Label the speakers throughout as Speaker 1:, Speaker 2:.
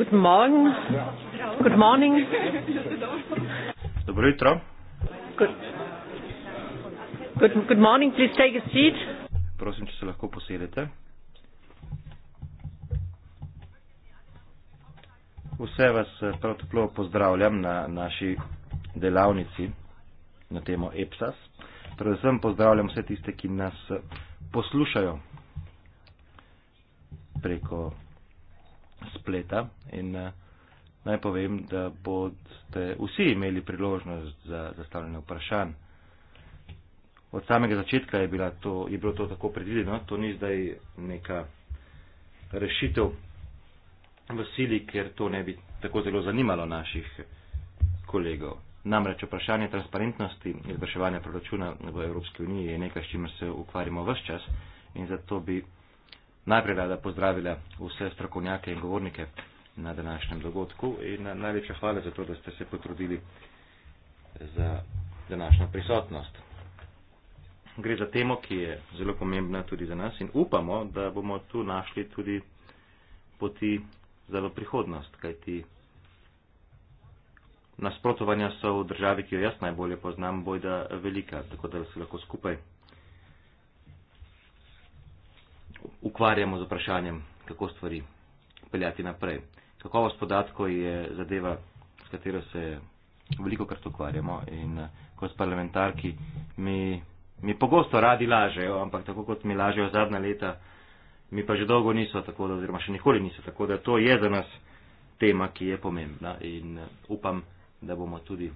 Speaker 1: Guten Morgen. Ja. Good morning. Dobro jutro. Good. Good, good morning, please take a seat.
Speaker 2: Prosim, če se lahko posedete. Vse vas eh, prav toplo pozdravljam na naši delavnici na temo EPSAS. Predvsem pozdravljam vse tiste, ki nas eh, poslušajo preko spleta in eh, naj povem, da boste vsi imeli priložnost za zastavljanje vprašanj. Od samega začetka je, to, je bilo to tako predvideno, to ni zdaj neka rešitev v sili, ker to ne bi tako zelo zanimalo naših kolegov. Namreč vprašanje transparentnosti izvrševanja proračuna v Evropski uniji je nekaj, s čimer se ukvarjamo vse čas in zato bi najprej rada pozdravila vse strokovnjake in govornike na današnjem dogodku in najlepša hvala za to, da ste se potrudili za današnjo prisotnost. Gre za temo, ki je zelo pomembna tudi za nas in upamo, da bomo tu našli tudi poti za v prihodnost, kajti nasprotovanja so v državi, ki jo jaz najbolje poznam, bojda velika, tako da se lahko skupaj ukvarjamo z vprašanjem, kako stvari peljati naprej. Kakovost podatkov je zadeva, s katero se veliko krat ukvarjamo in eh, kot parlamentarki mi, mi pogosto radi lažejo, ampak tako kot mi lažejo zadnja leta, mi pa že dolgo niso tako, da, oziroma še nikoli niso tako, da to je za nas tema, ki je pomembna in eh, upam, da bomo tudi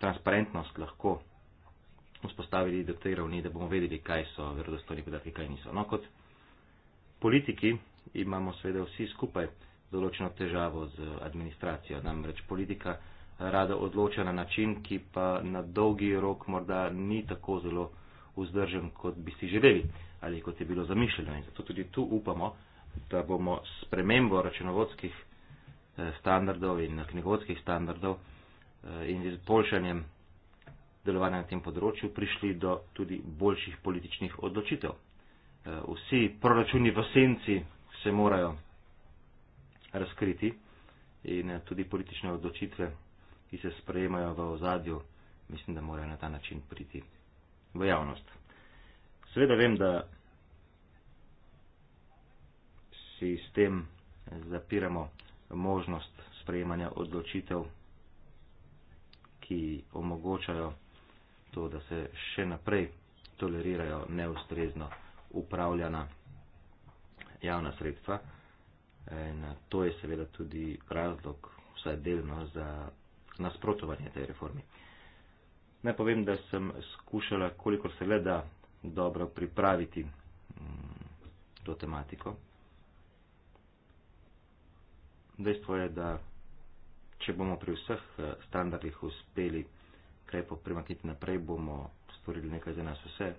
Speaker 2: transparentnost lahko vzpostavili do te ravni, da bomo vedeli, kaj so verodostojni podatki, kaj niso. No, kot politiki imamo seveda vsi skupaj določeno težavo z administracijo. Namreč politika rada odloča na način, ki pa na dolgi rok morda ni tako zelo vzdržen, kot bi si želeli ali kot je bilo zamišljeno. In zato tudi tu upamo, da bomo s premembo računovodskih eh, standardov in knjigovodskih standardov eh, in z izboljšanjem delovanja na tem področju prišli do tudi boljših političnih odločitev. Eh, vsi proračuni v senci se morajo razkriti in eh, tudi politične odločitve, ki se sprejemajo v ozadju, mislim, da morajo na ta način priti v javnost. Seveda vem, da si s tem eh, zapiramo možnost sprejemanja odločitev, ki omogočajo to, da se še naprej tolerirajo neustrezno upravljana javna sredstva. In eh, to je seveda tudi razlog, vsaj delno, za nasprotovanje tej reformi. Ne povem, da sem skušala, koliko se le da, dobro pripraviti mm, to tematiko. Dejstvo je, da če bomo pri vseh eh, standardih uspeli kaj popremakniti naprej, bomo stvorili nekaj za nas vse eh,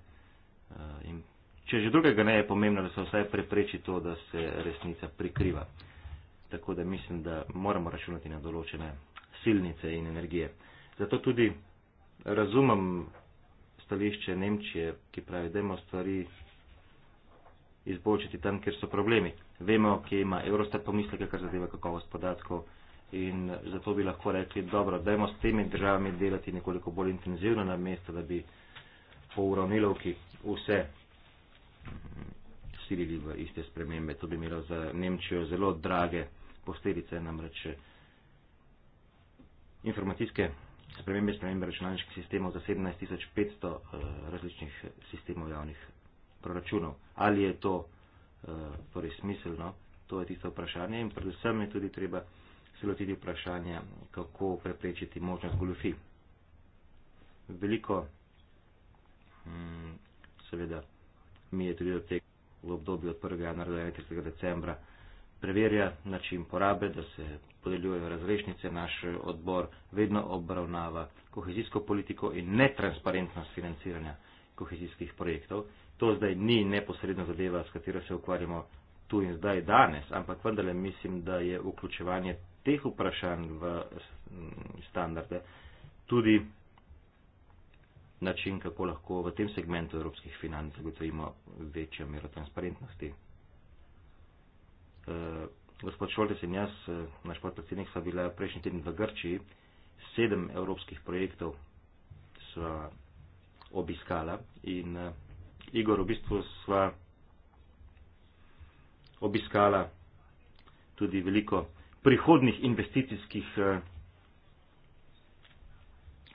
Speaker 2: in Če že drugega ne je pomembno, da se vsaj prepreči to, da se resnica prikriva. Tako da mislim, da moramo računati na določene silnice in energije. Zato tudi razumem stališče Nemčije, ki pravi, da imamo stvari izboljšati tam, kjer so problemi. Vemo, ki ima Eurostat pomisleke, kar zadeva kakovost podatkov in zato bi lahko rekli, dobro, dajmo s temi državami delati nekoliko bolj intenzivno na mesto, da bi po uravnilovki vse silili v iste spremembe. To bi imelo za Nemčijo zelo drage posledice, namreč eh, informacijske spremembe, spremembe računalniških sistemov za 17500 uh, eh, različnih sistemov javnih proračunov. Ali je to uh, torej smiselno? To je tisto vprašanje in predvsem je tudi treba se lotiti vprašanja, kako preprečiti možnost goljufi. Veliko, mm, seveda, mi je tudi odtek v obdobju od 1. januarja do 31. decembra preverja način porabe, da se podeljujejo razrešnice. Naš odbor vedno obravnava kohezijsko politiko in netransparentnost financiranja kohezijskih projektov. To zdaj ni neposredna zadeva, s katero se ukvarjamo tu in zdaj danes, ampak vendarle mislim, da je vključevanje teh vprašanj v mm, standarde tudi način, kako lahko v tem segmentu evropskih financ zagotovimo večjo mero transparentnosti. Eh, gospod Šoltes in jaz, eh, naš podpredsednik, sva bila prejšnji teden v Grčiji, sedem evropskih projektov sva obiskala in eh, Igor, v bistvu sva obiskala tudi veliko prihodnih investicijskih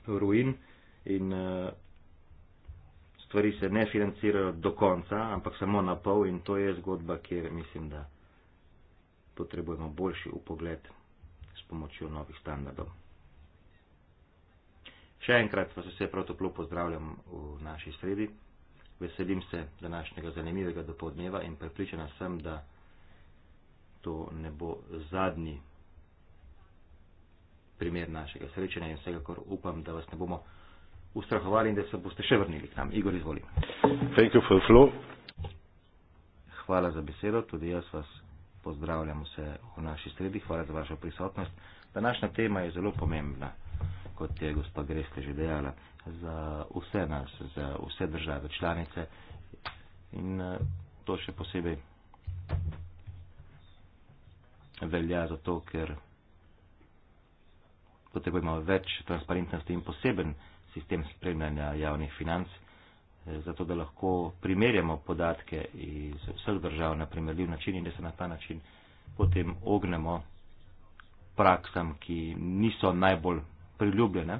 Speaker 2: ruin in uh, stvari se ne financirajo do konca, ampak samo na pol in to je zgodba, kjer mislim, da potrebujemo boljši upogled s pomočjo novih standardov. Še enkrat vas vse prav toplo pozdravljam v naši sredi. Veselim se današnjega zanimivega dopoldneva in prepričana sem, da to ne bo zadnji primer našega srečanja in vsekakor upam, da vas ne bomo ustrahovali in da se boste še vrnili k nam. Igor, izvoli. Hvala za besedo, tudi jaz vas pozdravljam vse v naši sredi, hvala za vašo prisotnost. Današnja tema je zelo pomembna, kot je gospa Greste že dejala, za vse nas, za vse države članice in eh, to še posebej velja zato, ker potrebujemo več transparentnosti in poseben sistem spremljanja javnih financ, eh, zato da lahko primerjamo podatke iz vseh držav na primerljiv način in da se na ta način potem ognemo praksam, ki niso najbolj priljubljene,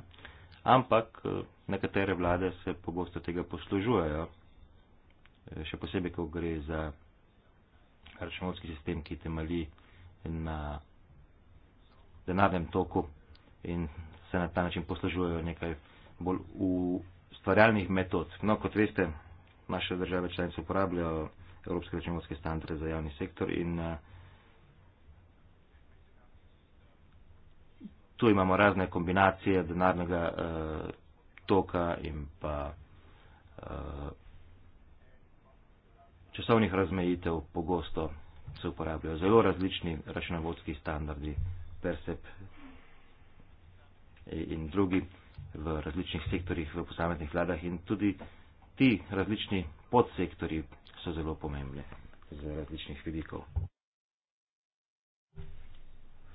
Speaker 2: ampak eh, nekatere vlade se pogosto tega poslužujejo, eh, še posebej, ko gre za računovski sistem, ki temali na denarnem toku in se na ta način poslužujejo nekaj bolj ustvarjalnih metod. No, kot veste, naše države članice uporabljajo evropske računovodske standarde za javni sektor in eh, tu imamo razne kombinacije denarnega uh, toka in pa uh, časovnih razmejitev pogosto se uporabljajo zelo različni računovodski standardi, PERSEP in drugi v različnih sektorjih, v posameznih vladah in tudi ti različni podsektori so zelo pomembni z različnih vidikov.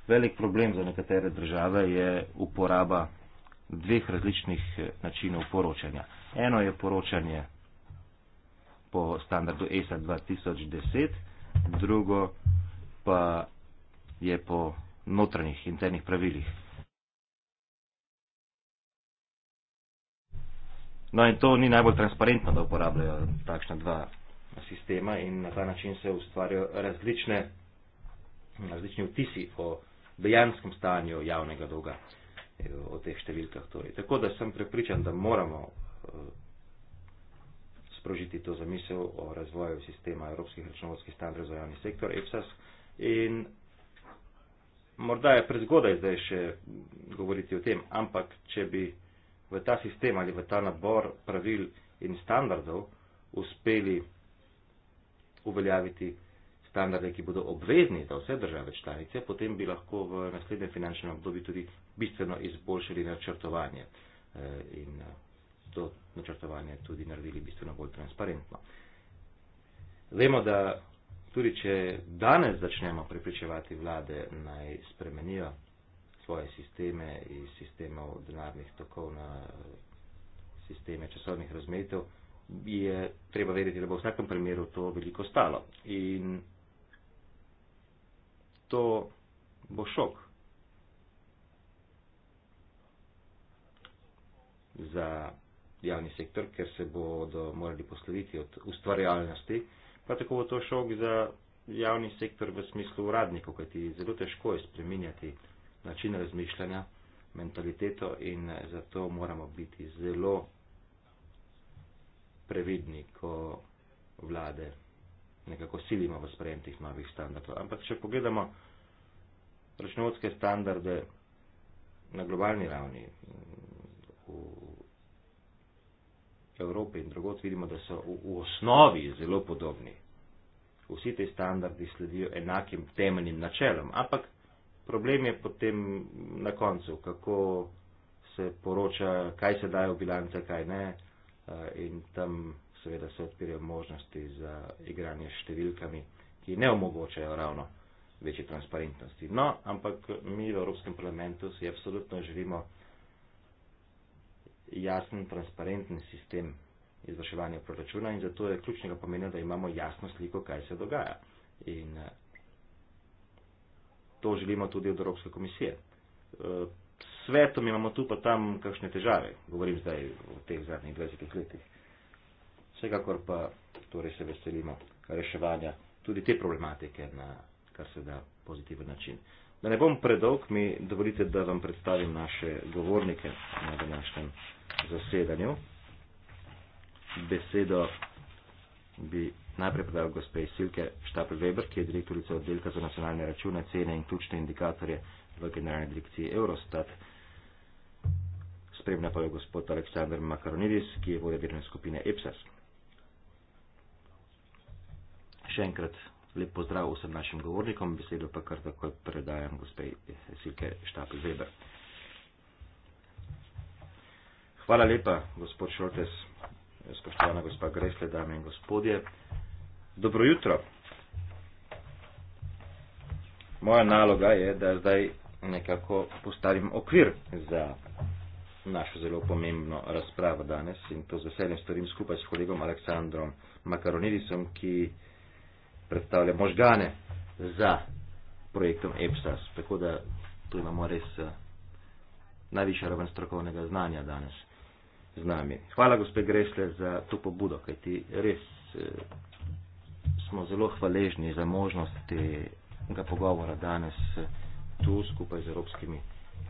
Speaker 2: Velik problem za nekatere države je uporaba dveh različnih eh, načinov poročanja. Eno je poročanje po standardu e ESA 2010, drugo pa je po notranjih internih pravilih. No in to ni najbolj transparentno, da uporabljajo takšna dva sistema in na ta način se ustvarjajo različne, različni vtisi o dejanskem stanju javnega dolga eh, o teh številkah. Torej. Tako da sem prepričan, da moramo eh, sprožiti to zamisel o razvoju sistema evropskih računovodskih standardov za javni sektor EPSAS in morda je prezgodaj zdaj še govoriti o tem, ampak če bi v ta sistem ali v ta nabor pravil in standardov uspeli uveljaviti standarde, ki bodo obvezni za vse države članice, potem bi lahko v naslednjem finančnem obdobju tudi bistveno izboljšali načrtovanje eh, in eh, to načrtovanje tudi naredili bistveno bolj transparentno. Vemo, da tudi če danes začnemo prepričevati vlade naj spremenijo svoje sisteme iz sistemov denarnih tokov na eh, sisteme časovnih razmetov, je treba vedeti, da bo v vsakem primeru to veliko stalo. In to bo šok za javni sektor, ker se bodo morali posloviti od ustvarjalnosti, pa tako bo to šok za javni sektor v smislu uradnikov, kajti zelo težko je spreminjati način razmišljanja, mentaliteto in eh, zato moramo biti zelo previdni, ko vlade nekako silimo v sprejem teh novih standardov. Ampak če pogledamo računovodske standarde na globalni ravni v Evropi in drugot, vidimo, da so v, v osnovi zelo podobni. Vsi te standardi sledijo enakim temeljnim načelom, ampak problem je potem na koncu, kako se poroča, kaj se daje v bilance, kaj ne. Eh, in tam seveda se odpirajo možnosti za igranje s številkami, ki ne omogočajo ravno večje transparentnosti. No, ampak mi v Evropskem parlamentu si absolutno želimo jasen, transparenten sistem izvrševanja proračuna in zato je ključnega pomena, da imamo jasno sliko, kaj se dogaja. In eh, to želimo tudi od Evropske komisije. Eh, s svetom imamo tu pa tam kakšne težave, govorim zdaj o teh zadnjih 20 letih. Vsekakor pa torej se veselimo reševanja tudi te problematike na kar se da pozitiven način. Da ne bom predolg, mi dovolite, da vam predstavim naše govornike na današnjem zasedanju. Besedo bi najprej predal gospe Silke Štapel Weber, ki je direktorica oddelka za nacionalne račune, cene in ključne indikatorje v generalni direkciji Eurostat. Spremlja pa jo gospod Aleksandr Makaronidis, ki je vodja delovne skupine EPSAS. Še enkrat lep pozdrav vsem našim govornikom, besedo pa kar takoj predajam gospe Silke Štapel Weber. Hvala lepa, gospod Šortes, spoštovana gospa Gresle, dame in gospodje. Dobro jutro. Moja naloga je, da zdaj nekako postavim okvir za našo zelo pomembno razpravo danes in to z veseljem storim skupaj s kolegom Aleksandrom Makaronidisom, ki predstavlja možgane za projektom EPSAS. Tako da tu imamo res eh, najvišja raven strokovnega znanja danes z nami. Hvala, gospe Gresle, za to pobudo, kaj ti res. Eh, smo zelo hvaležni za možnosti tega pogovora danes tu skupaj z evropskimi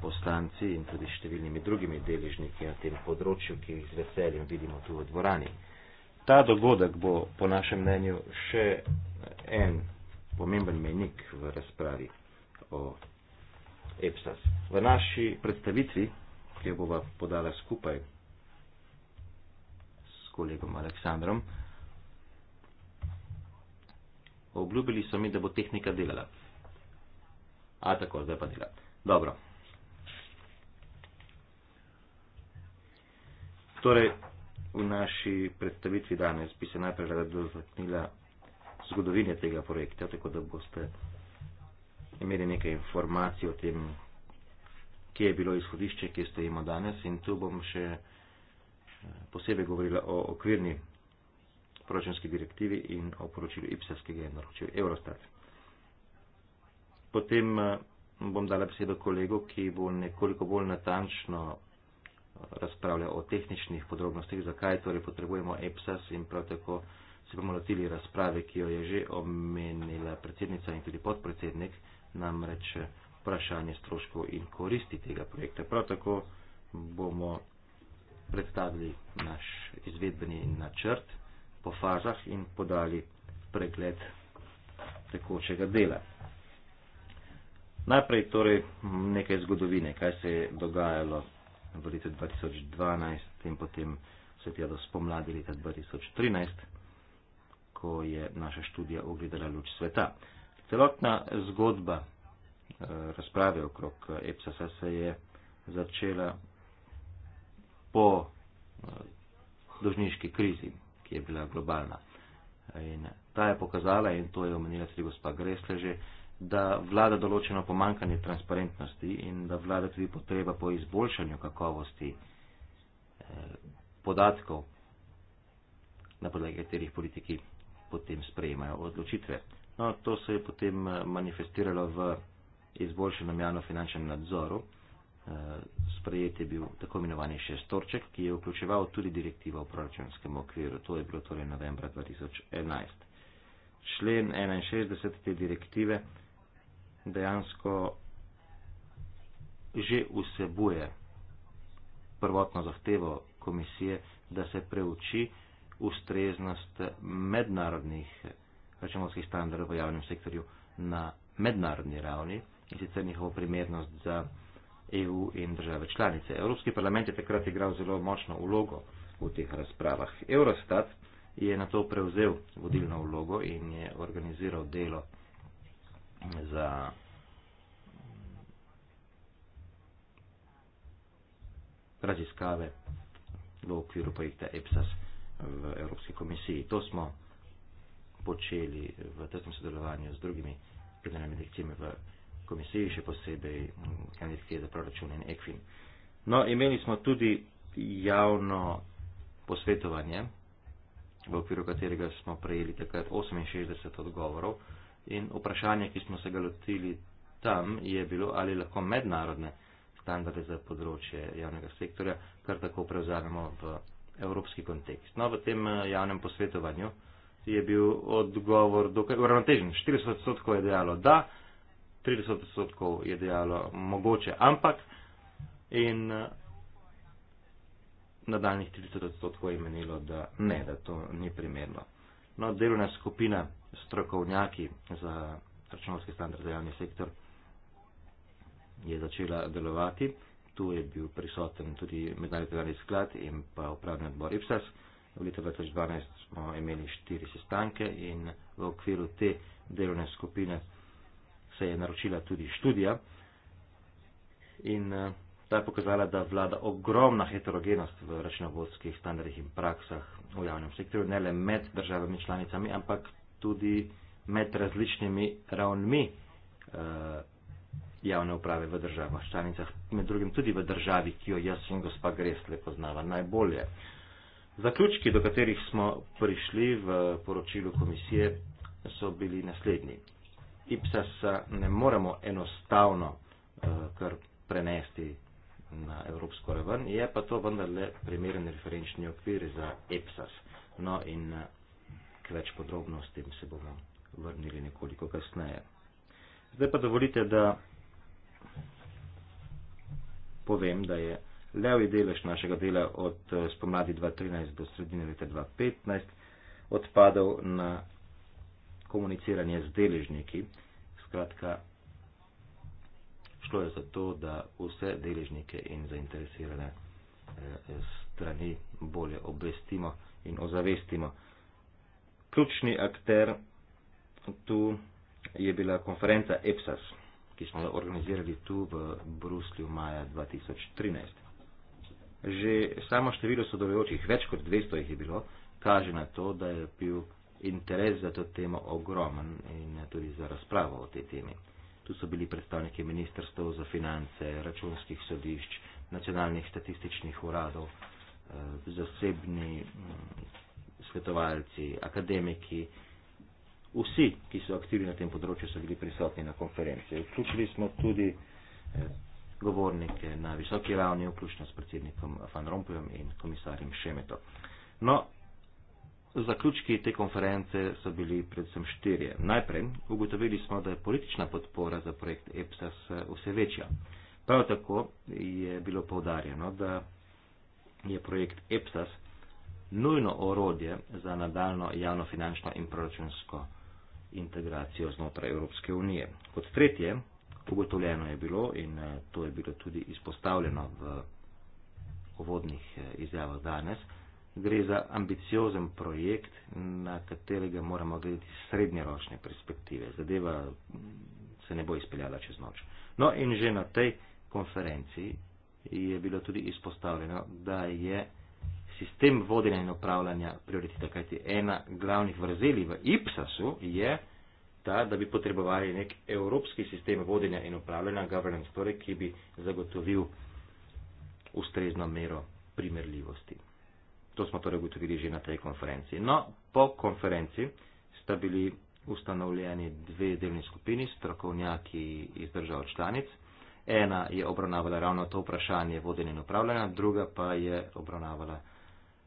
Speaker 2: poslanci in tudi številnimi drugimi deležniki na tem področju, ki jih z veseljem vidimo tu v dvorani. Ta dogodek bo po našem mnenju še en pomemben menik v razpravi o EPSAS. V naši predstavitvi, ki jo bova podala skupaj s kolegom Aleksandrom, obljubili so mi, da bo tehnika delala. A tako, zdaj pa dela. Dobro. Torej, v naši predstavitvi danes bi se najprej rada dotaknila zgodovine tega projekta, tako da boste imeli nekaj informacij o tem, kje je bilo izhodišče, kje stojimo danes in tu bom še eh, posebej govorila o okvirni proračunski direktivi in o poročilu IPSES, ki ga je naročil Eurostat. Potem eh, bom dala besedo kolegu, ki bo nekoliko bolj natančno eh, razpravljal o tehničnih podrobnostih, zakaj torej potrebujemo EPSAS in prav tako se bomo lotili razprave, ki jo je že omenila predsednica in tudi podpredsednik, namreč eh, vprašanje stroškov in koristi tega projekta. Prav tako bomo predstavili naš izvedbeni načrt po fazah in podali pregled tekočega dela. Najprej torej nekaj zgodovine, kaj se je dogajalo v letu 2012 in potem se tja do spomladi leta 2013, ko je naša študija ogledala luč sveta. Celotna zgodba eh, razprave okrog eh, EPSAS-a se je začela po eh, dožniški krizi ki je bila globalna. In ta je pokazala, in to je omenila tudi gospa Gresle že, da vlada določeno pomankanje transparentnosti in da vlada tudi potreba po izboljšanju kakovosti eh, podatkov, na podlagi katerih politiki potem sprejemajo odločitve. No, to se je potem eh, manifestiralo v izboljšanem javno-finančnem nadzoru. Eh, sprejet je bil tako imenovani šestorček, ki je vključeval tudi direktivo o proračunskem okviru. To je bilo torej novembra 2011. Člen 61 te direktive dejansko že vsebuje prvotno zahtevo komisije, da se preuči ustreznost mednarodnih računovskih standardov v javnem sektorju na mednarodni ravni in sicer njihovo primernost za EU in države članice. Evropski parlament je takrat igral zelo močno vlogo v teh razpravah. Eurostat je na to prevzel vodilno vlogo in je organiziral delo za raziskave v okviru projekta EPSAS v Evropski komisiji. To smo počeli v tesnem sodelovanju z drugimi generalnimi direkcijami v Evropski komisiji komisiji, še posebej mm, Kanadske za proračun in ECFIN. No, imeli smo tudi javno posvetovanje, v okviru katerega smo prejeli takrat 68 odgovorov in vprašanje, ki smo se ga lotili tam, je bilo, ali lahko mednarodne standarde za področje javnega sektorja kar tako prevzamemo v evropski kontekst. No, v tem eh, javnem posvetovanju je bil odgovor dokaj uravnotežen. 40 odstotkov je dejalo da, 30 odstotkov je dejalo mogoče, ampak in nadaljnih 30 odstotkov je menilo, da ne, da to ni primerno. No, delovna skupina strokovnjaki za računovski standard za javni sektor je začela delovati. Tu je bil prisoten tudi mednarodni sklad in pa upravni odbor IPSAS. V letu 2012 smo imeli štiri sestanke in v okviru te delovne skupine se je naročila tudi študija in eh, ta je pokazala, da vlada ogromna heterogenost v računovodskih standardih in praksah v javnem sektorju, ne le med državami članicami, ampak tudi med različnimi ravnmi eh, javne uprave v državah, članicah, med drugim tudi v državi, ki jo jaz in gospa Gres lepo znava najbolje. Zaključki, do katerih smo prišli v poročilu komisije, so bili naslednji. IPSAS-a ne moremo enostavno eh, kar prenesti na evropsko raven, je pa to vendarle primeren referenčni okvir za EPSAS. No in eh, k več podrobnostim se bomo vrnili nekoliko kasneje. Zdaj pa dovolite, da povem, da je levi delež našega dela od eh, spomladi 2013 do sredine leta 2015 odpadal na komuniciranje z deležniki. Skratka, šlo je za to, da vse deležnike in zainteresirane eh, strani bolje obvestimo in ozavestimo. Ključni akter tu je bila konferenca EPSAS, ki smo jo organizirali tu v Bruslju maja 2013. Že samo število sodelujočih, več kot 200 jih je bilo, kaže na to, da je bil interes za to temo ogromen in tudi za razpravo o tej temi. Tu so bili predstavniki ministrstv za finance, računskih sodišč, nacionalnih statističnih uradov, eh, zasebni mm, svetovalci, akademiki. Vsi, ki so aktivni na tem področju, so bili prisotni na konferenci. Vključili smo tudi eh, govornike na visoki ravni, vključno s predsednikom Van Rompuyom in komisarjem Šemeto. No, Zaključki te konference so bili predvsem štirje. Najprej ugotovili smo, da je politična podpora za projekt EPSAS eh, vse večja. Prav tako je bilo povdarjeno, da je projekt EPSAS nujno orodje za nadaljno javnofinančno in proračunsko integracijo znotraj Evropske unije. Kot tretje, ugotovljeno je bilo in eh, to je bilo tudi izpostavljeno v uvodnih eh, izjavah danes, gre za ambiciozen projekt, na katerega moramo gledati srednjeročne perspektive. Zadeva se ne bo izpeljala čez noč. No in že na tej konferenci je bilo tudi izpostavljeno, da je sistem vodenja in upravljanja prioriteta, kajti ena glavnih vrzeli v IPSAS-u je ta, da bi potrebovali nek evropski sistem vodenja in upravljanja, governance torej, ki bi zagotovil ustrezno mero primerljivosti. To smo torej ugotovili že na tej konferenci. No, po konferenci sta bili ustanovljeni dve delni skupini, strokovnjaki iz držav članic. Ena je obravnavala ravno to vprašanje vodenja in upravljanja, druga pa je obravnavala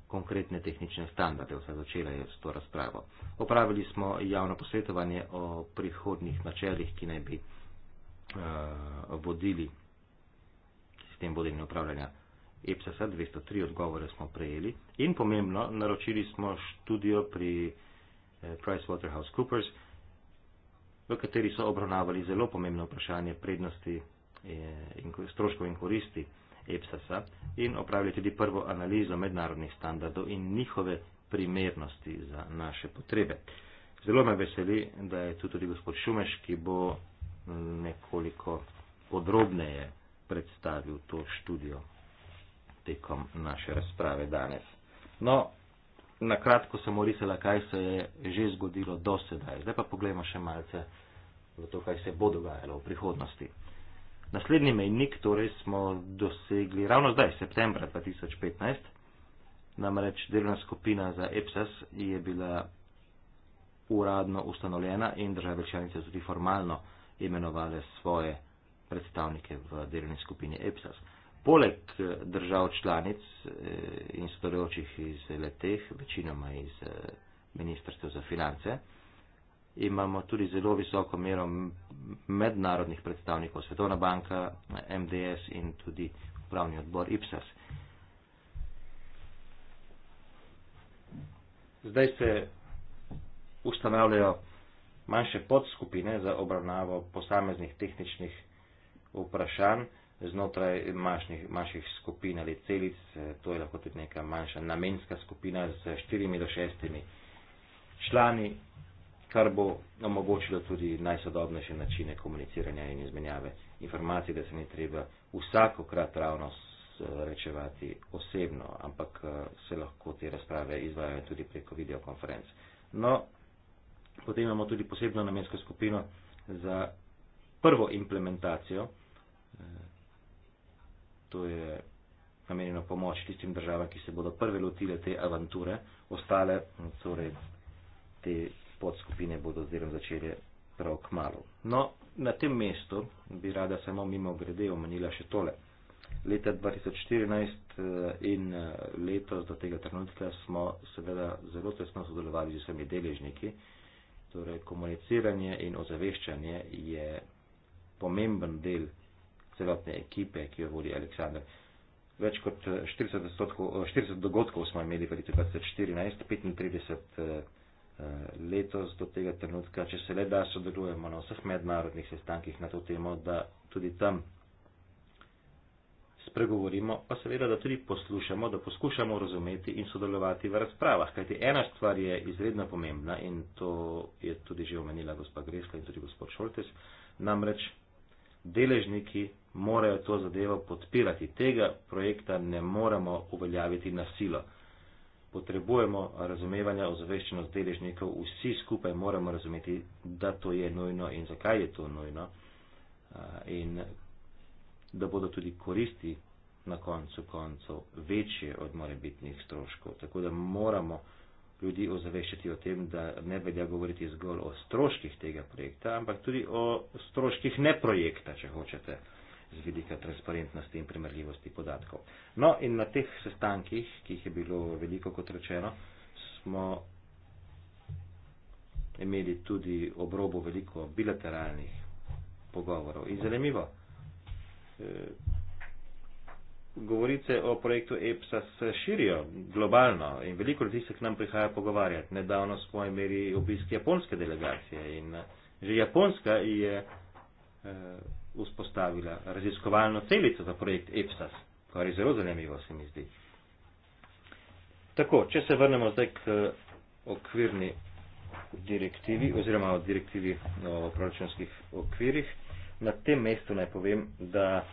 Speaker 2: konkretne tehnične standarde. Vse začela je s to razpravo. Opravili smo javno posvetovanje o prihodnih načelih, ki naj bi uh, vodili sistem vodenja in upravljanja EPSAS-a 203 odgovore smo prejeli in pomembno, naročili smo študijo pri eh, PricewaterhouseCoopers, v kateri so obravnavali zelo pomembno vprašanje prednosti eh, in stroškov in koristi EPSAS-a in opravili tudi prvo analizo mednarodnih standardov in njihove primernosti za naše potrebe. Zelo me veseli, da je tu tudi gospod Šumeš, ki bo mm, nekoliko podrobneje predstavil to študijo tekom naše razprave danes. No, na kratko sem orisala, kaj se je že zgodilo do sedaj. Zdaj pa pogledamo še malce v to, kaj se bo dogajalo v prihodnosti. Naslednji mejnik torej smo dosegli ravno zdaj, septembra 2015, namreč delovna skupina za EPSAS je bila uradno ustanovljena in države članice tudi formalno imenovali svoje predstavnike v delovni skupini EPSAS poleg eh, držav članic eh, in storočih iz leteh, večinoma iz eh, Ministrstva za finance, imamo tudi zelo visoko mero mednarodnih predstavnikov Svetovna banka, MDS in tudi upravni odbor IPSAS. Zdaj se ustanavljajo manjše podskupine za obravnavo posameznih tehničnih vprašanj znotraj mašnih, maših skupin ali celic, eh, to je lahko tudi neka manjša namenska skupina z štirimi do šestimi člani, kar bo omogočilo tudi najsodobnejše načine komuniciranja in izmenjave informacij, da se ni treba vsakokrat ravno rečevati osebno, ampak eh, se lahko te razprave izvajajo tudi preko videokonferenc. No, potem imamo tudi posebno namensko skupino za prvo implementacijo eh, to je namenjeno pomoč tistim državam, ki se bodo prve lotile te avanture, ostale, torej te podskupine bodo zelo začele prav k malu. No, na tem mestu bi rada samo mimo grede omenila še tole. Leta 2014 eh, in eh, letos do tega trenutka smo seveda zelo tesno sodelovali z vsemi deležniki, torej komuniciranje in ozaveščanje je pomemben del celotne ekipe, ki jo vodi Aleksandr. Več kot 40, eh, 40 eh, dogodkov smo imeli v letu 2014, 35 eh, letos do tega trenutka, če se le da sodelujemo na vseh mednarodnih sestankih na to temo, da tudi tam spregovorimo, pa seveda, da tudi poslušamo, da poskušamo razumeti in sodelovati v razpravah. Kajti ena stvar je izredno pomembna in to je tudi že omenila gospa Greska in tudi gospod Šoltes, namreč deležniki morajo to zadevo podpirati. Tega projekta ne moremo uveljaviti na silo. Potrebujemo razumevanja ozaveščenost deležnikov, vsi skupaj moramo razumeti, da to je nujno in zakaj je to nujno eh, in da bodo tudi koristi na koncu koncev večje od morebitnih stroškov. Tako da moramo ljudi ozaveščati o tem, da ne velja govoriti zgolj o stroških tega projekta, ampak tudi o stroških neprojekta, če hočete z vidika transparentnosti in primerljivosti podatkov. No in na teh sestankih, ki jih je bilo veliko kot rečeno, smo imeli tudi obrobo veliko bilateralnih pogovorov. In zanimivo, e, govorice o projektu EPSA se širijo globalno in veliko ljudi se k nam prihaja pogovarjati. Nedavno smo imeli obisk japonske delegacije in e, že japonska je e, vzpostavila raziskovalno celico za projekt EPSAS, kar je zelo zanimivo, se mi zdi. Tako, če se vrnemo zdaj k okvirni direktivi oziroma o direktivi o proračunskih okvirih, na tem mestu naj povem, da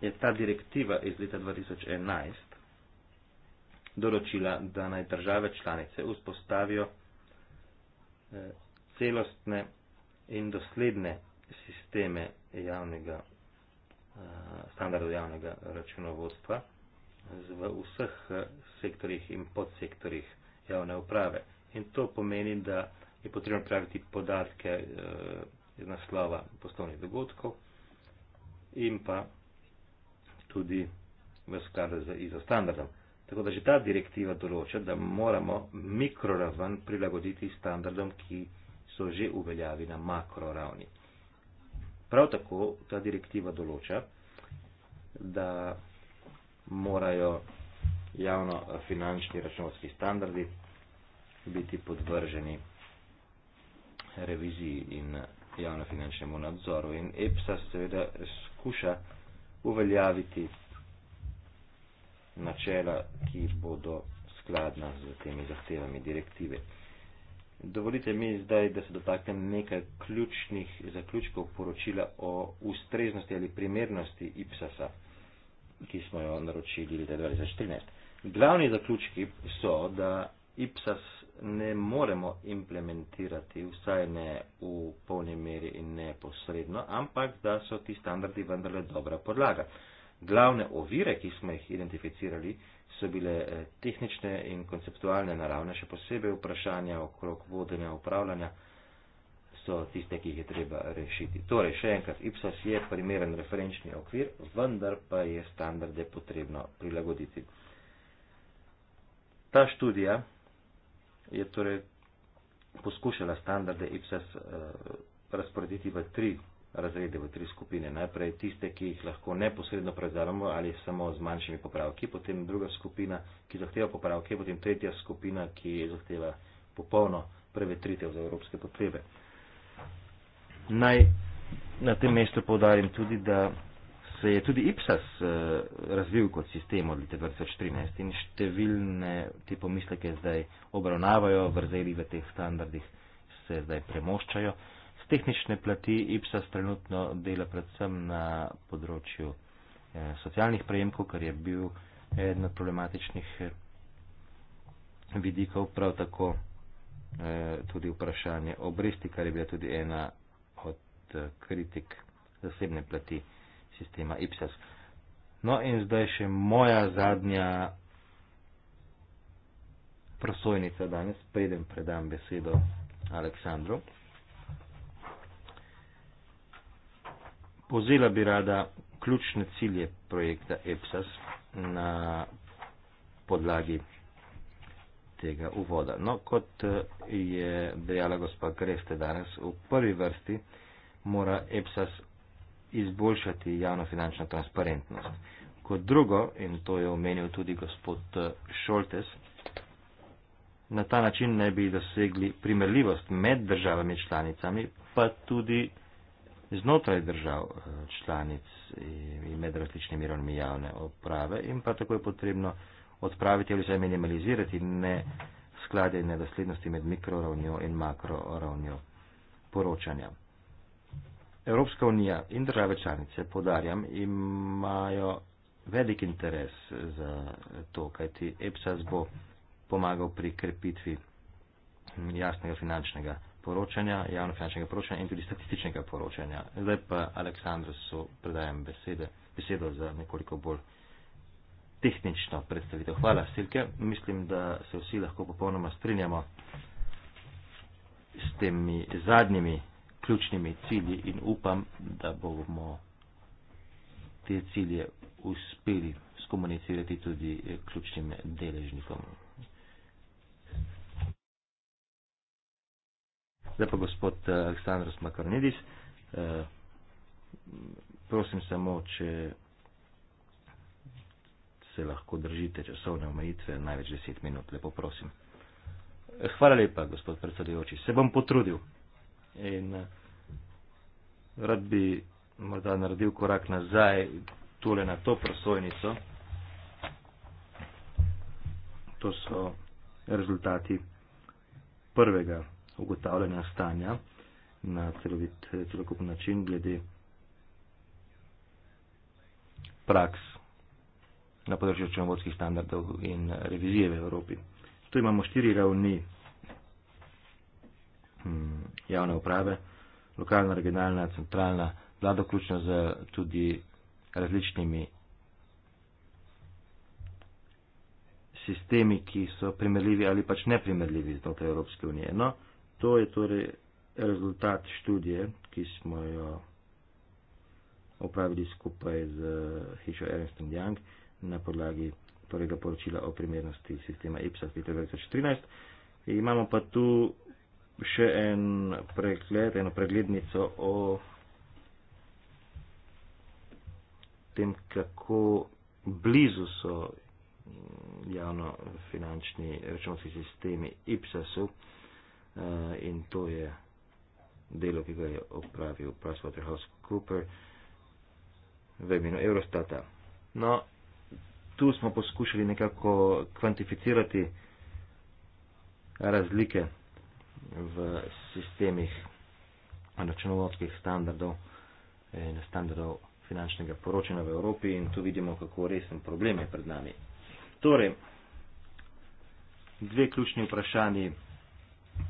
Speaker 2: je ta direktiva iz leta 2011 določila, da naj države članice vzpostavijo eh, celostne in dosledne sisteme javnega, eh, standardov javnega računovodstva v vseh eh, sektorjih in podsektorjih javne uprave. In to pomeni, da je potrebno praviti podatke eh, iz naslova poslovnih dogodkov in pa tudi v skladu z ISO standardom. Tako da že ta direktiva določa, da moramo mikroraven prilagoditi standardom, ki so že uveljavi na makroravni. Prav tako ta direktiva določa, da morajo javno finančni računovski standardi biti podvrženi reviziji in javno finančnemu nadzoru. In EPSA seveda skuša uveljaviti načela, ki bodo skladna z temi zahtevami direktive. Dovolite mi zdaj, da se dotaknem nekaj ključnih zaključkov poročila o ustreznosti ali primernosti IPSAS-a, ki smo jo naročili leta 2014. Glavni zaključki so, da IPSAS ne moremo implementirati, vsaj ne v polni meri in neposredno, ampak da so ti standardi vendarle dobra podlaga. Glavne ovire, ki smo jih identificirali, so bile eh, tehnične in konceptualne naravne, še posebej vprašanja okrog vodenja, upravljanja so tiste, ki jih je treba rešiti. Torej, še enkrat, IPSOS je primeren referenčni okvir, vendar pa je standarde potrebno prilagoditi. Ta študija je torej poskušala standarde IPSOS eh, razporediti v tri razrede v tri skupine. Najprej tiste, ki jih lahko neposredno predelamo ali samo z manjšimi popravki, potem druga skupina, ki zahteva popravke, potem tretja skupina, ki zahteva popolno prevetritev za evropske potrebe. Naj na tem mestu povdarim tudi, da se je tudi IPSAS eh, razvil kot sistem od leta 2013 in številne te pomisleke zdaj obravnavajo, vrzeli v teh standardih se zdaj premoščajo tehnične plati IPSAS trenutno dela predvsem na področju eh, socialnih prejemkov, kar je bil eden od problematičnih eh, vidikov, prav tako eh, tudi vprašanje obresti, kar je bila tudi ena od eh, kritik zasebne plati sistema IPSAS. No in zdaj še moja zadnja prosojnica danes, preden predam besedo Aleksandru. Povzela bi rada ključne cilje projekta EPSAS na podlagi tega uvoda. No, kot eh, je dejala gospa Kreste danes, v prvi vrsti mora EPSAS izboljšati javnofinančno transparentnost. Kot drugo, in to je omenil tudi gospod eh, Šoltes, na ta način ne bi dosegli primerljivost med državami članicami, pa tudi znotraj držav eh, članic in med različnimi ravnmi javne oprave in pa tako je potrebno odpraviti ali vsaj minimalizirati ne sklade in nedoslednosti med mikroravnjo in makroravnjo poročanja. Evropska unija in države članice, podarjam, imajo velik interes za to, kajti EPSAS bo pomagal pri krepitvi jasnega finančnega poročanja, javnofinančnega poročanja in tudi statističnega poročanja. Zdaj pa Aleksandru so predajem besede, besedo za nekoliko bolj tehnično predstavitev. Hvala, Silke. Mislim, da se vsi lahko popolnoma strinjamo s temi zadnjimi ključnimi cilji in upam, da bomo te cilje uspeli skomunicirati tudi eh, ključnim deležnikom. Zdaj pa gospod eh, Aleksandros Makarnidis, eh, prosim samo, če se lahko držite časovne omejitve, največ deset minut, lepo prosim. Eh, hvala lepa, gospod predsedujoči, se bom potrudil in rad bi morda naredil korak nazaj tole na to prosojnico. To so rezultati prvega ugotavljanja stanja na celovit, celokupen način glede praks na področju računovodskih standardov in revizije v Evropi. Tu imamo štiri ravni hm, javne uprave, lokalna, regionalna, centralna, vlada vključno z tudi različnimi sistemi, ki so primerljivi ali pač neprimerljivi znotraj Evropske unije. No, To je torej rezultat študije, ki smo jo opravili skupaj z hišo Ernst Young na podlagi torej ga poročila o primernosti sistema IPSA v 2013. Imamo pa tu še en pregled, eno preglednico o tem, kako blizu so javno finančni računovski sistemi IPSA-su. Eh, in to je delo, ki ga je opravil PricewaterhouseCoopers v imenu Eurostata. No, tu smo poskušali nekako kvantificirati razlike v sistemih računovodskih standardov in standardov finančnega poročanja v Evropi in tu vidimo, kako resen problem je pred nami. Torej, dve ključni vprašanji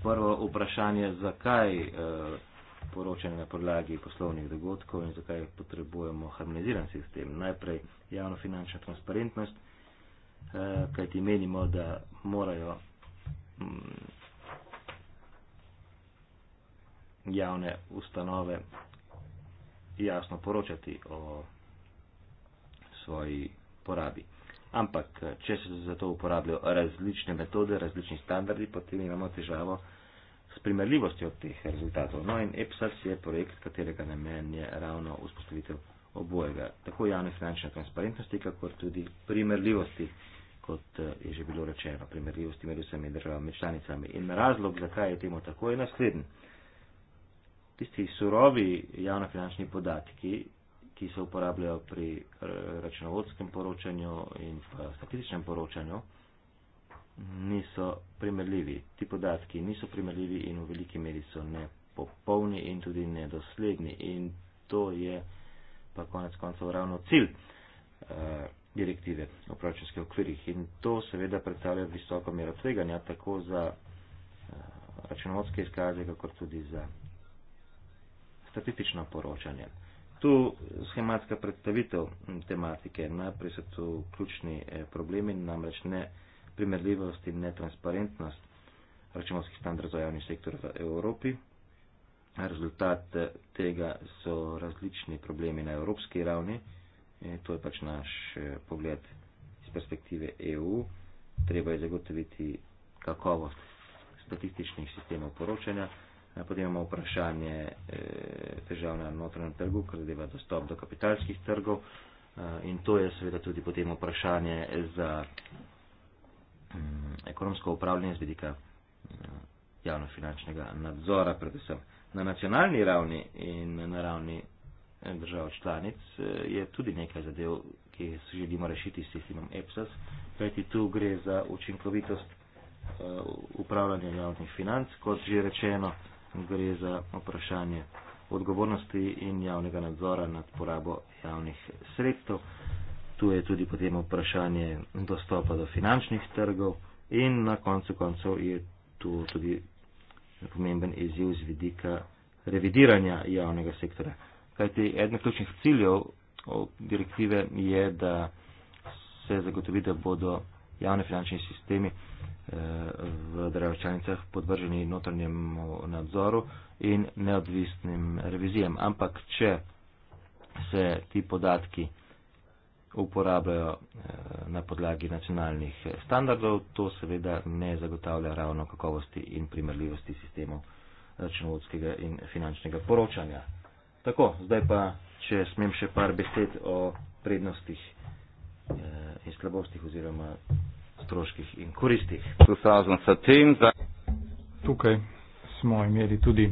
Speaker 2: prvo vprašanje, zakaj eh, poročanje na podlagi poslovnih dogodkov in zakaj potrebujemo harmoniziran sistem. Najprej javno finančna transparentnost, eh, kajti menimo, da morajo mm, javne ustanove jasno poročati o svoji porabi ampak če se za to uporabljajo različne metode, različni standardi, potem imamo težavo s primerljivostjo teh rezultatov. No in EPSAS je projekt, katerega namen je ravno vzpostavitev obojega, tako javne finančne transparentnosti, kakor tudi primerljivosti, kot eh, je že bilo rečeno, primerljivosti med vsemi državami članicami. In razlog, zakaj je temu tako, je naslednji. Tisti surovi javno finančni podatki, ki se uporabljajo pri eh, računovodskem poročanju in statističnem poročanju, niso primerljivi. Ti podatki niso primerljivi in v veliki meri so nepopolni in tudi nedosledni. In to je pa konec koncev ravno cilj eh, direktive o proračunskih okvirih. In to seveda predstavlja visoko mero tveganja tako za eh, računovodske izkaze, kako tudi za statistično poročanje. Tu schematska predstavitev tematike, najprej so tu ključni eh, problemi, namreč ne primerljivost in netransparentnost računovskih standardov za javni sektor v Evropi. Rezultat eh, tega so različni problemi na evropski ravni, eh, to je pač naš pogled iz perspektive EU. Treba je zagotoviti kakovost statističnih sistemov poročanja, Eh, potem imamo vprašanje eh, težav na notranjem trgu, kar zadeva dostop do kapitalskih trgov. Eh, in to je seveda tudi potem vprašanje za mm, ekonomsko upravljanje z vidika mm, javnofinančnega nadzora, predvsem na nacionalni ravni in na ravni držav članic, je tudi nekaj zadev, ki se želimo rešiti s sistemom EPSAS, kajti tu gre za učinkovitost upravljanja javnih financ, kot že rečeno gre za vprašanje odgovornosti in javnega nadzora nad porabo javnih sredstev. Tu je tudi potem vprašanje dostopa do finančnih trgov in na koncu koncev je tu tudi pomemben izziv z vidika revidiranja javnega sektora. Kajti eden ključnih ciljev direktive je, da se zagotovi, da bodo javne finančni sistemi eh, v državah članicah podvrženi notranjemu nadzoru in neodvisnim revizijam. Ampak, če se ti podatki uporabljajo eh, na podlagi nacionalnih standardov, to seveda ne zagotavlja ravno kakovosti in primerljivosti sistemov računovodskega in finančnega poročanja. Tako, zdaj pa, če smem še par besed o prednostih Eh, in slabostih oziroma stroških in
Speaker 3: koristih. Tukaj smo imeli tudi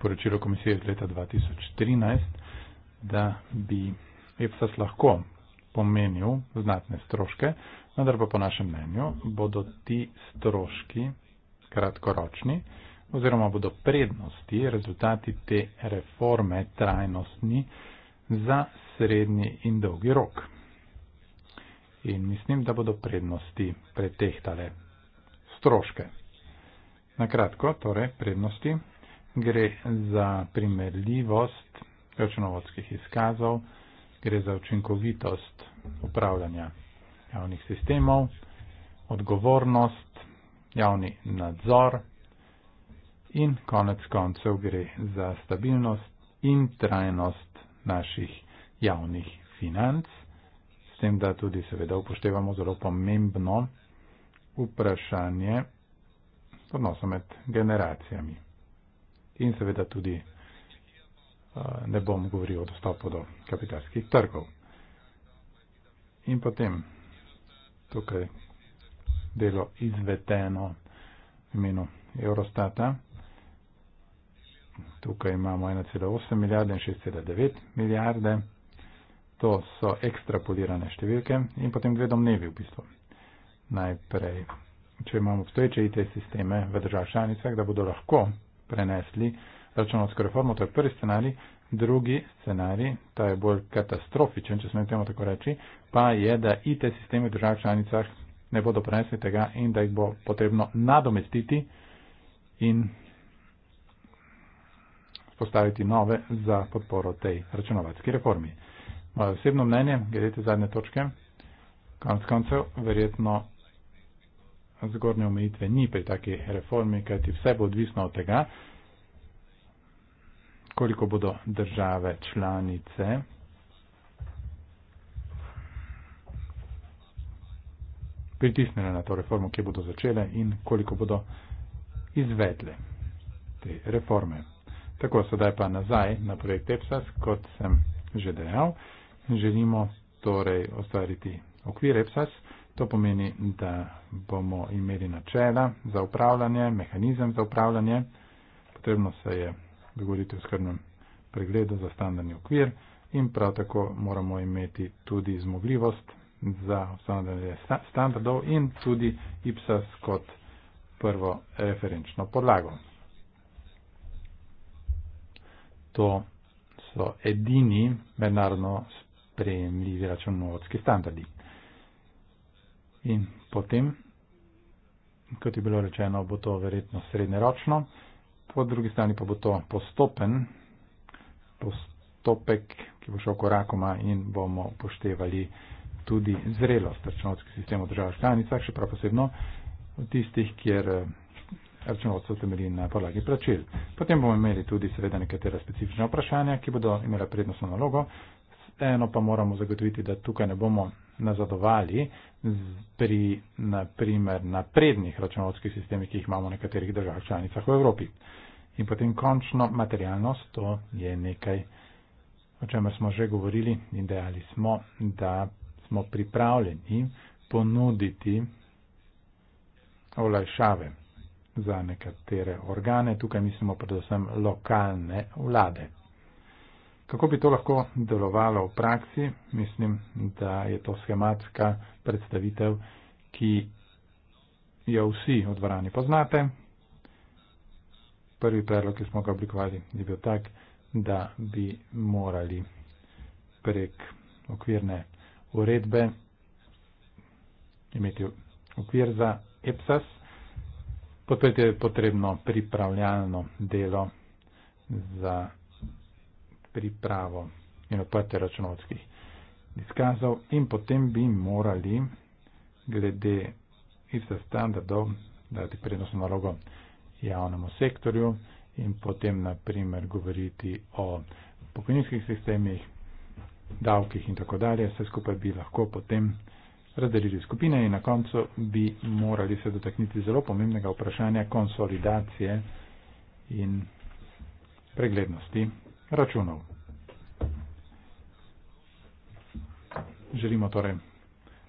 Speaker 3: poročilo komisije iz leta 2013, da bi EFSAS lahko pomenil znatne stroške, vendar pa po našem mnenju bodo ti stroški kratkoročni oziroma bodo prednosti, rezultati te reforme trajnostni za srednji in dolgi rok in mislim, da bodo prednosti pretehtale. Stroške. Na kratko, torej prednosti. Gre za primerljivost računovodskih izkazov, gre za učinkovitost upravljanja javnih sistemov, odgovornost, javni nadzor in konec koncev gre za stabilnost in trajnost naših javnih financ tem, da tudi seveda upoštevamo zelo pomembno vprašanje odnosa med generacijami. In seveda tudi eh, ne bom govoril o dostopu do kapitalskih trgov. In potem tukaj delo izvedeno v imenu Eurostata. Tukaj imamo 1,8 milijarde in 6,9 milijarde to so ekstrapolirane številke in potem dve domnevi v bistvu. Najprej, če imamo obstoječe IT sisteme v državah članicah, da bodo lahko prenesli računovsko reformo, to je prvi scenarij, drugi scenarij, ta je bolj katastrofičen, če smem temu tako reči, pa je, da IT sistemi v državah članicah ne bodo prenesli tega in da jih bo potrebno nadomestiti in postaviti nove za podporo tej računovatski reformi moje osebno mnenje, glede te zadnje točke, konc koncev, verjetno zgornje omejitve ni pri taki reformi, kajti vse bo odvisno od tega, koliko bodo države članice pritisnile na to reformo, kje bodo začele in koliko bodo izvedle te reforme. Tako, sedaj pa nazaj na projekt EPSAS, kot sem že dejal želimo torej ostvariti okvir EPSAS, to pomeni, da bomo imeli načela za upravljanje, mehanizem za upravljanje, potrebno se je dogovoriti v skrbnem pregledu za standardni okvir in prav tako moramo imeti tudi zmogljivost za ustanovljanje standardov in tudi IPSAS kot prvo referenčno podlago. To so edini mednarodno sprejemljivi računovodski standardi. In potem, kot je bilo rečeno, bo to verjetno srednjeročno, po drugi strani pa bo to postopen postopek, ki bo šel korakoma in bomo poštevali tudi zrelost računovodskih sistemov v državah članicah, še prav posebno v tistih, kjer eh, računovodstvo temelji na podlagi plačil. Potem bomo imeli tudi seveda nekatera specifična vprašanja, ki bodo imela prednostno nalogo, Vseeno pa moramo zagotoviti, da tukaj ne bomo nazadovali pri naprimer naprednih računovodskih sistemih, ki jih imamo v nekaterih državah članicah v Evropi. In potem končno materialnost, to je nekaj, o čemer smo že govorili in dejali smo, da smo pripravljeni ponuditi olajšave za nekatere organe. Tukaj mislimo predvsem lokalne vlade. Kako bi to lahko delovalo v praksi? Mislim, da je to schematska predstavitev, ki jo vsi v dvorani poznate. Prvi predlog, ki smo ga oblikovali, je bil tak, da bi morali prek okvirne uredbe imeti okvir za EPSAS. Potem je potrebno pripravljalno delo za EPSAS pripravo in odprte računovskih izkazov in potem bi morali glede ISO standardov dati prednostno nalogo javnemu sektorju in potem naprimer govoriti o pokojninskih sistemih, davkih in tako dalje. Vse skupaj bi lahko potem razdelili skupine in na koncu bi morali se dotakniti zelo pomembnega vprašanja konsolidacije in preglednosti računov. Želimo torej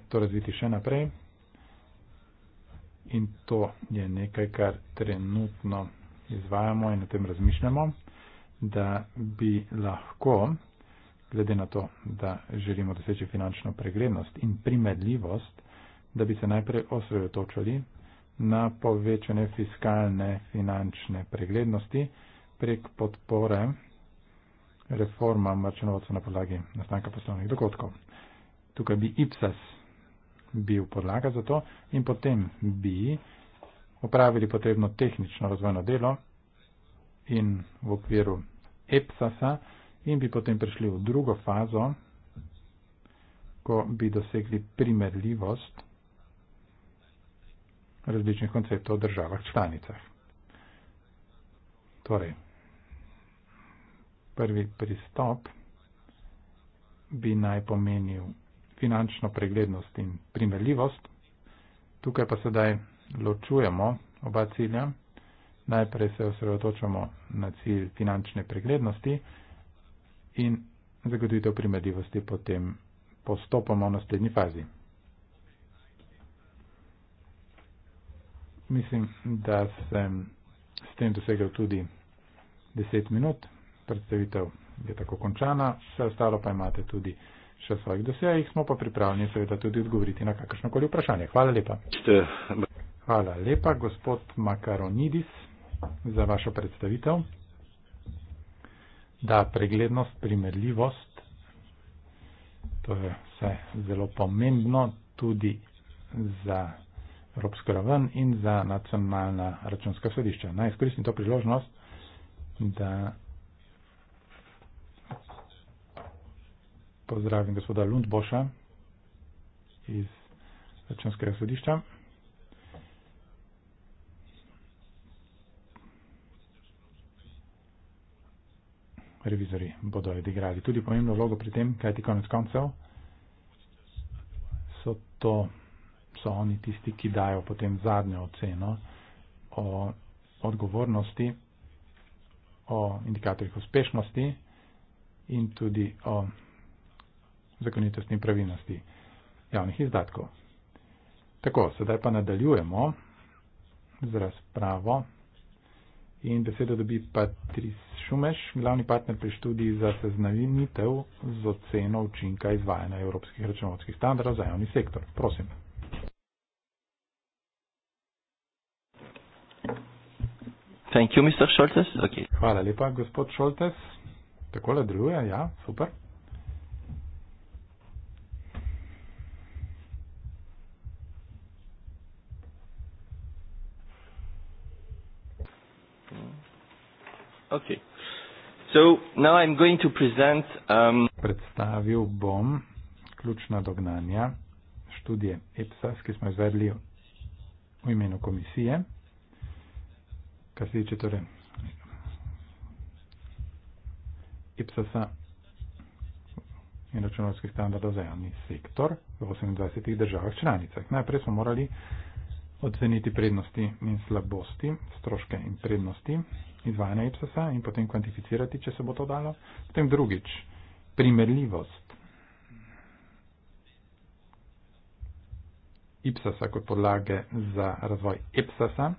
Speaker 3: to razviti še naprej in to je nekaj, kar trenutno izvajamo in na tem razmišljamo, da bi lahko, glede na to, da želimo doseči finančno preglednost in primedljivost, da bi se najprej osredotočili na povečanje fiskalne finančne preglednosti prek podpore reforma računovodstva na podlagi nastanka poslovnih dogodkov. Tukaj bi IPSAS bil podlaga za to in potem bi opravili potrebno tehnično razvojno delo in v okviru EPSAS-a in bi potem prišli v drugo fazo, ko bi dosegli primerljivost različnih konceptov v državah članicah. Torej, prvi pristop bi naj pomenil finančno preglednost in primerljivost. Tukaj pa sedaj ločujemo oba cilja. Najprej se osredotočamo na cilj finančne preglednosti in zagotovitev primerljivosti potem postopamo v naslednji fazi. Mislim, da sem s tem dosegel tudi 10 minut predstavitev je tako končana, vse ostalo pa imate tudi še svojih dosejih, smo pa pripravljeni seveda tudi odgovoriti na kakršnokoli vprašanje. Hvala lepa. Hvala lepa, gospod Makaronidis, za vašo predstavitev. Da, preglednost, primerljivost, to je vse zelo pomembno tudi za Evropsko raven in za nacionalna računska sodišča. Naj izkoristim to priložnost, da pozdravim gospoda Lundboša iz računskega sodišča. Revizori bodo odigrali tudi pomembno vlogo pri tem, kaj ti konec koncev so to, so oni tisti, ki dajo potem zadnjo oceno o odgovornosti, o indikatorjih uspešnosti in tudi o zakonitosti in pravilnosti javnih izdatkov. Tako, sedaj pa nadaljujemo z razpravo in besedo dobi Patris Šumeš, glavni partner pri študiji za seznanitev z oceno učinka izvajanja evropskih računovodskih standardov za javni sektor. Prosim. Thank you, Mr. Šoltes. Okay. Hvala lepa, gospod Šoltes. Takole deluje, ja, super.
Speaker 2: Okay. So now I'm going to present, um...
Speaker 3: Predstavil bom ključna dognanja študije EPSAS, ki smo izvedli v imenu komisije, kar se tiče torej EPSAS-a in računovskih standardov za javni sektor v 28 državah članicah. Najprej smo morali oceniti prednosti in slabosti, stroške in prednosti izvajanja IPSS-a in potem kvantificirati, če se bo to dalo. Potem drugič, primerljivost IPSS-a kot podlage za razvoj IPSS-a.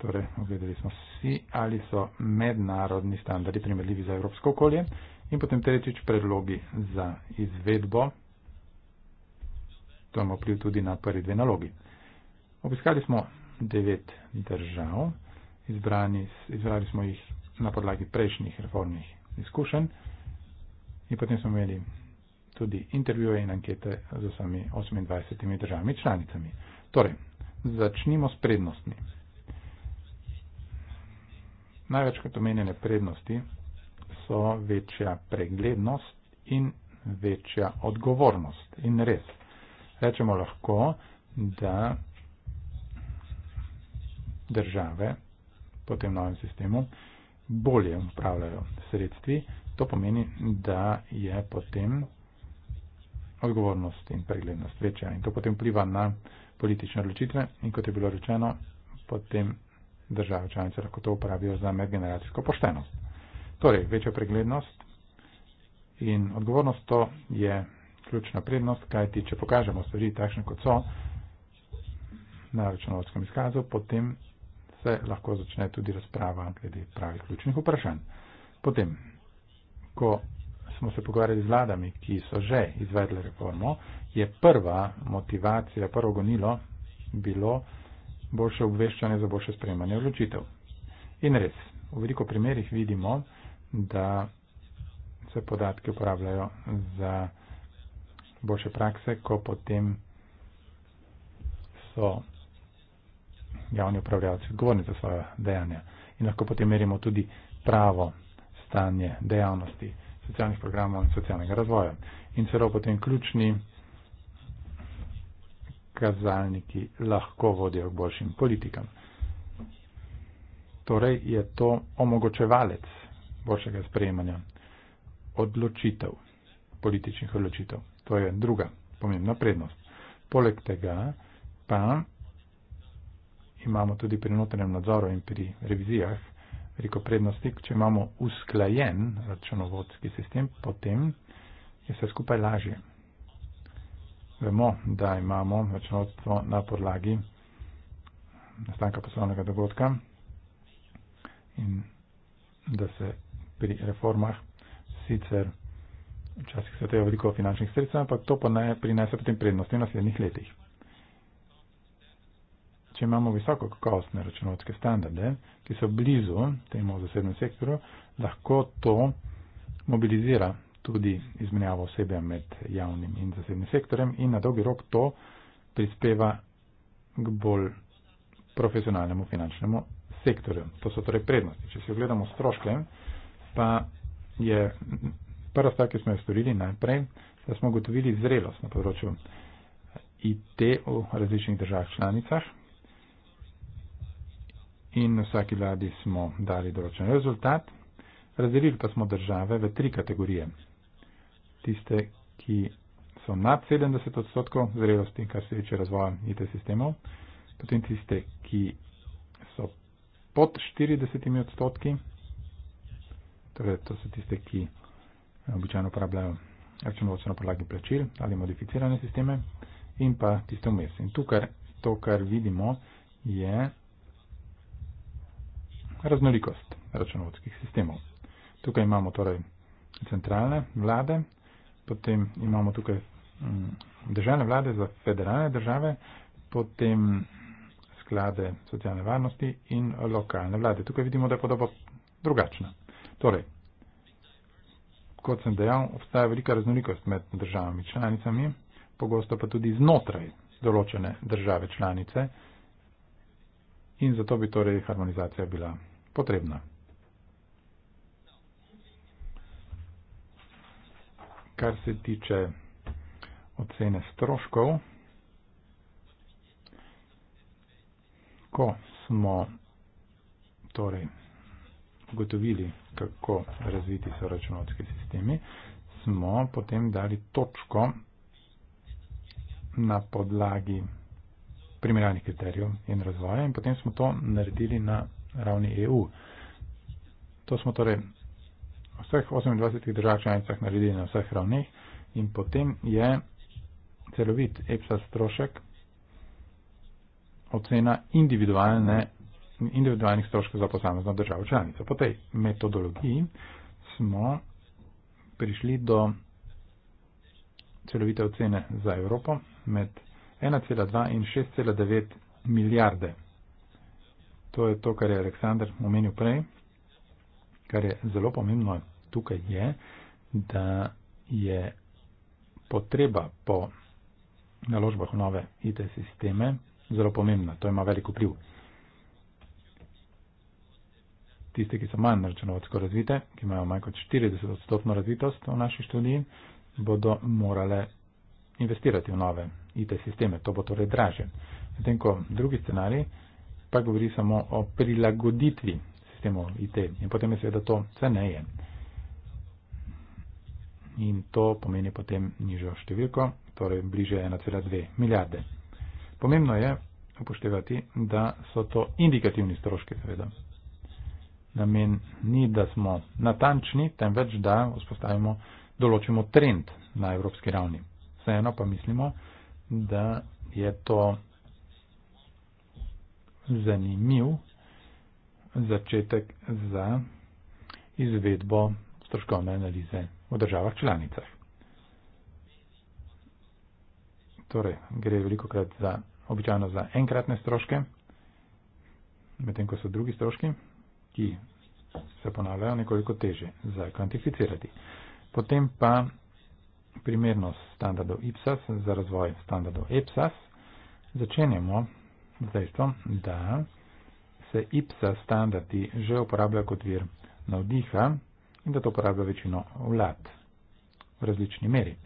Speaker 3: Torej, ogledali smo vsi, ali so mednarodni standardi primerljivi za evropsko okolje. In potem tretjič, predlogi za izvedbo. To ima vpliv tudi na prvi dve nalogi. Obiskali smo devet držav izbrani, izbrali smo jih na podlagi prejšnjih reformnih izkušenj in potem smo imeli tudi intervjuje in ankete z vsemi 28 državami članicami. Torej, začnimo s prednostmi. Največkrat omenjene prednosti so večja preglednost in večja odgovornost. In res, rečemo lahko, da države po tem novem sistemu bolje upravljajo sredstvi, to pomeni, da je potem odgovornost in preglednost večja in to potem pliva na politične odločitve in kot je bilo rečeno, potem države članice lahko to uporabijo za medgeneracijsko poštenost. Torej, večja preglednost in odgovornost to je ključna prednost, kajti če pokažemo stvari takšne, kot so, na računovodskem izkazu, potem se lahko začne tudi razprava glede pravih ključnih vprašanj. Potem, ko smo se pogovarjali z vladami, ki so že izvedle reformo, je prva motivacija, prvo gonilo bilo boljše obveščanje za boljše sprejemanje odločitev. In res, v veliko primerih vidimo, da se podatke uporabljajo za boljše prakse, ko potem so javni upravljavci odgovorni za svoje dejanja in lahko potem merimo tudi pravo stanje dejavnosti socialnih programov in socialnega razvoja. In celo potem ključni kazalniki lahko vodijo k boljšim politikam. Torej je to omogočevalec boljšega sprejemanja odločitev, političnih odločitev. To je druga pomembna prednost. Poleg tega pa imamo tudi pri notranjem nadzoru in pri revizijah veliko prednosti. Če imamo usklajen računovodski sistem, potem je vse skupaj lažje. Vemo, da imamo računovodstvo na podlagi nastanka poslovnega dogodka in da se pri reformah sicer včasih se tega veliko finančnih sredstev, ampak to pa ne prinese potem prednosti v naslednjih letih če imamo visoko kakovostne računovodske standarde, ki so blizu temu zasebnem sektorju, lahko to mobilizira tudi izmenjavo osebe med javnim in zasebnim sektorjem in na dolgi rok to prispeva k bolj profesionalnemu finančnemu sektorju. To so torej prednosti. Če si ogledamo stroške, pa je prva stvar, ki smo jo storili najprej, da smo gotovili zrelost na področju IT v različnih državah članicah, in vsaki vladi smo dali določen rezultat. Razdelili pa smo države v tri kategorije. Tiste, ki so nad 70 odstotkov zrelosti, kar se tiče razvoja IT sistemov, potem tiste, ki so pod 40 odstotki, torej to so tiste, ki eh, običajno uporabljajo računovodstveno podlagi plačil ali modificirane sisteme, in pa tiste vmes. In tukaj to, kar vidimo, je raznolikost računovodskih sistemov. Tukaj imamo torej centralne vlade, potem imamo tukaj mm, državne vlade za federalne države, potem sklade socialne varnosti in lokalne vlade. Tukaj vidimo, da je podoba drugačna. Torej, kot sem dejal, obstaja velika raznolikost med državami članicami, pogosto pa tudi znotraj določene države članice in zato bi torej harmonizacija bila potrebna. Kar se tiče ocene stroškov, ko smo torej ugotovili, kako razviti so računovodske sistemi, smo potem dali točko na podlagi primerjalnih kriterijev in razvoja in potem smo to naredili na ravni EU. To smo torej v vseh 28 držav članicah naredili na vseh ravneh in potem je celovit EPSA strošek ocena individualne, individualnih stroškov za posamezno državo članico. Po tej metodologiji smo prišli do celovite ocene za Evropo med 1,2 in 6,9 milijarde To je to, kar je Aleksandr omenil prej. Kar je zelo pomembno tukaj je, da je potreba po naložbah v nove IT sisteme zelo pomembna. To ima veliko vpliv. Tiste, ki so manj računovodsko razvite, ki imajo manj kot 40 odstotno razvitost v naši študiji, bodo morale investirati v nove IT sisteme. To bo torej draže. Zdaj, ko drugi scenarij pa govori samo o prilagoditvi sistemov IT in potem je seveda to ceneje. In to pomeni potem nižjo številko, torej bliže 1,2 milijarde. Pomembno je upoštevati, da so to indikativni stroški, seveda. Namen ni, da smo natančni, temveč da vzpostavimo, določimo trend na evropski ravni. Vseeno pa mislimo, da je to zanimiv začetek za izvedbo stroškovne analize v državah članicah. Torej, gre veliko krat za, običajno za enkratne stroške, medtem ko so drugi stroški, ki se ponavljajo nekoliko teže za kvantificirati. Potem pa primernost standardov IPSAS za razvoj standardov EPSAS začenjamo dejstvo, da se IPSA standardi že uporabljajo kot vir navdiha in da to uporablja večino vlad v različni meri.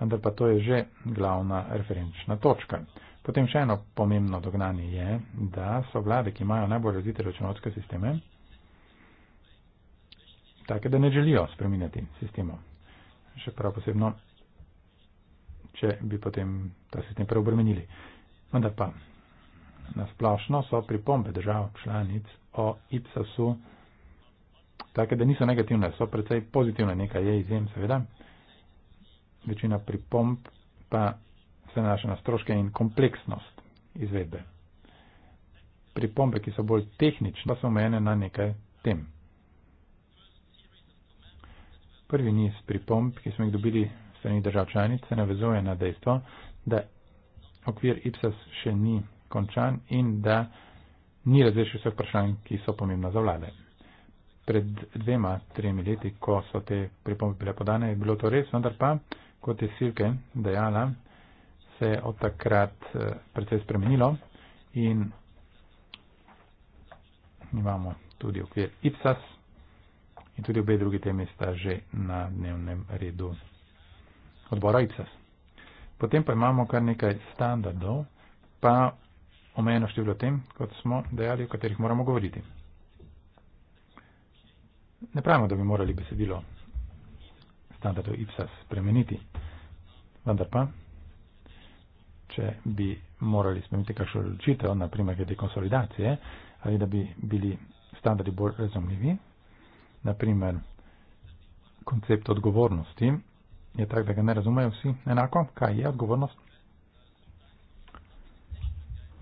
Speaker 3: Vendar pa to je že glavna referenčna točka. Potem še eno pomembno dognanje je, da so vlade, ki imajo najbolj razvite računovske sisteme, take, da ne želijo spreminjati sistemov. Še prav posebno, če bi potem ta sistem preobremenili. Vendar pa Nasplošno so pripombe držav članic o IPSAS-u take, da niso negativne, so precej pozitivne, nekaj je izjem seveda. Večina pripomb pa se nanaša na stroške in kompleksnost izvedbe. Pripombe, ki so bolj tehnične, pa so omejene na nekaj tem. Prvi niz pripomb, ki smo jih dobili strani držav članic, se navezuje na dejstvo, da okvir IPSAS še ni končan in da ni razrešil vseh vprašanj, ki so pomembna za vlade. Pred dvema, tremi leti, ko so te pripombe bile podane, je bilo to res, vendar pa, kot je Silke dejala, se je od takrat eh, precej spremenilo in imamo tudi okvir IPSAS in tudi obe drugi temi sta že na dnevnem redu odbora IPSAS. Potem pa imamo kar nekaj standardov, pa omejeno število tem, kot smo dejali, o katerih moramo govoriti. Ne pravimo, da bi morali besedilo standardov IPSAS spremeniti, vendar pa, če bi morali spremeniti kakšno odločitev, naprimer glede konsolidacije, ali da bi bili standardi bolj razumljivi, naprimer koncept odgovornosti, je tak, da ga ne razumejo vsi enako, kaj je odgovornost,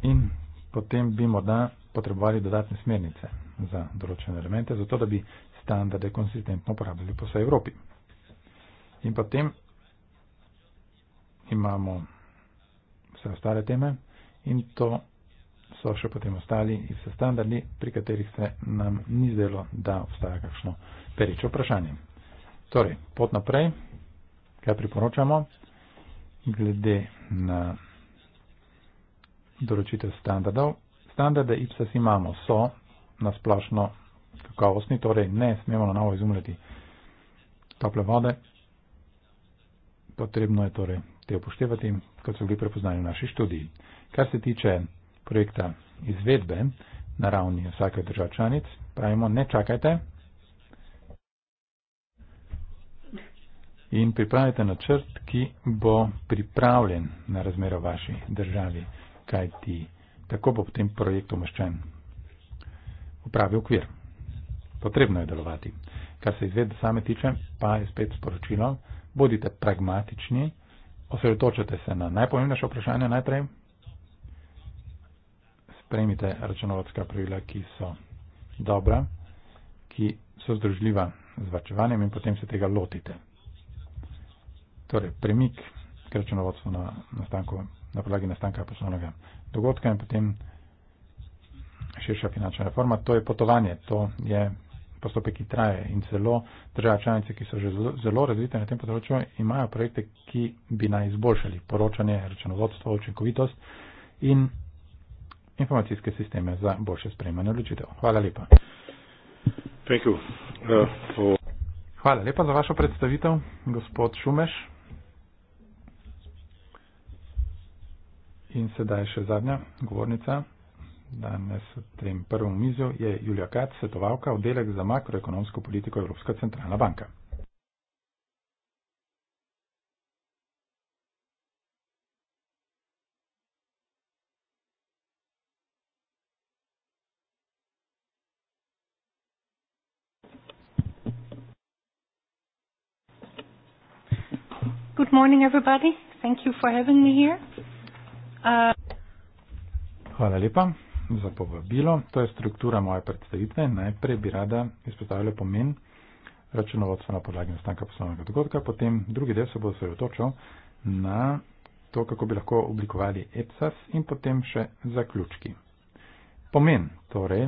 Speaker 3: in potem bi morda potrebovali dodatne smernice za določene elemente, zato da bi standarde konsistentno uporabljali po vsej Evropi. In potem imamo vse ostale teme in to so še potem ostali in vse standardi, pri katerih se nam ni zdelo, da obstaja kakšno pereče vprašanje. Torej, pot naprej, kaj priporočamo glede na določitev standardov. Standarde IPSAS imamo, so nasplošno kakovostni, torej ne smemo na novo izumljati tople vode. Potrebno je torej te upoštevati, kot so bili prepoznani v naši študiji. Kar se tiče projekta izvedbe na ravni vsake države članic, pravimo ne čakajte in pripravite načrt, ki bo pripravljen na razmero vaši državi kajti tako bo potem projekt umeščen v pravi okvir. Potrebno je delovati. Kar se izvedbe same tiče, pa je spet sporočilo, bodite pragmatični, osredotočite se na najpomembnejše vprašanje najprej, sprejmite računovodska pravila, ki so dobra, ki so združljiva z vrčevanjem in potem se tega lotite. Torej, premik k računovodstvu na nastanku na podlagi nastanka poslovnega dogodka in potem širša finančna reforma. To je potovanje, to je postopek, ki traje in celo države članice, ki so že zelo, zelo razvite na tem področju, imajo projekte, ki bi naj izboljšali poročanje, računovodstvo, učinkovitost in informacijske sisteme za boljše sprejemanje odločitev. Hvala lepa. Uh, Hvala lepa za vašo predstavitev, gospod Šumeš. In sedaj še zadnja govornica, danes v tem prvem mizu, je Julija Kac, svetovalka oddelek za makroekonomsko politiko Evropska centralna banka.
Speaker 1: Good morning, everybody. Thank you for having me here.
Speaker 3: Hvala lepa za povabilo. To je struktura moje predstavitve. Najprej bi rada izpostavila pomen računovodstva na podlagi nastanka poslovnega dogodka, potem drugi del se bo osredotočil na to, kako bi lahko oblikovali EPSAS in potem še zaključki. Pomen torej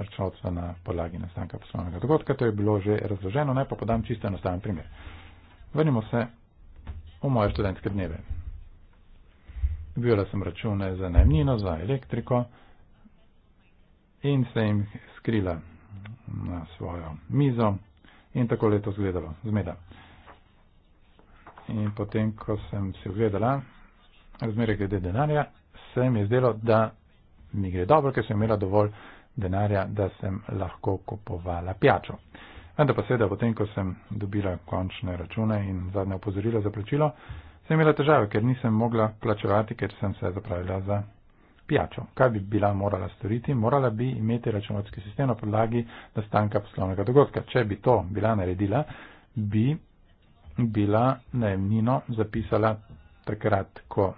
Speaker 3: računovodstva na podlagi nastanka poslovnega dogodka, to je bilo že razloženo, naj pa podam čisto enostaven primer. Vrnimo se v moje študentske dneve dobivala sem račune za najemnino, za elektriko in se jim skrila na svojo mizo in tako je to izgledalo, zmeda. In potem, ko sem si ogledala razmere glede denarja, se mi je zdelo, da mi gre dobro, ker sem imela dovolj denarja, da sem lahko kupovala pijačo. Vendar pa seveda, potem, ko sem dobila končne račune in zadnje opozorilo za plačilo, sem imela težave, ker nisem mogla plačevati, ker sem se zapravila za pijačo. Kaj bi bila morala storiti? Morala bi imeti računovodski sistem na podlagi nastanka poslovnega dogodka. Če bi to bila naredila, bi bila najemnino zapisala takrat, ko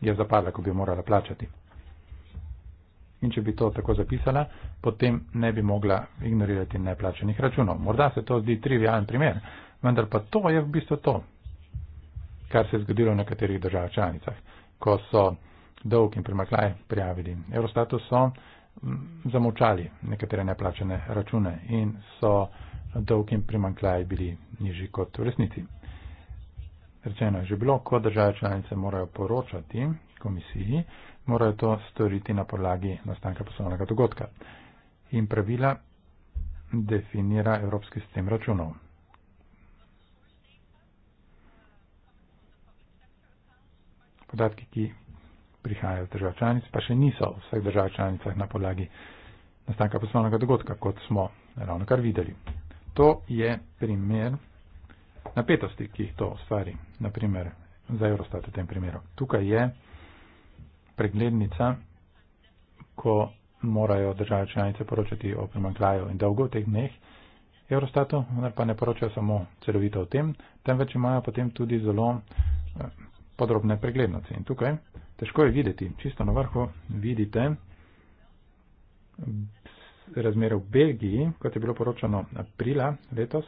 Speaker 3: je zapadla, ko bi morala plačati. In če bi to tako zapisala, potem ne bi mogla ignorirati neplačenih računov. Morda se to zdi trivialen primer, vendar pa to je v bistvu to kar se je zgodilo v nekaterih držav članicah. Ko so dolg in primaklaj prijavili Eurostatu, so zamovčali nekatere neplačene račune in so dolg in primaklaj bili nižji kot v resnici. Rečeno je že bilo, ko države članice morajo poročati komisiji, morajo to storiti na podlagi nastanka poslovnega dogodka. In pravila definira Evropski sistem računov. podatki, ki prihajajo iz držav članic, pa še niso v vseh držav članicah na podlagi nastanka poslovnega dogodka, kot smo ravno kar videli. To je primer napetosti, ki jih to ustvari, naprimer za Eurostat v tem primeru. Tukaj je preglednica, ko morajo države članice poročati o primankljaju in dolgu v teh dneh Eurostatu, vendar pa ne poročajo samo celovito o tem, temveč imajo potem tudi zelo eh, podrobne preglednice. In tukaj težko je videti, čisto na vrhu vidite razmere v Belgiji, kot je bilo poročano aprila letos,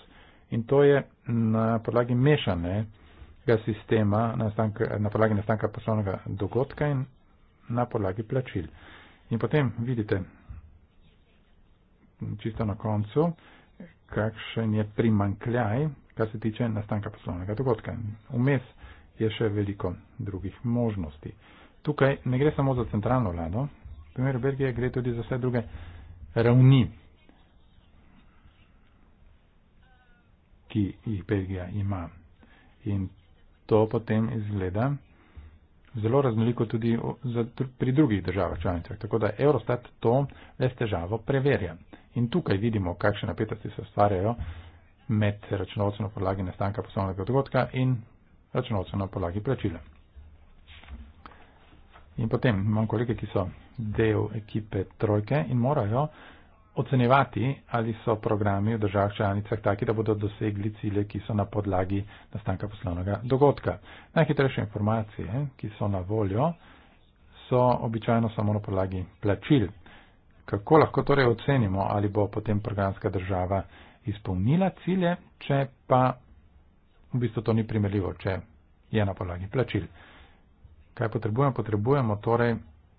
Speaker 3: in to je na podlagi mešanega sistema, nastank, na podlagi nastanka poslovnega dogodka in na podlagi plačil. In potem vidite čisto na koncu, kakšen je primankljaj, kar se tiče nastanka poslovnega dogodka. Vmes je še veliko drugih možnosti. Tukaj ne gre samo za centralno vlado, v primeru Belgije gre tudi za vse druge ravni, ki jih Belgija ima. In to potem izgleda zelo raznoliko tudi pri drugih državah članicah. Tako da Eurostat to le s težavo preverja. In tukaj vidimo, kakšne napetosti se stvarjajo med računovodstveno podlagi nastanka poslovnega dogodka in računovcem na podlagi plačila. In potem imam kolege, ki so del ekipe trojke in morajo ocenjevati, ali so programi v državah članicah taki, da bodo dosegli cilje, ki so na podlagi nastanka poslovnega dogodka. Najhitrejše informacije, ki so na voljo, so običajno samo na podlagi plačil. Kako lahko torej ocenimo, ali bo potem programska država izpolnila cilje, če pa v bistvu to ni primerljivo, če je na podlagi plačil. Kaj potrebujemo? Potrebujemo torej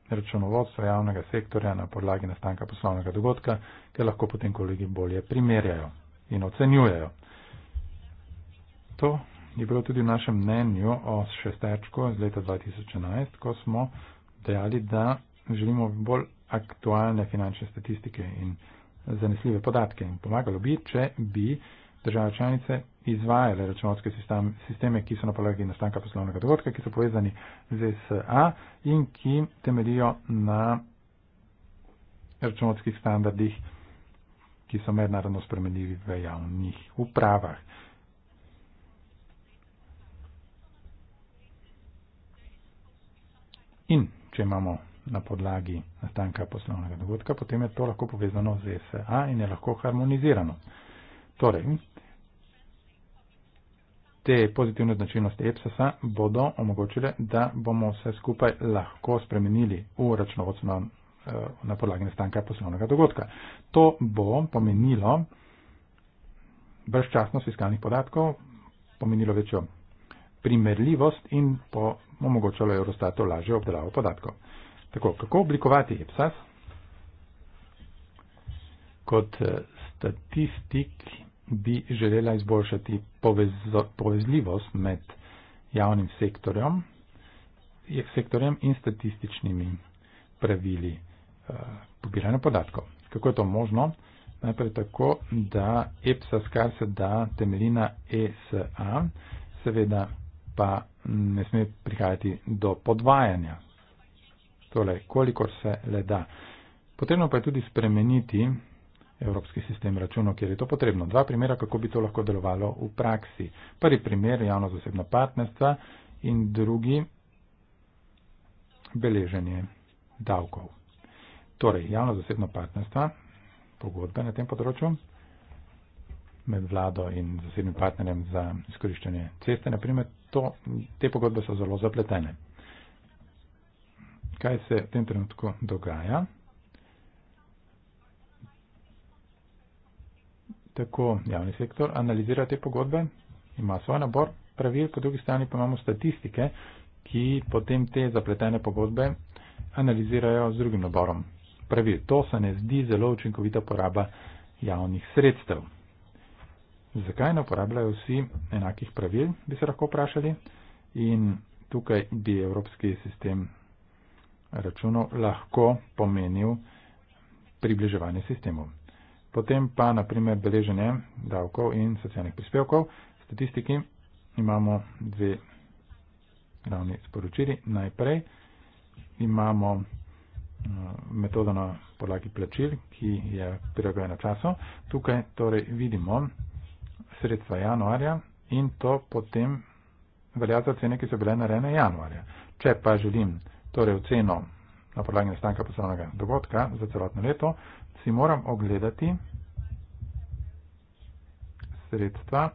Speaker 3: računovodstvo javnega sektorja na podlagi nastanka poslovnega dogodka, ker lahko potem kolegi bolje primerjajo in ocenjujejo. To je bilo tudi v našem mnenju o šestečku iz leta 2011, ko smo dejali, da želimo bolj aktualne finančne statistike in zanesljive podatke in pomagalo bi, če bi države članice izvajale računovske sisteme, ki so na podlagi nastanka poslovnega dogodka, ki so povezani z SA in ki temelijo na računovskih standardih, ki so mednarodno spremenljivi v javnih upravah. In če imamo na podlagi nastanka poslovnega dogodka, potem je to lahko povezano z SA in je lahko harmonizirano. Torej, te pozitivne značilnosti EPSAS-a bodo omogočile, da bomo vse skupaj lahko spremenili v računovodstvo eh, na podlagi nastanka poslovnega dogodka. To bo pomenilo brezčasnost fiskalnih podatkov, pomenilo večjo primerljivost in po, omogočalo Eurostatu lažjo obdelavo podatkov. Tako, kako oblikovati EPSAS kot eh, statistiki? bi želela izboljšati povezo, povezljivost med javnim sektorjem, sektorjem in statističnimi pravili eh, pobiranja podatkov. Kako je to možno? Najprej tako, da EPSA skar se da temeljina ESA, seveda pa ne sme prihajati do podvajanja. Torej, kolikor se le da. Potrebno pa je tudi spremeniti evropski sistem računov, kjer je to potrebno. Dva primera, kako bi to lahko delovalo v praksi. Prvi primer javno zasebno partnerstva in drugi beleženje davkov. Torej, javno zasebno partnerstva, pogodbe na tem področju med vlado in zasebnim partnerjem za izkoriščanje ceste, naprimer, to, te pogodbe so zelo zapletene. Kaj se v tem trenutku dogaja? tako javni sektor analizira te pogodbe, ima svoj nabor pravil, po drugi strani pa imamo statistike, ki potem te zapletene pogodbe analizirajo z drugim naborom pravil. To se ne zdi zelo učinkovita poraba javnih sredstev. Zakaj ne uporabljajo vsi enakih pravil, bi se lahko vprašali. In tukaj bi evropski sistem računov lahko pomenil približevanje sistemom potem pa naprimer beleženje davkov in socialnih prispevkov. V statistiki imamo dve ravni sporočili. Najprej imamo eh, metodo na podlagi plačil, ki je prilagojena času. Tukaj torej vidimo sredstva januarja in to potem velja za cene, ki so bile narejene januarja. Če pa želim torej oceno na podlagi nastanka poslovnega dogodka za celotno leto, si moram ogledati sredstva,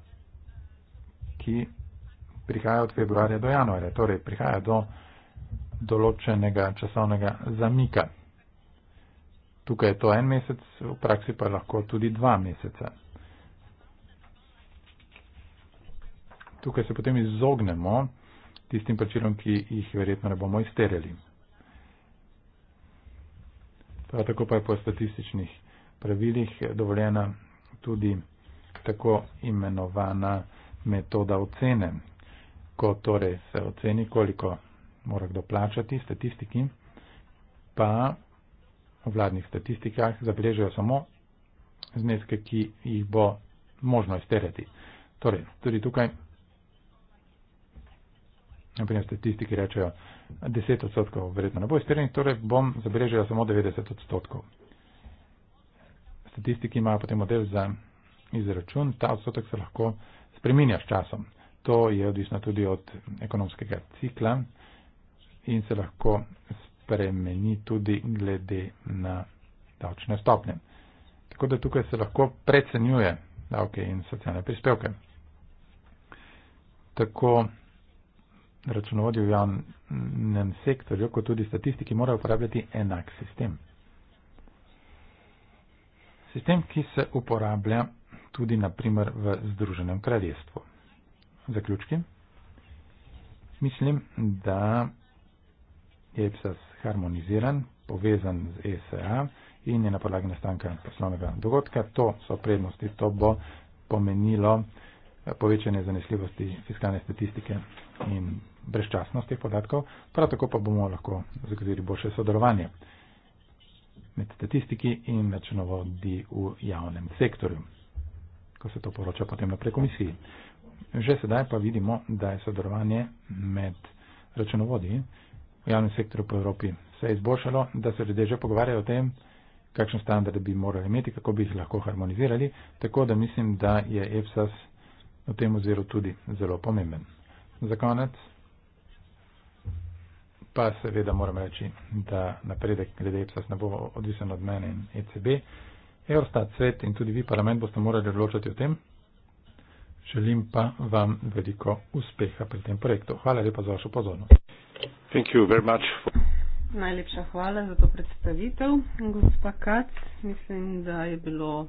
Speaker 3: ki prihajajo od februarja do januarja, torej prihaja do določenega časovnega zamika. Tukaj je to en mesec, v praksi pa lahko tudi dva meseca. Tukaj se potem izognemo tistim plačilom, ki jih verjetno ne bomo izterjali. Prav tako pa je po statističnih pravilih dovoljena tudi tako imenovana metoda ocene, ko torej se oceni, koliko mora kdo plačati statistiki, pa v vladnih statistikah zabeležijo samo zneske, ki jih bo možno izterjati. Torej, tudi tukaj, naprimer, statistiki rečejo, da 10 odstotkov, verjetno ne bo izterjenih, torej bom zabeležila samo 90 odstotkov. Statistiki imajo potem model za izračun, ta odstotek se lahko spreminja s časom. To je odvisno tudi od ekonomskega cikla in se lahko spremeni tudi glede na davčne stopnje. Tako da tukaj se lahko precenjuje davke in socialne prispevke. Tako računovodje v javnem nem sektorju, kot tudi statistiki, mora uporabljati enak sistem. Sistem, ki se uporablja tudi, naprimer, v Združenem kraljestvu. Zaključki. Mislim, da je EPSAS harmoniziran, povezan z ESA in je na podlagi nastanka poslovnega dogodka. To so prednosti, to bo pomenilo povečanje zanesljivosti fiskalne statistike in brezčasnost teh podatkov, prav tako pa bomo lahko zagotovili boljše sodelovanje med statistiki in računovodji v javnem sektorju, ko se to poroča potem naprej komisiji. Že sedaj pa vidimo, da je sodelovanje med računovodji v javnem sektorju po Evropi se je izboljšalo, da se ljudje že pogovarjajo o tem, kakšne standarde bi morali imeti, kako bi jih lahko harmonizirali, tako da mislim, da je EFSAS v tem oziru tudi zelo pomemben. Za konec pa seveda moram reči, da napredek glede EPSAS ne bo odvisen od mene in ECB. Eurostat svet in tudi vi parlament boste morali odločati o tem. Želim pa vam veliko uspeha pri tem projektu. Hvala lepa za vašo pozornost. Thank you very much. For...
Speaker 1: Najlepša hvala za to predstavitev, gospa Kac. Mislim, da je bilo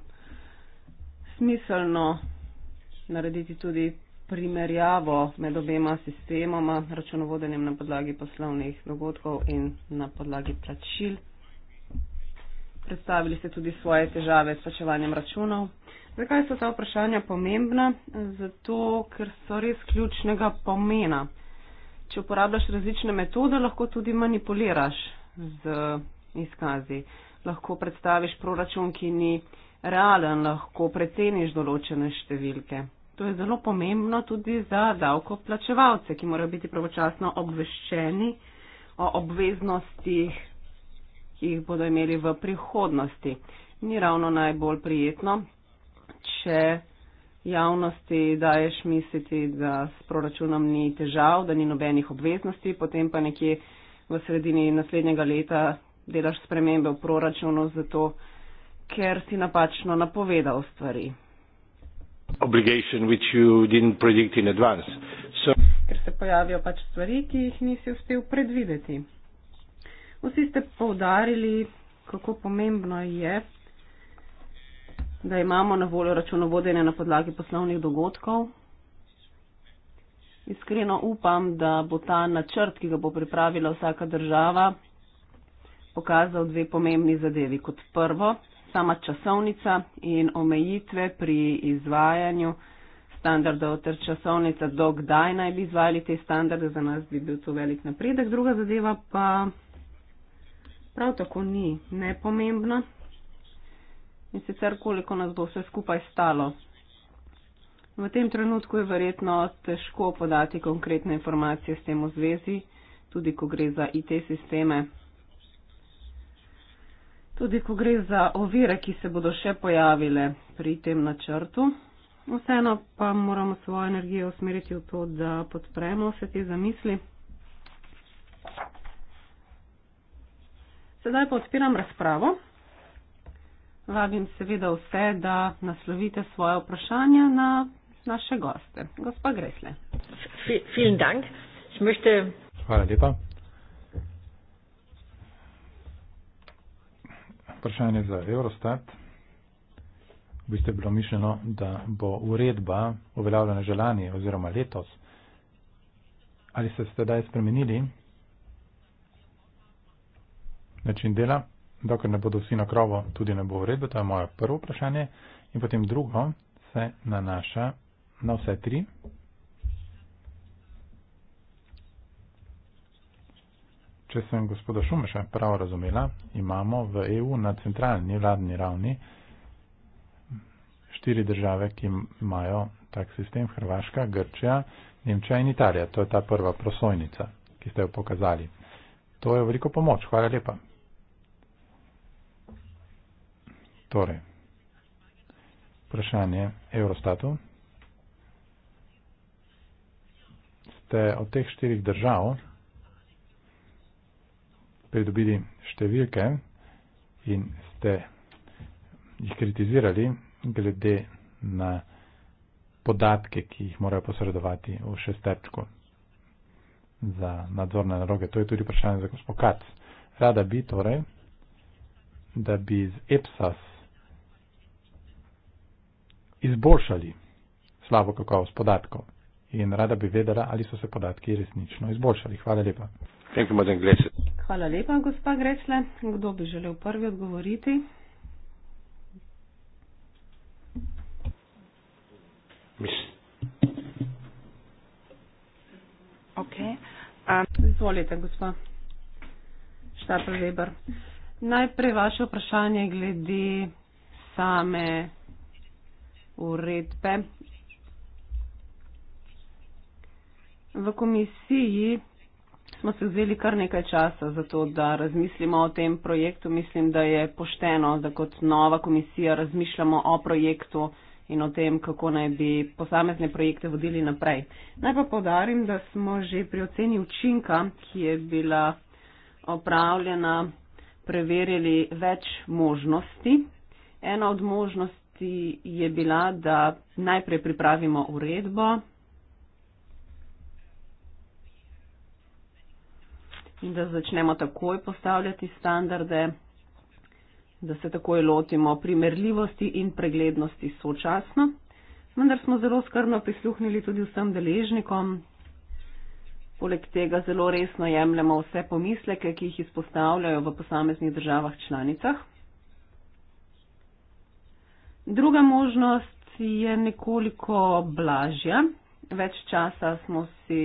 Speaker 1: smiselno narediti tudi primerjavo med obema sistemoma, računovodenjem na podlagi poslovnih dogodkov in na podlagi plačil. Predstavili ste tudi svoje težave s plačevanjem računov. Zakaj so ta vprašanja pomembna? Zato, ker so res ključnega pomena. Če uporabljaš različne metode, lahko tudi manipuliraš z izkazi. Lahko predstaviš proračun, ki ni realen, lahko preceniš določene številke to je zelo pomembno tudi za davkoplačevalce, ki morajo biti pravočasno obveščeni o obveznostih, ki jih bodo imeli v prihodnosti. Ni ravno najbolj prijetno, če javnosti daješ misliti, da s proračunom ni težav, da ni nobenih obveznosti, potem pa nekje v sredini naslednjega leta delaš spremembe v proračunu zato, ker si napačno napovedal stvari
Speaker 3: obligation which you didn't predict in advance. So
Speaker 1: Ker se pojavijo pač stvari, ki jih nisi uspel predvideti. Vsi ste poudarili, kako pomembno je, da imamo na voljo računovodene na podlagi poslovnih dogodkov. Iskreno upam, da bo ta načrt, ki ga bo pripravila vsaka država, pokazal dve pomembni zadevi. Kot prvo, sama časovnica in omejitve pri izvajanju standardov ter časovnica, dokdaj naj bi izvajali te standarde, za nas bi bil to velik napredek. Druga zadeva pa prav tako ni nepomembna in sicer koliko nas bo vse skupaj stalo. V tem trenutku je verjetno težko podati konkretne informacije s tem v zvezi, tudi ko gre za IT sisteme tudi ko gre za ovire, ki se bodo še pojavile pri tem načrtu. Vseeno pa moramo svojo energijo usmeriti v to, da podpremo vse te zamisli. Sedaj pa odpiram razpravo. Vabim seveda vse, da naslovite svoje vprašanje na naše goste. Gospa Gresle.
Speaker 3: Hvala lepa. vprašanje za Eurostat. V bistvu je bilo mišljeno, da bo uredba uveljavljena že lani oziroma letos. Ali ste sedaj spremenili način dela, dokler ne bodo vsi na krovo, tudi ne bo uredba? To je moje prvo vprašanje. In potem drugo se nanaša na vse tri. Če sem gospoda Šumeša prav razumela, imamo v EU na centralni vladni ravni štiri države, ki imajo tak sistem, Hrvaška, Grčija, Nemčija in Italija. To je ta prva prosojnica, ki ste jo pokazali. To je veliko pomoč. Hvala lepa. Torej, vprašanje Eurostatu. Ste od teh štirih držav pridobili številke in ste jih kritizirali glede na podatke, ki jih morajo posredovati v šestečku za nadzorne naloge. To je tudi vprašanje za gospod Kac. Rada bi torej, da bi z EPSAS izboljšali slabo kakovost podatkov in rada bi vedela, ali so se podatki resnično izboljšali. Hvala lepa. Thank you,
Speaker 1: Hvala lepa, gospa Grecle. Kdo bi želel prvi odgovoriti? Okay. Um, Izvolite, gospa Štatoleber. Najprej vaše vprašanje glede same uredbe. V komisiji smo se vzeli kar nekaj časa za to, da razmislimo o tem projektu. Mislim, da je pošteno, da kot nova komisija razmišljamo o projektu in o tem, kako naj bi posamezne projekte vodili naprej. Naj pa povdarim, da smo že pri oceni učinka, ki je bila opravljena, preverili več možnosti. Ena od možnosti je bila, da najprej pripravimo uredbo, in da začnemo takoj postavljati standarde, da se takoj lotimo primerljivosti in preglednosti sočasno. Vendar smo zelo skrbno prisluhnili tudi vsem deležnikom. Poleg tega zelo resno jemljemo vse pomisleke, ki jih izpostavljajo v posameznih državah članicah. Druga možnost je nekoliko blažja. Več časa smo si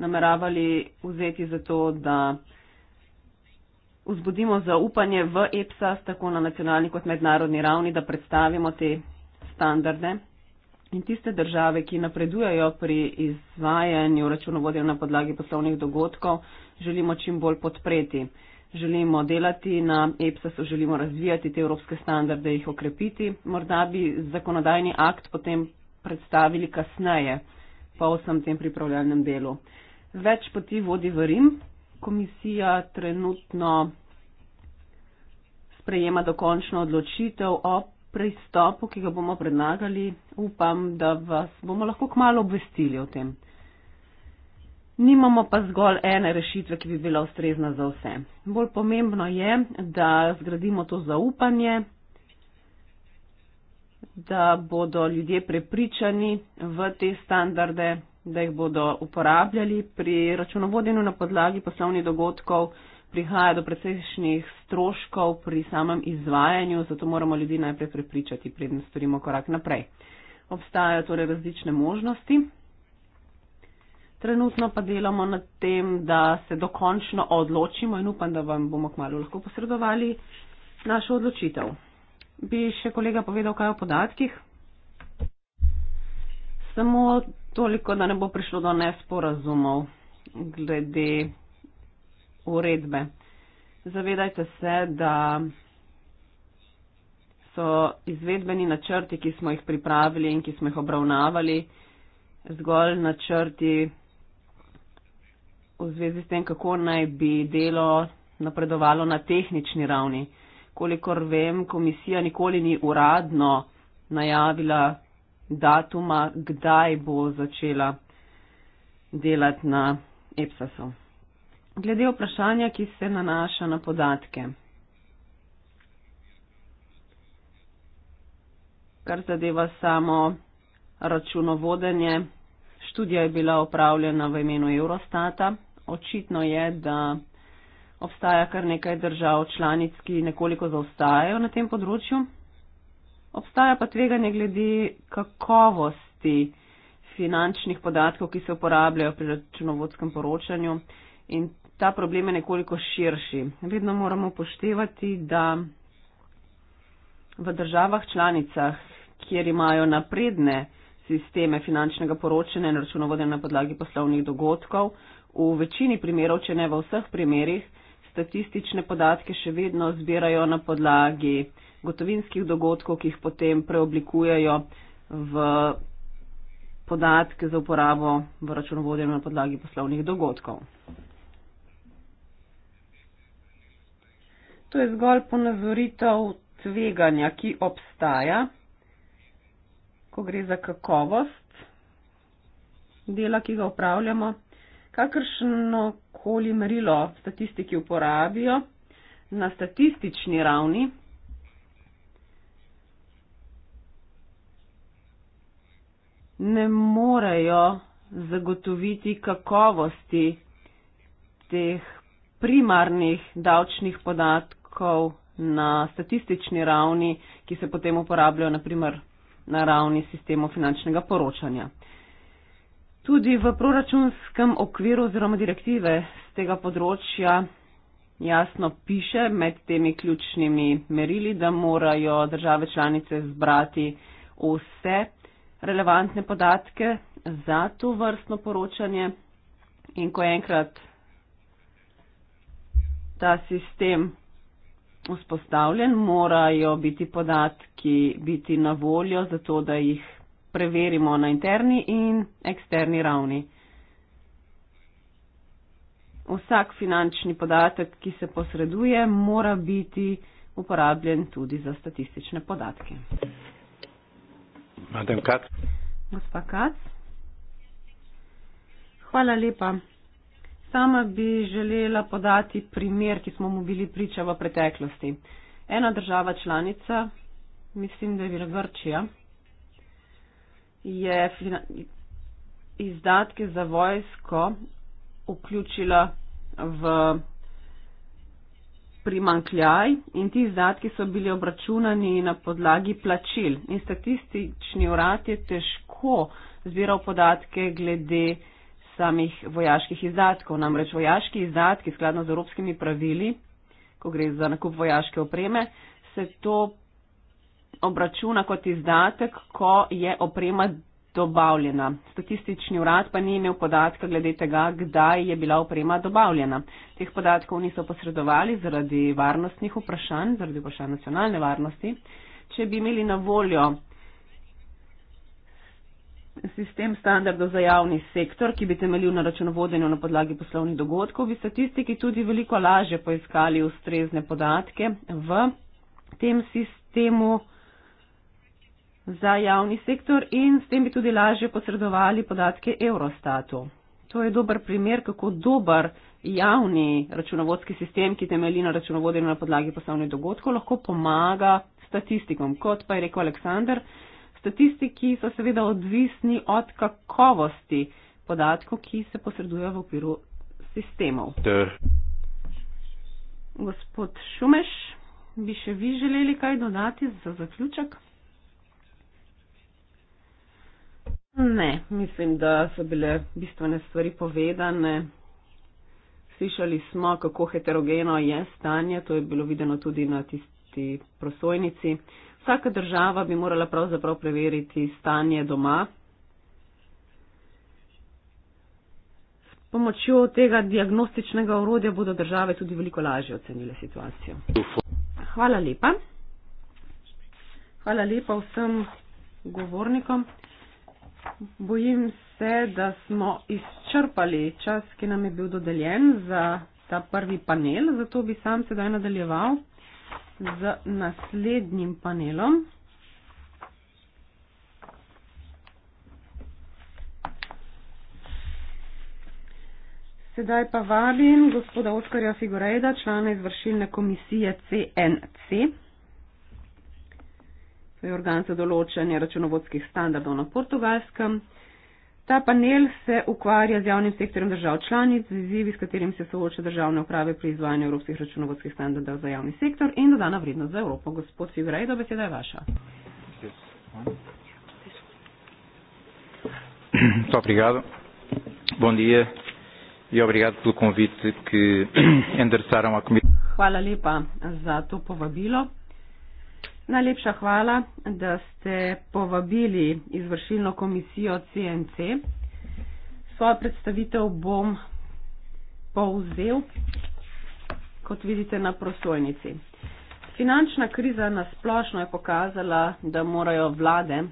Speaker 1: nameravali vzeti za to, da vzbudimo zaupanje v EPSAS, tako na nacionalni kot mednarodni ravni, da predstavimo te standarde. In tiste države, ki napredujajo pri izvajanju računovodja na podlagi poslovnih dogodkov, želimo čim bolj podpreti. Želimo delati na EPSAS-u, želimo razvijati te evropske standarde, jih okrepiti. Morda bi zakonodajni akt potem predstavili kasneje, pa vsem tem pripravljalnem delu. Več poti vodi v Rim. Komisija trenutno sprejema dokončno odločitev o pristopu, ki ga bomo predlagali. Upam, da vas bomo lahko k malu obvestili o tem. Nimamo pa zgolj ene rešitve, ki bi bila ustrezna za vse. Bolj pomembno je, da zgradimo to zaupanje, da bodo ljudje prepričani v te standarde, da jih bodo uporabljali. Pri računovodenju na podlagi poslovnih dogodkov prihaja do precejšnjih stroškov pri samem izvajanju, zato moramo ljudi najprej prepričati, predem storimo korak naprej. Obstajajo torej različne možnosti. Trenutno pa delamo nad tem, da se dokončno odločimo in upam, da vam bomo kmalo lahko posredovali našo odločitev. Bi še kolega povedal kaj o podatkih? samo toliko, da ne bo prišlo do nesporazumov glede uredbe. Zavedajte se, da so izvedbeni načrti, ki smo jih pripravili in ki smo jih obravnavali, zgolj načrti v zvezi s tem, kako naj bi delo napredovalo na tehnični ravni. Kolikor vem, komisija nikoli ni uradno najavila datuma, kdaj bo začela delati na EPSAS-u. Glede vprašanja, ki se nanaša na podatke, kar zadeva samo računovodenje, študija je bila opravljena v imenu Eurostata. Očitno je, da obstaja kar nekaj držav članic, ki nekoliko zaostajajo na tem področju. Obstaja pa tveganje glede kakovosti finančnih podatkov, ki se uporabljajo pri računovodskem poročanju in ta problem je nekoliko širši. Vedno moramo poštevati, da v državah članicah, kjer imajo napredne sisteme finančnega poročanja in računovodja na podlagi poslovnih dogodkov, v večini primerov, če ne v vseh primerih, statistične podatke še vedno zbirajo na podlagi gotovinskih dogodkov, ki jih potem preoblikujejo v podatke za uporabo v računovodju na podlagi poslovnih dogodkov. To je zgolj ponazoritev tveganja, ki obstaja, ko gre za kakovost dela, ki ga upravljamo, kakršno koli merilo statistiki uporabijo na statistični ravni, ne morejo zagotoviti kakovosti teh primarnih davčnih podatkov na statistični ravni, ki se potem uporabljajo naprimer na ravni sistemov finančnega poročanja. Tudi v proračunskem okviru oziroma direktive z tega področja jasno piše med temi ključnimi merili, da morajo države članice zbrati vse relevantne podatke za to vrstno poročanje in ko enkrat ta sistem vzpostavljen, morajo biti podatki biti na voljo, zato da jih preverimo na interni in eksterni ravni. Vsak finančni podatek, ki se posreduje, mora biti uporabljen tudi za statistične podatke. Madame Kac. Gospa Kac. Hvala lepa. Sama bi želela podati primer, ki smo mu bili priča v preteklosti. Ena država članica, mislim, da je bila Grčija, je izdatke za vojsko vključila v primankljaj in ti izdatki so bili obračunani na podlagi plačil. In statistični urad je težko zbiral podatke glede samih vojaških izdatkov. Namreč vojaški izdatki, skladno z evropskimi pravili, ko gre za nakup vojaške opreme, se to obračuna kot izdatek, ko je oprema dobavljena. Statistični urad pa ni imel podatka glede tega, kdaj je bila oprema dobavljena. Teh podatkov niso posredovali zaradi varnostnih vprašanj, zaradi vprašanj nacionalne varnosti. Če bi imeli na voljo sistem standardov za javni sektor, ki bi temeljil na računovodenju na podlagi poslovnih dogodkov, bi statistiki tudi veliko laže poiskali ustrezne podatke v tem sistemu za javni sektor in s tem bi tudi lažje posredovali podatke Eurostatu. To je dober primer, kako dober javni računovodski sistem, ki temelji na računovodenju na podlagi poslovnih dogodkov, lahko pomaga statistikom. Kot pa je rekel Aleksandr, statistiki so seveda odvisni od kakovosti podatkov, ki se posredujejo v okviru sistemov. De. Gospod Šumeš, bi še vi želeli kaj dodati za zaključek? Ne, mislim, da so bile bistvene stvari povedane. Slišali smo, kako heterogeno je stanje, to je bilo videno tudi na tisti prosojnici. Vsaka država bi morala pravzaprav preveriti stanje doma. S pomočjo tega diagnostičnega urodja bodo države tudi veliko lažje ocenile situacijo. Hvala lepa. Hvala lepa vsem govornikom. Bojim se, da smo izčrpali čas, ki nam je bil dodeljen za ta prvi panel, zato bi sam sedaj nadaljeval z naslednjim panelom. Sedaj pa vabim gospoda Oskarja Figurejda, člana izvršilne komisije CNC to torej, je organ za določanje računovodskih standardov na portugalskem. Ta panel se ukvarja z javnim sektorjem držav članic, z izzivi, s katerim se sooča državne uprave pri izvajanju evropskih računovodskih standardov za javni sektor in dodana vrednost za Evropo. Gospod Figuraj, do beseda je vaša.
Speaker 3: Muito obrigado. Bom dia e obrigado pelo convite que endereçaram à Comissão.
Speaker 1: Hvala lepa za to povabilo. Najlepša hvala, da ste povabili izvršilno komisijo CNC. Svojo predstavitev bom povzel, kot vidite, na prosojnici. Finančna kriza nasplošno je pokazala, da morajo vlade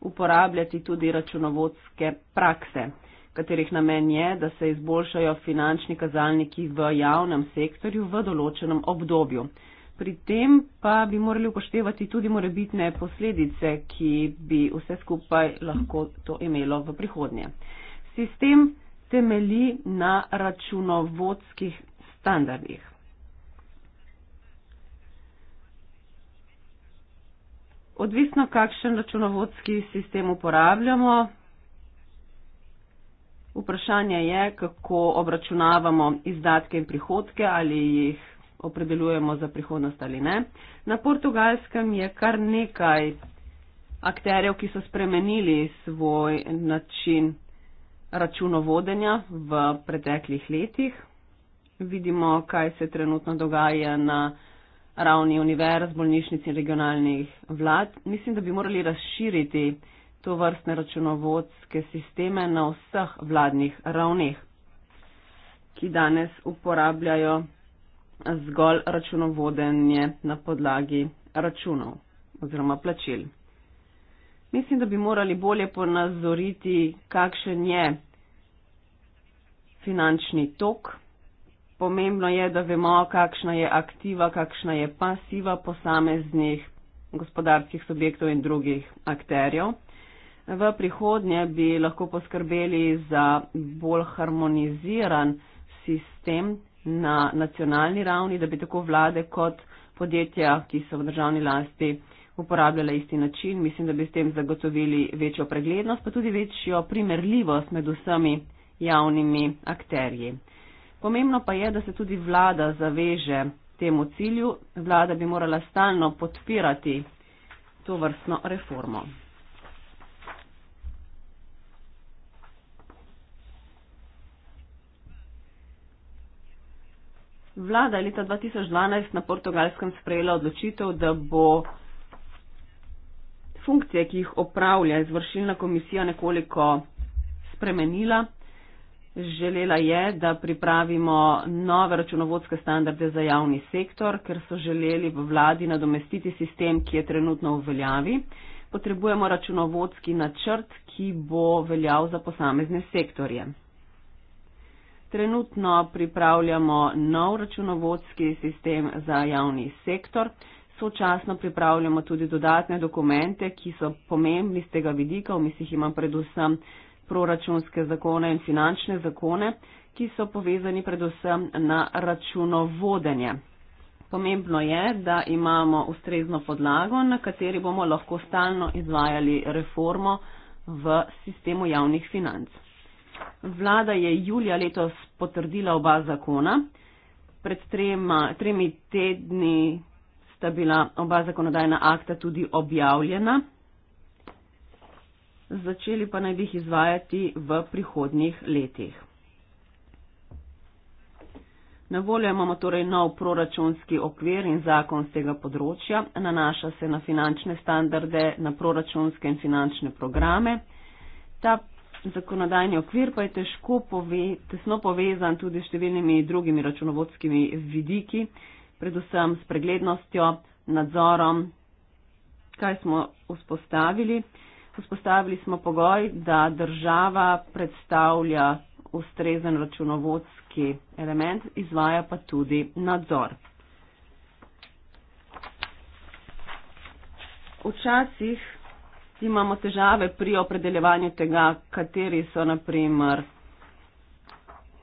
Speaker 1: uporabljati tudi računovodske prakse, katerih namen je, da se izboljšajo finančni kazalniki v javnem sektorju v določenem obdobju pri tem pa bi morali upoštevati tudi morebitne posledice, ki bi vse skupaj lahko to imelo v prihodnje. Sistem temeli na računovodskih standardih. Odvisno, kakšen računovodski sistem uporabljamo, vprašanje je, kako obračunavamo izdatke in prihodke, ali jih opredeljujemo za prihodnost ali ne. Na portugalskem je kar nekaj akterjev, ki so spremenili svoj način računovodenja v preteklih letih. Vidimo, kaj se trenutno dogaja na ravni univerz, bolnišnic in regionalnih vlad. Mislim, da bi morali razširiti to vrstne računovodske sisteme na vseh vladnih ravneh, ki danes uporabljajo zgolj računovodenje na podlagi računov oziroma plačil. Mislim, da bi morali bolje ponazoriti, kakšen je finančni tok. Pomembno je, da vemo, kakšna je aktiva, kakšna je pasiva posameznih gospodarskih subjektov in drugih akterjev. V prihodnje bi lahko poskrbeli za bolj harmoniziran sistem na nacionalni ravni, da bi tako vlade kot podjetja, ki so v državni lasti, uporabljala isti način. Mislim, da bi s tem zagotovili večjo preglednost, pa tudi večjo primerljivost med vsemi javnimi akterji. Pomembno pa je, da se tudi vlada zaveže temu cilju. Vlada bi morala stalno podpirati to vrstno reformo. Vlada je leta 2012 na portugalskem sprejela odločitev, da bo funkcije, ki jih opravlja izvršilna komisija, nekoliko spremenila. Želela je, da pripravimo nove računovodske standarde za javni sektor, ker so želeli v vladi nadomestiti sistem, ki je trenutno v veljavi. Potrebujemo računovodski načrt, ki bo veljal za posamezne sektorje. Trenutno pripravljamo nov računovodski sistem za javni sektor. Sočasno pripravljamo tudi dodatne dokumente, ki so pomembni z tega vidika, v mislih imam predvsem proračunske zakone in finančne zakone, ki so povezani predvsem na računovodenje. Pomembno je, da imamo ustrezno podlago, na kateri bomo lahko stalno izvajali reformo v sistemu javnih financ. Vlada je julija letos potrdila oba zakona. Pred trema, tremi tedni sta bila oba zakonodajna akta tudi objavljena. Začeli pa naj bi jih izvajati v prihodnjih letih. Na voljo imamo torej nov proračunski okvir in zakon z tega področja. Nanaša se na finančne standarde, na proračunske in finančne programe. Ta zakonodajni okvir pa je težko pove, tesno povezan tudi s številnimi drugimi računovodskimi vidiki, predvsem s preglednostjo, nadzorom, kaj smo vzpostavili. Vzpostavili smo pogoj, da država predstavlja ustrezen računovodski element, izvaja pa tudi nadzor. Včasih imamo težave pri opredeljevanju tega, kateri so naprimer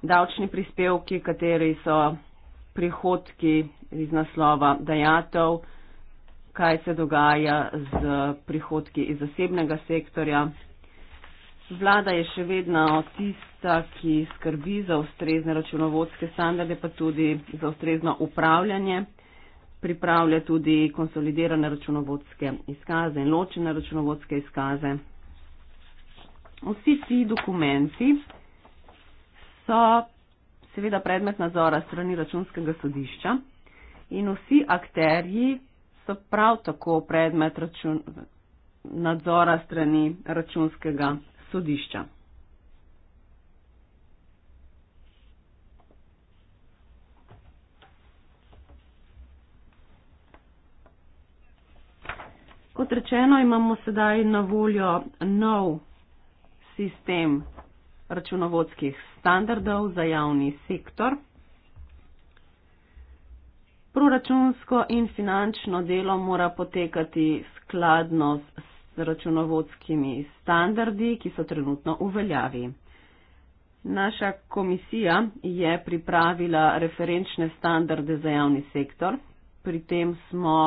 Speaker 1: davčni prispevki, kateri so prihodki iz naslova dajatov, kaj se dogaja z prihodki iz zasebnega sektorja. Vlada je še vedno tista, ki skrbi za ustrezne računovodske standarde, pa tudi za ustrezno upravljanje pripravlja tudi konsolidirane računovodske izkaze in ločene računovodske izkaze. Vsi ti dokumenti so seveda predmet nadzora strani računskega sodišča in vsi akterji so prav tako predmet račun, nadzora strani računskega sodišča. Kot rečeno, imamo sedaj na voljo nov sistem računovodskih standardov za javni sektor. Proračunsko in finančno delo mora potekati skladno s računovodskimi standardi, ki so trenutno v veljavi. Naša komisija je pripravila referenčne standarde za javni sektor. Pri tem smo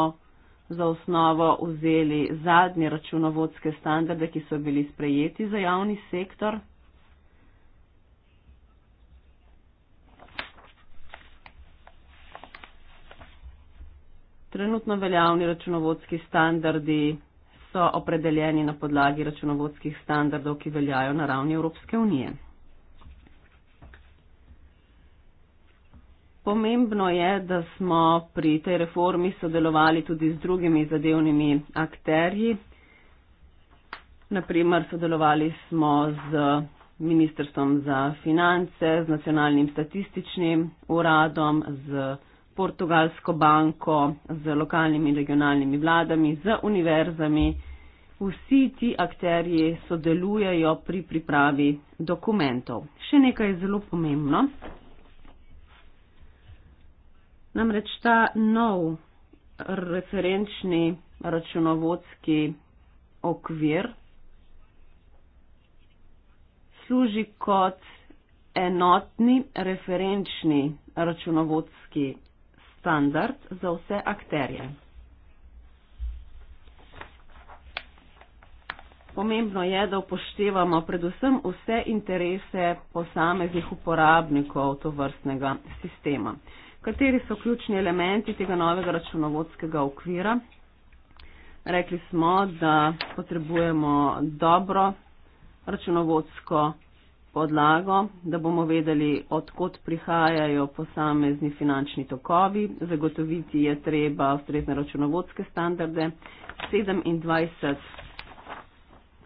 Speaker 1: za osnovo vzeli zadnje računovodske standarde, ki so bili sprejeti za javni sektor. Trenutno veljavni računovodski standardi so opredeljeni na podlagi računovodskih standardov, ki veljajo na ravni Evropske unije. Pomembno je, da smo pri tej reformi sodelovali tudi z drugimi zadevnimi akterji. Naprimer, sodelovali smo z Ministrstvom za finance, z Nacionalnim statističnim uradom, z Portugalsko banko, z lokalnimi in regionalnimi vladami, z univerzami. Vsi ti akterji sodelujejo pri pripravi dokumentov. Še nekaj je zelo pomembno. Namreč ta nov referenčni računovodski okvir služi kot enotni referenčni računovodski standard za vse akterje. Pomembno je, da upoštevamo predvsem vse interese posameznih uporabnikov tovrstnega sistema kateri so ključni elementi tega novega računovodskega okvira. Rekli smo, da potrebujemo dobro računovodsko podlago, da bomo vedeli, odkot prihajajo posamezni finančni tokovi. Zagotoviti je treba ustrezne računovodske standarde. 27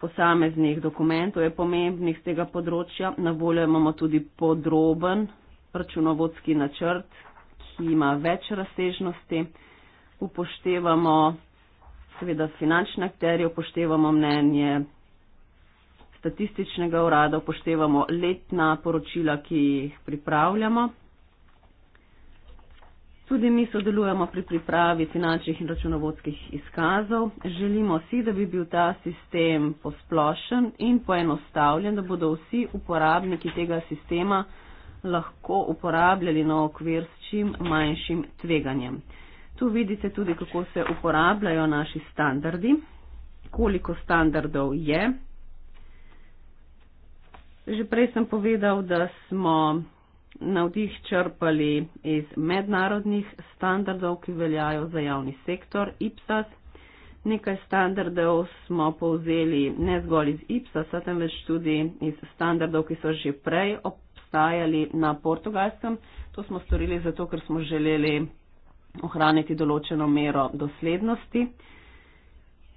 Speaker 1: posameznih dokumentov je pomembnih z tega področja. Na voljo imamo tudi podroben računovodski načrt, ki ima več razsežnosti, upoštevamo seveda finančne akterje, upoštevamo mnenje statističnega urada, upoštevamo letna poročila, ki jih pripravljamo. Tudi mi sodelujemo pri pripravi finančnih in računovodskih izkazov. Želimo si, da bi bil ta sistem posplošen in poenostavljen, da bodo vsi uporabniki tega sistema lahko uporabljali na okvir s čim manjšim tveganjem. Tu vidite tudi, kako se uporabljajo naši standardi, koliko standardov je. Že prej sem povedal, da smo navdih črpali iz mednarodnih standardov, ki veljajo za javni sektor IPSAS. Nekaj standardov smo povzeli ne zgolj iz IPSAS, temveč tudi iz standardov, ki so že prej opravljali nastajali na portugalskem. To smo storili zato, ker smo želeli ohraniti določeno mero doslednosti.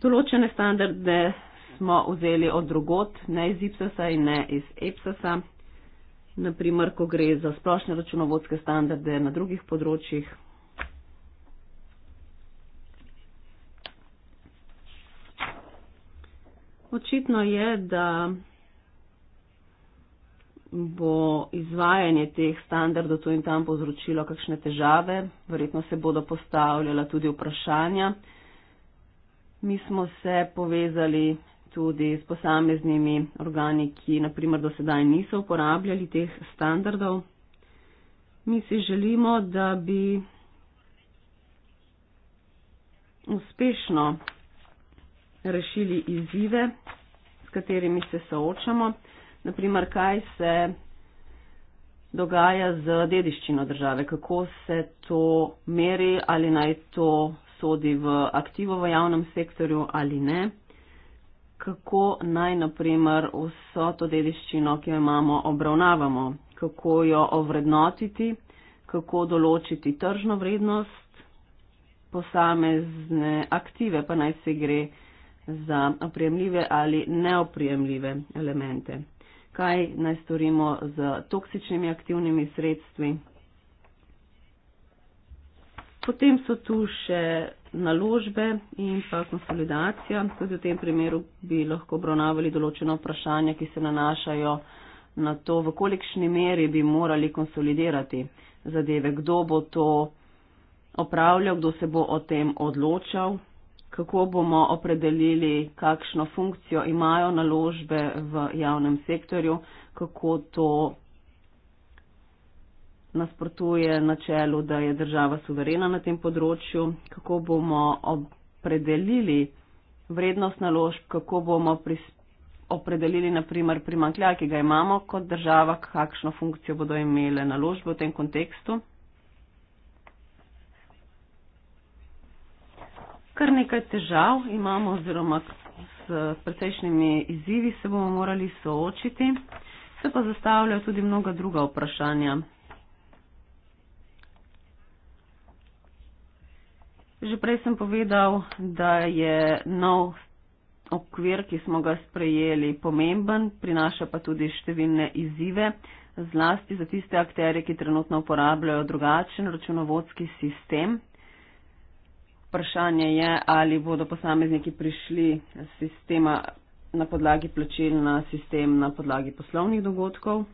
Speaker 1: Določene standarde smo vzeli od drugot, ne iz IPSAS-a in ne iz EPSAS-a. Naprimer, ko gre za splošne računovodske standarde na drugih področjih. Očitno je, da bo izvajanje teh standardov tu in tam povzročilo kakšne težave, verjetno se bodo postavljala tudi vprašanja. Mi smo se povezali tudi s posameznimi organi, ki naprimer do sedaj niso uporabljali teh standardov. Mi si želimo, da bi uspešno rešili izzive, s katerimi se soočamo naprimer, kaj se dogaja z dediščino države, kako se to meri, ali naj to sodi v aktivo v javnem sektorju ali ne, kako naj, naprimer, vso to dediščino, ki jo imamo, obravnavamo, kako jo ovrednotiti, kako določiti tržno vrednost posamezne aktive, pa naj se gre za opremljive ali neopremljive elemente kaj naj storimo z toksičnimi aktivnimi sredstvi. Potem so tu še naložbe in pa konsolidacija. Tudi v tem primeru bi lahko obravnavali določeno vprašanje, ki se nanašajo na to, v kolikšni meri bi morali konsolidirati zadeve, kdo bo to opravljal, kdo se bo o tem odločal, kako bomo opredelili, kakšno funkcijo imajo naložbe v javnem sektorju, kako to nasprotuje načelu, da je država suverena na tem področju, kako bomo opredelili vrednost naložb, kako bomo opredelili naprimer primankljaj, ki ga imamo kot država, kakšno funkcijo bodo imele naložbe v tem kontekstu. kar nekaj težav imamo oziroma s precejšnjimi izzivi se bomo morali soočiti. Se pa zastavljajo tudi mnoga druga vprašanja. Že prej sem povedal, da je nov okvir, ki smo ga sprejeli, pomemben, prinaša pa tudi številne izzive, zlasti za tiste akterje, ki trenutno uporabljajo drugačen računovodski sistem. Vprašanje je, ali bodo posamezniki prišli z sistema na podlagi plačil na sistem na podlagi poslovnih dogodkov.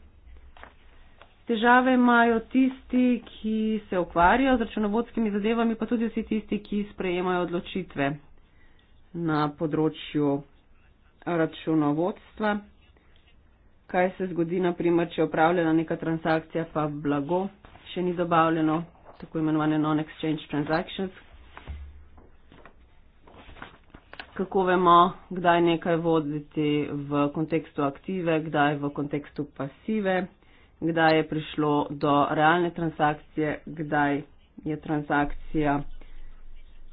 Speaker 1: Težave imajo tisti, ki se ukvarjajo z računovodskimi zadevami, pa tudi vsi tisti, ki sprejemajo odločitve na področju računovodstva. Kaj se zgodi, naprimer, če je upravljena neka transakcija, pa blago še ni dobavljeno, tako imenovane non-exchange transactions, kako vemo, kdaj nekaj voditi v kontekstu aktive, kdaj v kontekstu pasive, kdaj je prišlo do realne transakcije, kdaj je transakcija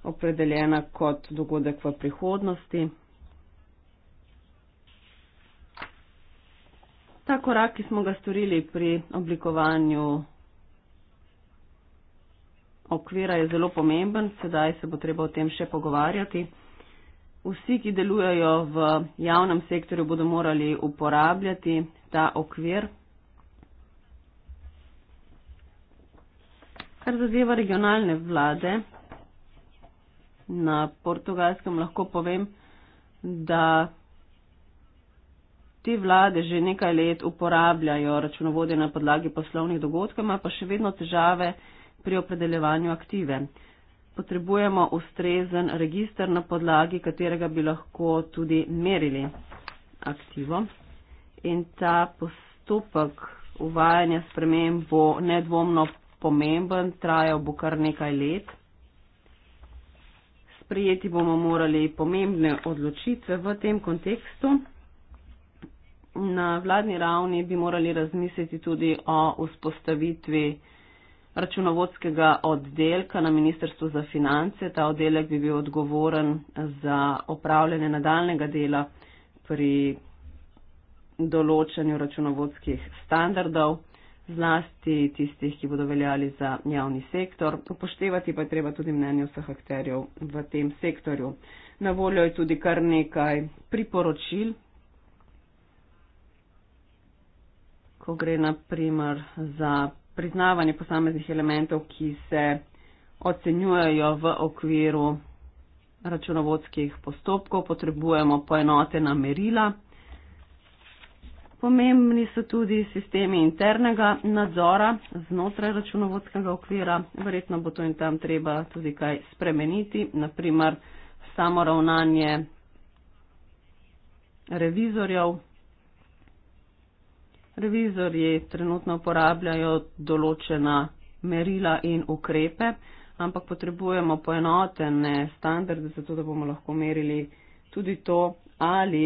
Speaker 1: opredeljena kot dogodek v prihodnosti. Ta korak, ki smo ga storili pri oblikovanju okvira, je zelo pomemben. Sedaj se bo treba o tem še pogovarjati vsi, ki delujejo v javnem sektorju, bodo morali uporabljati ta okvir. Kar zadeva regionalne vlade na portugalskem, lahko povem, da te vlade že nekaj let uporabljajo računovodje na podlagi poslovnih dogodkov, ima pa še vedno težave pri opredeljevanju aktive potrebujemo ustrezen registr, na podlagi katerega bi lahko tudi merili aktivo. In ta postopek uvajanja sprememb bo nedvomno pomemben, trajal bo kar nekaj let. Sprijeti bomo morali pomembne odločitve v tem kontekstu. Na vladni ravni bi morali razmisliti tudi o vzpostavitvi računovodskega oddelka na Ministrstvu za finance. Ta oddelek bi bil odgovoren za opravljanje nadaljnega dela pri določanju računovodskih standardov, zlasti tistih, ki bodo veljali za javni sektor. Upoštevati pa je treba tudi mnenje vseh akterjev v tem sektorju. Na voljo je tudi kar nekaj priporočil. Ko gre naprimer za priznavanje posameznih elementov, ki se ocenjujejo v okviru računovodskih postopkov, potrebujemo poenotena merila. Pomembni so tudi sistemi internega nadzora znotraj računovodskega okvira. Verjetno bo to in tam treba tudi kaj spremeniti, naprimer samo ravnanje revizorjev, Revizorji trenutno uporabljajo določena merila in ukrepe, ampak potrebujemo poenotene standarde, zato da bomo lahko merili tudi to, ali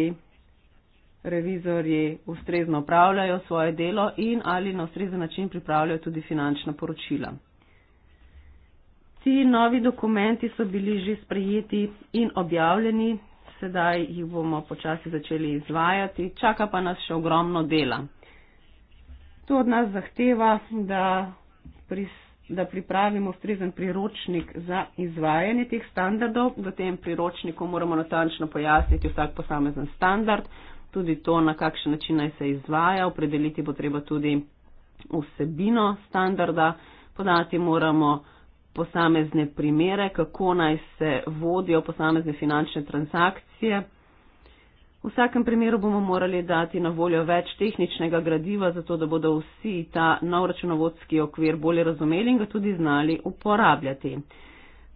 Speaker 1: revizorji ustrezno upravljajo svoje delo in ali na ustrezen način pripravljajo tudi finančna poročila. Ti novi dokumenti so bili že sprejeti in objavljeni, sedaj jih bomo počasi začeli izvajati, čaka pa nas še ogromno dela. To od nas zahteva, da, pri, da pripravimo ustrezen priročnik za izvajanje teh standardov. V tem priročniku moramo natančno pojasniti vsak posamezen standard, tudi to, na kakšen način naj se izvaja, opredeliti bo treba tudi vsebino standarda, podati moramo posamezne primere, kako naj se vodijo posamezne finančne transakcije. V vsakem primeru bomo morali dati na voljo več tehničnega gradiva, zato da bodo vsi ta nov računovodski okvir bolje razumeli in ga tudi znali uporabljati.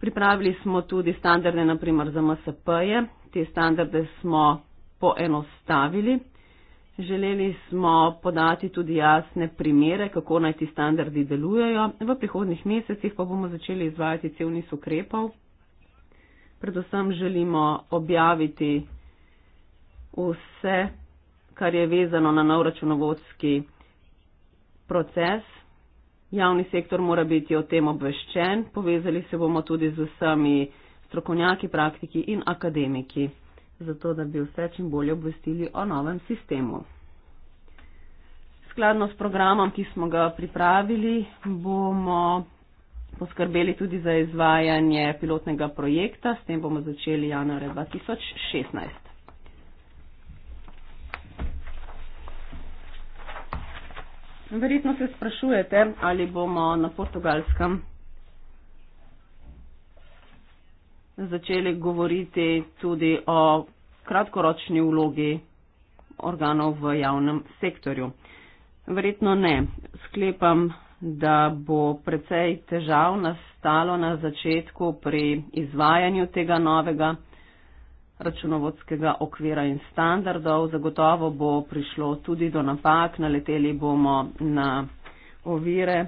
Speaker 1: Pripravili smo tudi standarde, naprimer za MSP-je. Te standarde smo poenostavili. Želeli smo podati tudi jasne primere, kako naj ti standardi delujejo. V prihodnih mesecih pa bomo začeli izvajati cel niz ukrepov. Predvsem želimo objaviti vse, kar je vezano na nov računovodski proces. Javni sektor mora biti o tem obveščen. Povezali se bomo tudi z vsemi strokovnjaki, praktiki in akademiki, zato da bi vse čim bolje obvestili o novem sistemu. Skladno s programom, ki smo ga pripravili, bomo poskrbeli tudi za izvajanje pilotnega projekta. S tem bomo začeli januarja 2016. Verjetno se sprašujete, ali bomo na portugalskem začeli govoriti tudi o kratkoročni vlogi organov v javnem sektorju. Verjetno ne. Sklepam, da bo precej težav nastalo na začetku pri izvajanju tega novega računovodskega okvira in standardov. Zagotovo bo prišlo tudi do napak, naleteli bomo na ovire.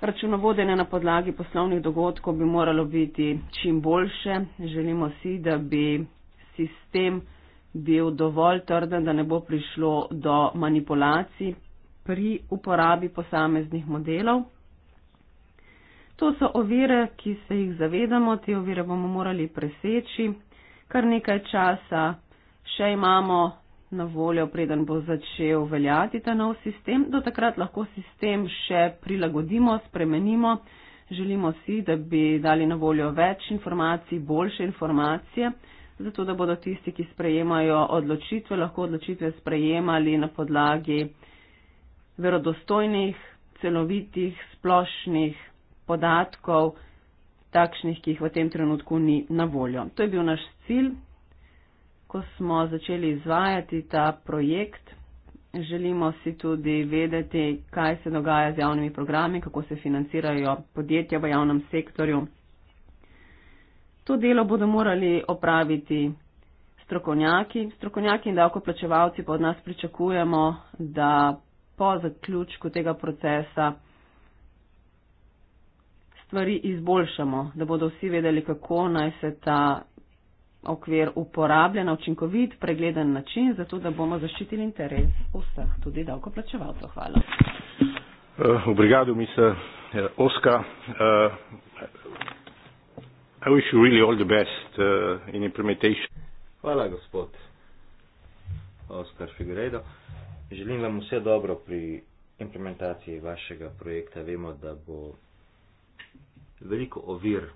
Speaker 1: Računovodene na podlagi poslovnih dogodkov bi moralo biti čim boljše. Želimo si, da bi sistem bil dovolj trden, da ne bo prišlo do manipulacij pri uporabi posameznih modelov. To so ovire, ki se jih zavedamo, te ovire bomo morali preseči kar nekaj časa še imamo na voljo, preden bo začel veljati ta nov sistem. Do takrat lahko sistem še prilagodimo, spremenimo. Želimo si, da bi dali na voljo več informacij, boljše informacije, zato da bodo tisti, ki sprejemajo odločitve, lahko odločitve sprejemali na podlagi verodostojnih, celovitih, splošnih podatkov takšnih, ki jih v tem trenutku ni na voljo. To je bil naš cilj, ko smo začeli izvajati ta projekt. Želimo si tudi vedeti, kaj se dogaja z javnimi programi, kako se financirajo podjetja v javnem sektorju. To delo bodo morali opraviti strokovnjaki. Strokovnjaki in davkoplačevalci pa od nas pričakujemo, da po zaključku tega procesa stvari izboljšamo, da bodo vsi vedeli, kako naj se ta okvir uporablja na učinkovit, pregleden način, zato da bomo zaščitili interes vseh, tudi davkoplačevalcev. Hvala.
Speaker 3: Uh, eh, obrigado, misa uh, eh, Oskar. Uh, I wish you really all the best uh, in implementation. Hvala, gospod
Speaker 2: Oskar Figueredo. Želim vam vse dobro pri implementaciji vašega projekta. Vemo, da bo veliko ovir,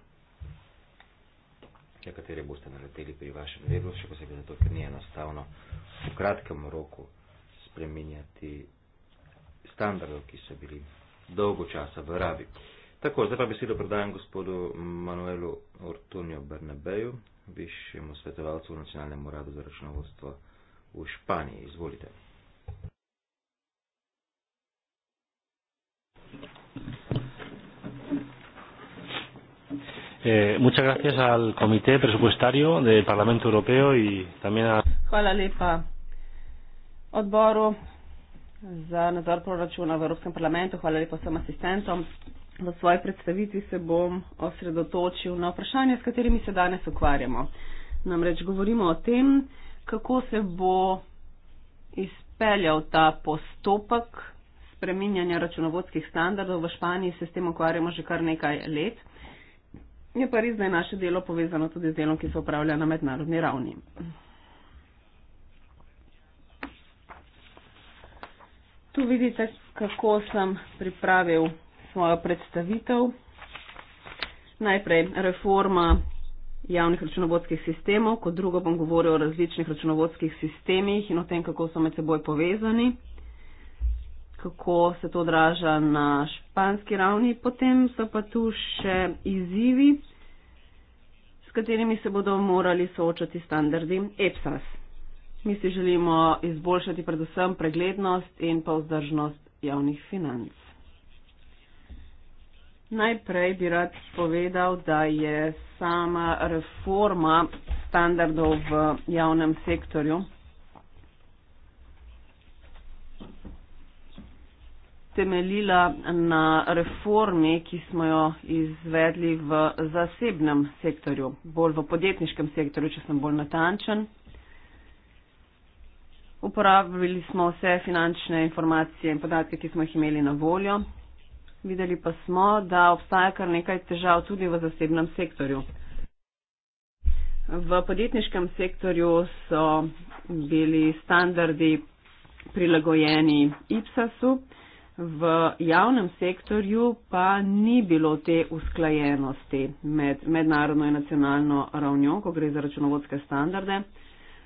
Speaker 2: na katere boste naleteli pri vašem delu, še posebej zato, ker ni enostavno v kratkem roku spreminjati standardov, ki so bili dolgo časa v rabi. Tako, zdaj pa besedo predajam gospodu Manuelu Ortonio Bernabeju, višjemu svetovalcu v nacionalnem uradu za računovodstvo v Španiji. Izvolite. Eh, muchas gracias al Comité Presupuestario del Parlamento Europeo y también a.
Speaker 1: Hvala lepa odboru za nadzor proračuna v Evropskem parlamentu, hvala lepa vsem asistentom. V svoji predstavitvi se bom osredotočil na vprašanje, s katerimi se danes ukvarjamo. Namreč govorimo o tem, kako se bo izpeljal ta postopek spreminjanja računovodskih standardov. V Španiji se s tem ukvarjamo že kar nekaj let. Je pa res, da je naše delo povezano tudi z delom, ki se upravlja na mednarodni ravni. Tu vidite, kako sem pripravil svojo predstavitev. Najprej reforma javnih računovodskih sistemov, kot drugo bom govoril o različnih računovodskih sistemih in o tem, kako so med seboj povezani kako se to odraža na španski ravni. Potem so pa tu še izzivi, s katerimi se bodo morali soočati standardi EPSAS. Mi si želimo izboljšati predvsem preglednost in pa vzdržnost javnih financ. Najprej bi rad povedal, da je sama reforma standardov v javnem sektorju temeljila na reformi, ki smo jo izvedli v zasebnem sektorju, bolj v podjetniškem sektorju, če sem bolj natančen. Uporabili smo vse finančne informacije in podatke, ki smo jih imeli na voljo. Videli pa smo, da obstaja kar nekaj težav tudi v zasebnem sektorju. V podjetniškem sektorju so bili standardi prilagojeni IPSAS-u, V javnem sektorju pa ni bilo te usklajenosti med mednarodno in nacionalno ravnjo, ko gre za računovodske standarde.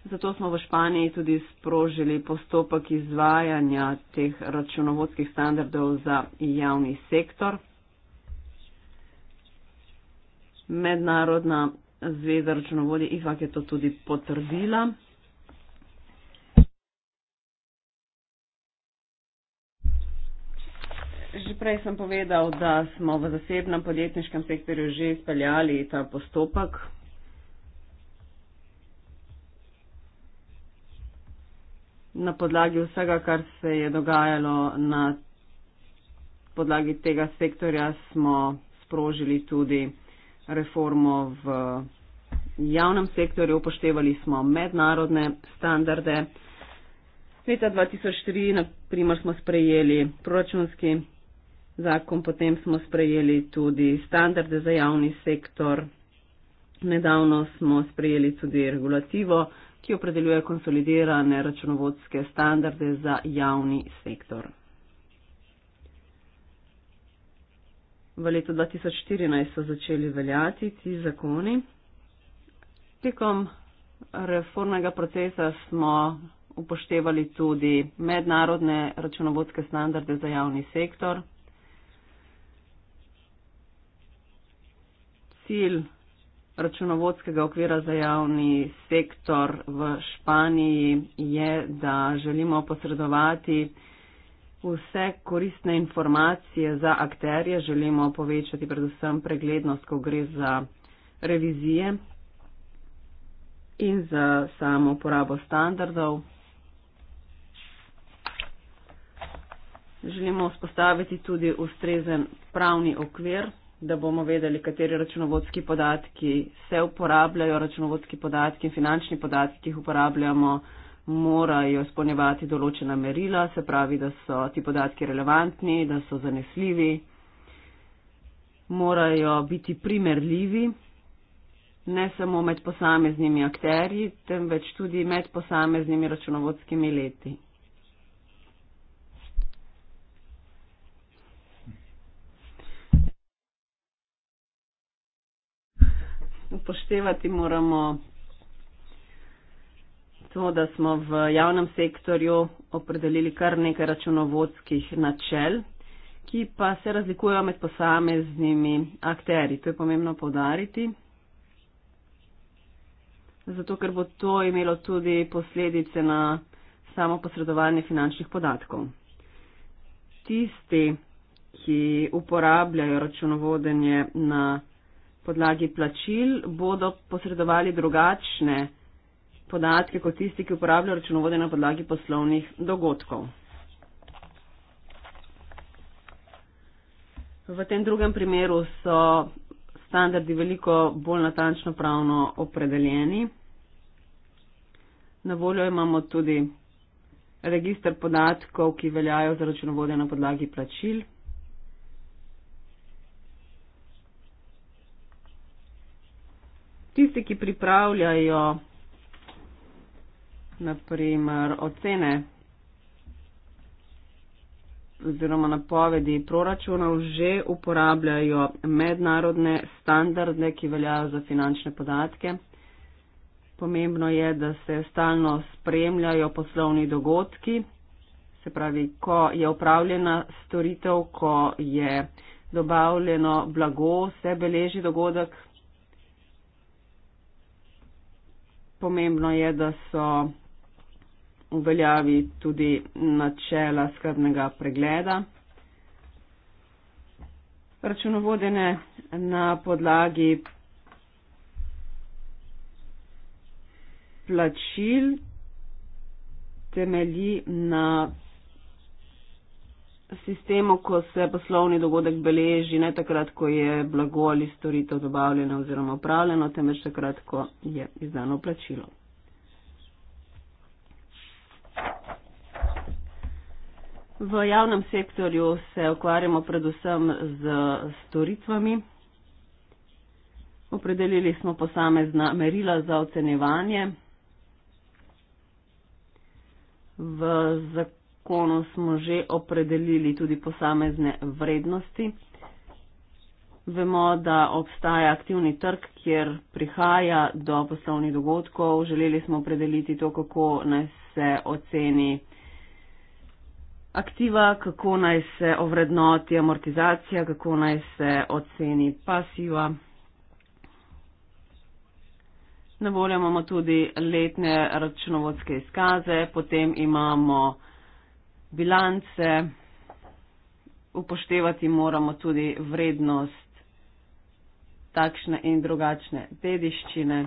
Speaker 1: Zato smo v Španiji tudi sprožili postopek izvajanja teh računovodskih standardov za javni sektor. Mednarodna zveza računovodij IFAK je to tudi potrdila. že prej sem povedal, da smo v zasebnem podjetniškem sektorju že izpeljali ta postopek. Na podlagi vsega, kar se je dogajalo na podlagi tega sektorja, smo sprožili tudi reformo v javnem sektorju, upoštevali smo mednarodne standarde. Leta 2003 naprimer smo sprejeli proračunski zakon, potem smo sprejeli tudi standarde za javni sektor, nedavno smo sprejeli tudi regulativo, ki opredeljuje konsolidirane računovodske standarde za javni sektor. V letu 2014 so začeli veljati ti zakoni. Tekom reformnega procesa smo upoštevali tudi mednarodne računovodske standarde za javni sektor. cilj računovodskega okvira za javni sektor v Španiji je, da želimo posredovati vse koristne informacije za akterje, želimo povečati predvsem preglednost, ko gre za revizije in za samo uporabo standardov. Želimo vzpostaviti tudi ustrezen pravni okvir da bomo vedeli, kateri računovodski podatki se uporabljajo, računovodski podatki in finančni podatki, ki jih uporabljamo, morajo spolnjevati določena merila, se pravi, da so ti podatki relevantni, da so zanesljivi, morajo biti primerljivi, ne samo med posameznimi akterji, temveč tudi med posameznimi računovodskimi leti upoštevati moramo to, da smo v javnem sektorju opredelili kar nekaj računovodskih načel, ki pa se razlikujejo med posameznimi akteri. To je pomembno podariti. Zato, ker bo to imelo tudi posledice na samo posredovanje finančnih podatkov. Tisti, ki uporabljajo računovodenje na podlagi plačil bodo posredovali drugačne podatke kot tisti, ki uporabljajo računovode na podlagi poslovnih dogodkov. V tem drugem primeru so standardi veliko bolj natančno pravno opredeljeni. Na voljo imamo tudi registr podatkov, ki veljajo za računovode na podlagi plačil. tisti, ki pripravljajo naprimer ocene oziroma napovedi proračunov, že uporabljajo mednarodne standarde, ki veljajo za finančne podatke. Pomembno je, da se stalno spremljajo poslovni dogodki, se pravi, ko je upravljena storitev, ko je dobavljeno blago, se beleži dogodek, pomembno je, da so uveljavi tudi načela skrbnega pregleda. Računovodene na podlagi plačil temelji na sistemu, ko se poslovni dogodek beleži ne takrat, ko je blago ali storitev dobavljeno oziroma upravljeno, temveč takrat, ko je izdano plačilo. V javnem sektorju se ukvarjamo predvsem z storitvami. Opredelili smo posamezna merila za ocenjevanje. V zakonodaj zakonu smo že opredelili tudi posamezne vrednosti. Vemo, da obstaja aktivni trg, kjer prihaja do poslovnih dogodkov. Želeli smo opredeliti to, kako naj se oceni aktiva, kako naj se ovrednoti amortizacija, kako naj se oceni pasiva. Na voljo imamo tudi letne računovodske izkaze, potem imamo bilance, upoštevati moramo tudi vrednost takšne in drugačne dediščine.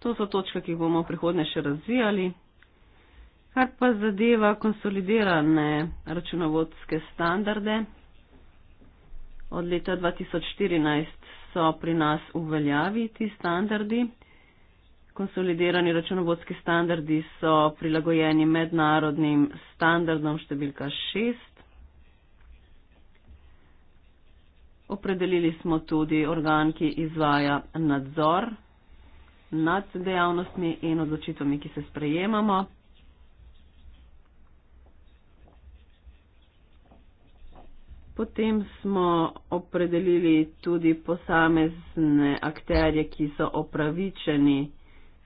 Speaker 1: To so točke, ki jih bomo v prihodnje še razvijali. Kar pa zadeva konsolidirane računovodske standarde, od leta 2014 so pri nas uveljavi ti standardi. Konsolidirani računovodski standardi so prilagojeni mednarodnim standardom številka 6. Opredelili smo tudi organ, ki izvaja nadzor nad dejavnostmi in odločitvami, ki se sprejemamo. Potem smo opredelili tudi posamezne akterje, ki so opravičeni,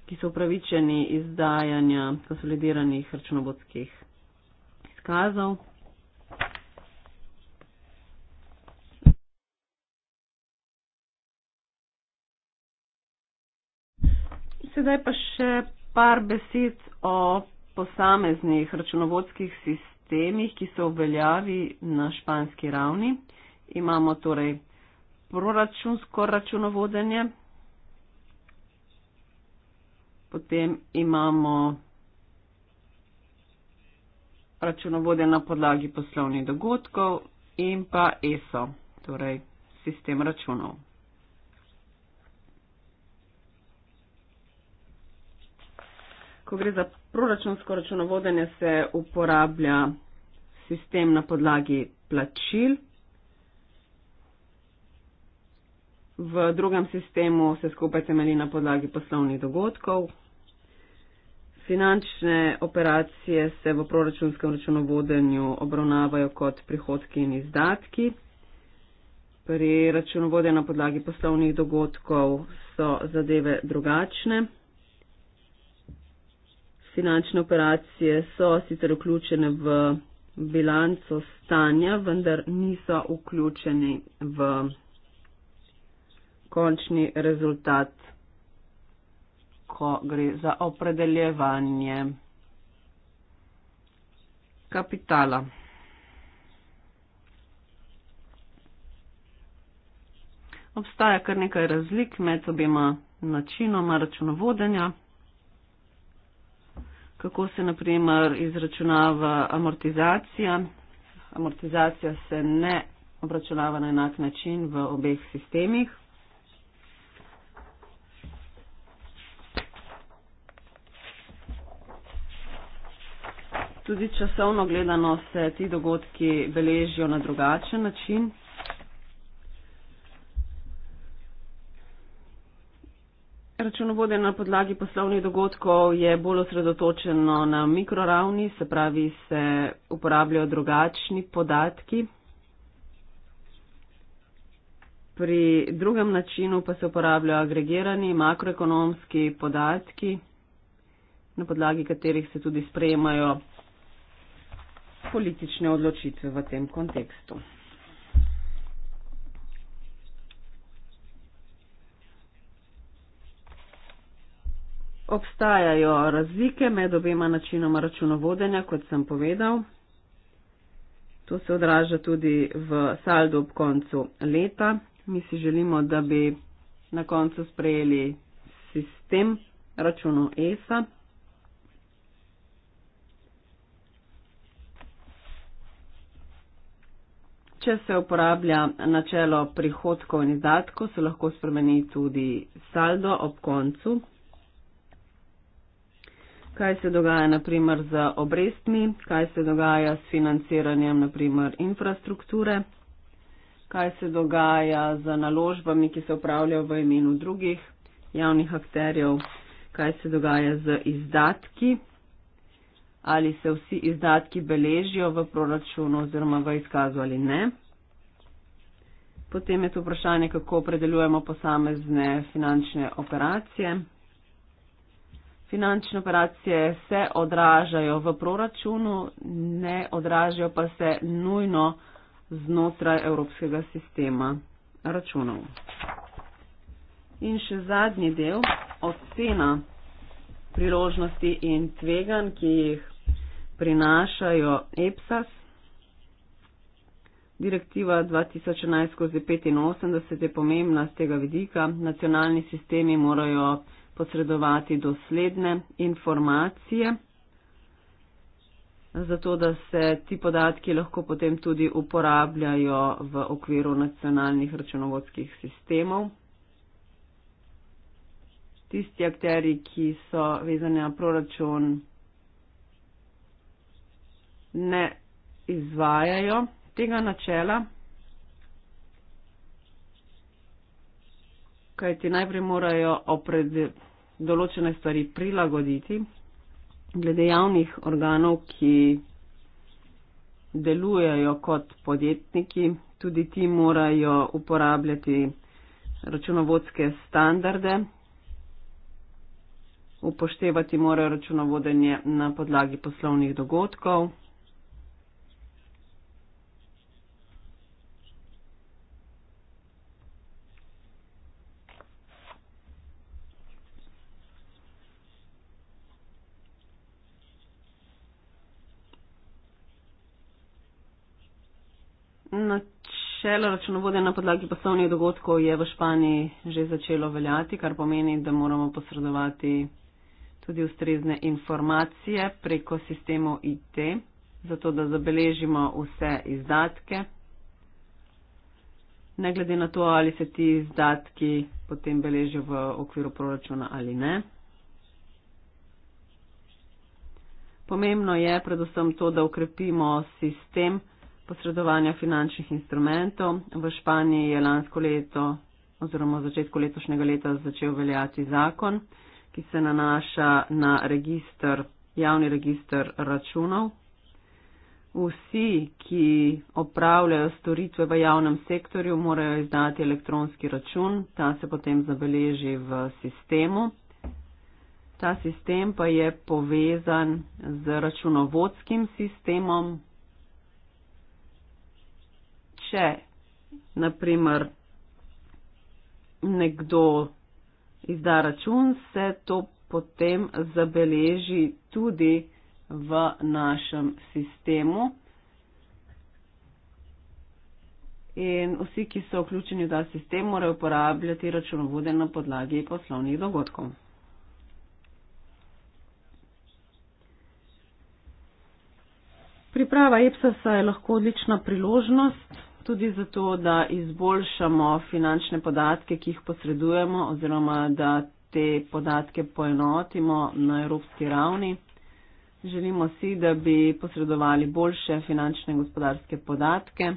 Speaker 1: ki so opravičeni izdajanja konsolidiranih računovodskih izkazov. Sedaj pa še par besed o posameznih računovodskih sistemih sistemih, ki so uveljavi na španski ravni. Imamo torej proračunsko računovodenje, potem imamo računovodenje na podlagi poslovnih dogodkov in pa ESO, torej sistem računov. Ko gre za proračunsko računovodenje se uporablja sistem na podlagi plačil. V drugem sistemu se skupaj temelji na podlagi poslovnih dogodkov. Finančne operacije se v proračunskem računovodenju obravnavajo kot prihodki in izdatki. Pri računovodenju na podlagi poslovnih dogodkov so zadeve drugačne finančne operacije so sicer vključene v bilanco stanja, vendar niso vključeni v končni rezultat, ko gre za opredeljevanje kapitala. Obstaja kar nekaj razlik med obima načinoma računovodenja kako se naprimer izračunava amortizacija. Amortizacija se ne obračunava na enak način v obeh sistemih. Tudi časovno gledano se ti dogodki beležijo na drugačen način. računovodje na podlagi poslovnih dogodkov je bolj osredotočeno na mikroravni, se pravi, se uporabljajo drugačni podatki. Pri drugem načinu pa se uporabljajo agregirani makroekonomski podatki, na podlagi katerih se tudi sprejemajo politične odločitve v tem kontekstu. Obstajajo razlike med obema načinoma računovodenja, kot sem povedal. To se odraža tudi v saldu ob koncu leta. Mi si želimo, da bi na koncu sprejeli sistem računov ESA. Če se uporablja načelo prihodkov in izdatkov, se lahko spremeni tudi saldo ob koncu kaj se dogaja naprimer z obrestmi, kaj se dogaja s financiranjem naprimer infrastrukture, kaj se dogaja z naložbami, ki se upravljajo v imenu drugih javnih akterjev, kaj se dogaja z izdatki, ali se vsi izdatki beležijo v proračunu oziroma v izkazu ali ne. Potem je tu vprašanje, kako predelujemo posamezne finančne operacije finančne operacije se odražajo v proračunu, ne odražajo pa se nujno znotraj evropskega sistema računov. In še zadnji del, ocena priložnosti in tvegan, ki jih prinašajo EPSAS. Direktiva 2011-85 je pomembna z tega vidika. Nacionalni sistemi morajo posredovati dosledne informacije, zato da se ti podatki lahko potem tudi uporabljajo v okviru nacionalnih računovodskih sistemov. Tisti akteri, ki so vezani na proračun, ne izvajajo tega načela kajti najprej morajo opred določene stvari prilagoditi glede javnih organov, ki delujejo kot podjetniki, tudi ti morajo uporabljati računovodske standarde, upoštevati morajo računovodenje na podlagi poslovnih dogodkov. Načelo računovodja na podlagi poslovnih dogodkov je v Španiji že začelo veljati, kar pomeni, da moramo posredovati tudi ustrezne informacije preko sistemov IT, zato da zabeležimo vse izdatke. Ne glede na to, ali se ti izdatki potem beležijo v okviru proračuna ali ne. Pomembno je predvsem to, da ukrepimo sistem, posredovanja finančnih instrumentov. V Španiji je lansko leto oziroma začetku letošnjega leta začel veljati zakon, ki se nanaša na registr, javni registr računov. Vsi, ki opravljajo storitve v javnem sektorju, morajo izdati elektronski račun, ta se potem zabeleži v sistemu. Ta sistem pa je povezan z računovodskim sistemom, če naprimer nekdo izda račun, se to potem zabeleži tudi v našem sistemu. In vsi, ki so vključeni v ta sistem, morajo uporabljati računovode na podlagi poslovnih dogodkov. Priprava EPSAS-a je lahko odlična priložnost, tudi zato, da izboljšamo finančne podatke, ki jih posredujemo oziroma da te podatke poenotimo na evropski ravni. Želimo si, da bi posredovali boljše finančne in gospodarske podatke,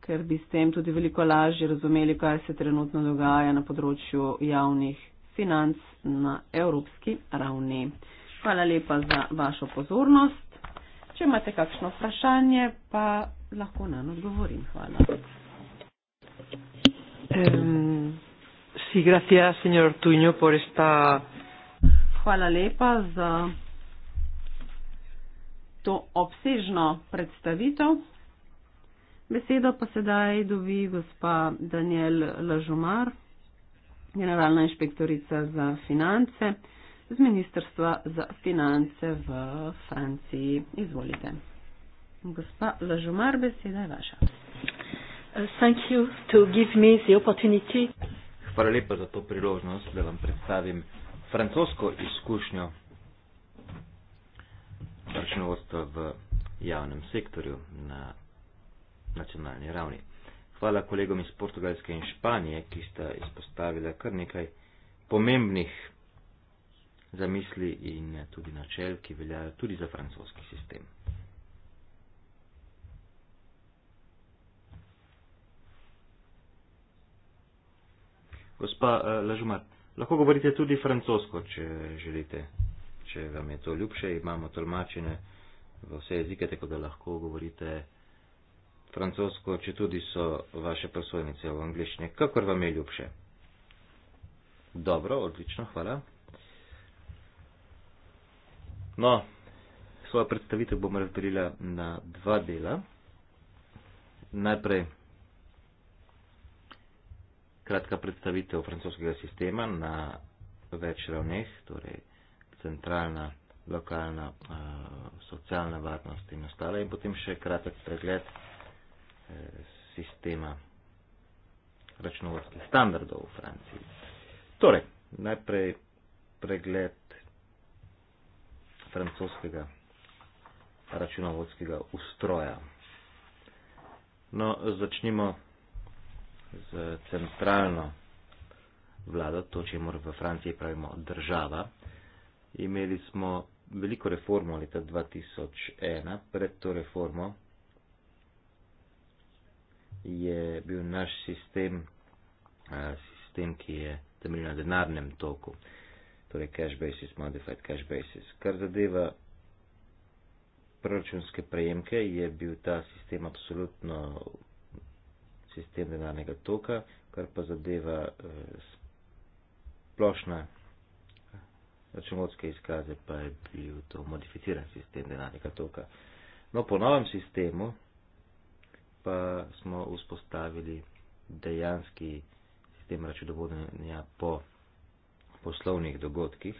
Speaker 1: ker bi s tem tudi veliko lažje razumeli, kaj se trenutno dogaja na področju javnih financ na evropski ravni. Hvala lepa za vašo pozornost. Če imate kakšno vprašanje, pa lahko na njo odgovorim. Hvala. Um, si, gracia, Tuño, por esta... Hvala lepa za to obsežno predstavitev. Besedo pa sedaj dobi gospa Daniel Lažumar, generalna inšpektorica za finance z Ministrstva za finance v Franciji. Izvolite. Gospa Lažumar, beseda je vaša. Uh,
Speaker 2: Hvala lepa za to priložnost, da vam predstavim francosko izkušnjo računovodstva v javnem sektorju na nacionalni ravni. Hvala kolegom iz Portugalske in Španije, ki sta izpostavila kar nekaj pomembnih zamisli in tudi načel, ki veljajo tudi za francoski sistem. gospa uh, Lažumar, lahko govorite tudi francosko, če želite. Če vam je to ljubše, imamo tolmačene v vse jezike, tako da lahko govorite francosko, če tudi so vaše poslovnice v angliščini, kakor vam je ljubše. Dobro, odlično, hvala. No, svojo predstavitev bom razdelila na dva dela. Najprej kratka predstavitev francoskega sistema na več ravneh, torej centralna, lokalna, eh, socialna varnost in ostale in potem še kratek pregled eh, sistema računovodskih standardov v Franciji. Torej, najprej pregled francoskega računovodskega ustroja. No, začnimo z centralno vlado, to, če mora v Franciji pravimo država. Imeli smo veliko reformo leta 2001. Pred to reformo je bil naš sistem, eh, sistem, ki je temeljil na denarnem toku, torej cash basis, modified cash basis. Kar zadeva proračunske prejemke, je bil ta sistem absolutno sistem denarnega toka, kar pa zadeva eh, splošna računovodske izkaze, pa je bil to modificiran sistem denarnega toka. No, po novem sistemu pa smo vzpostavili dejanski sistem računovodnja po poslovnih dogodkih.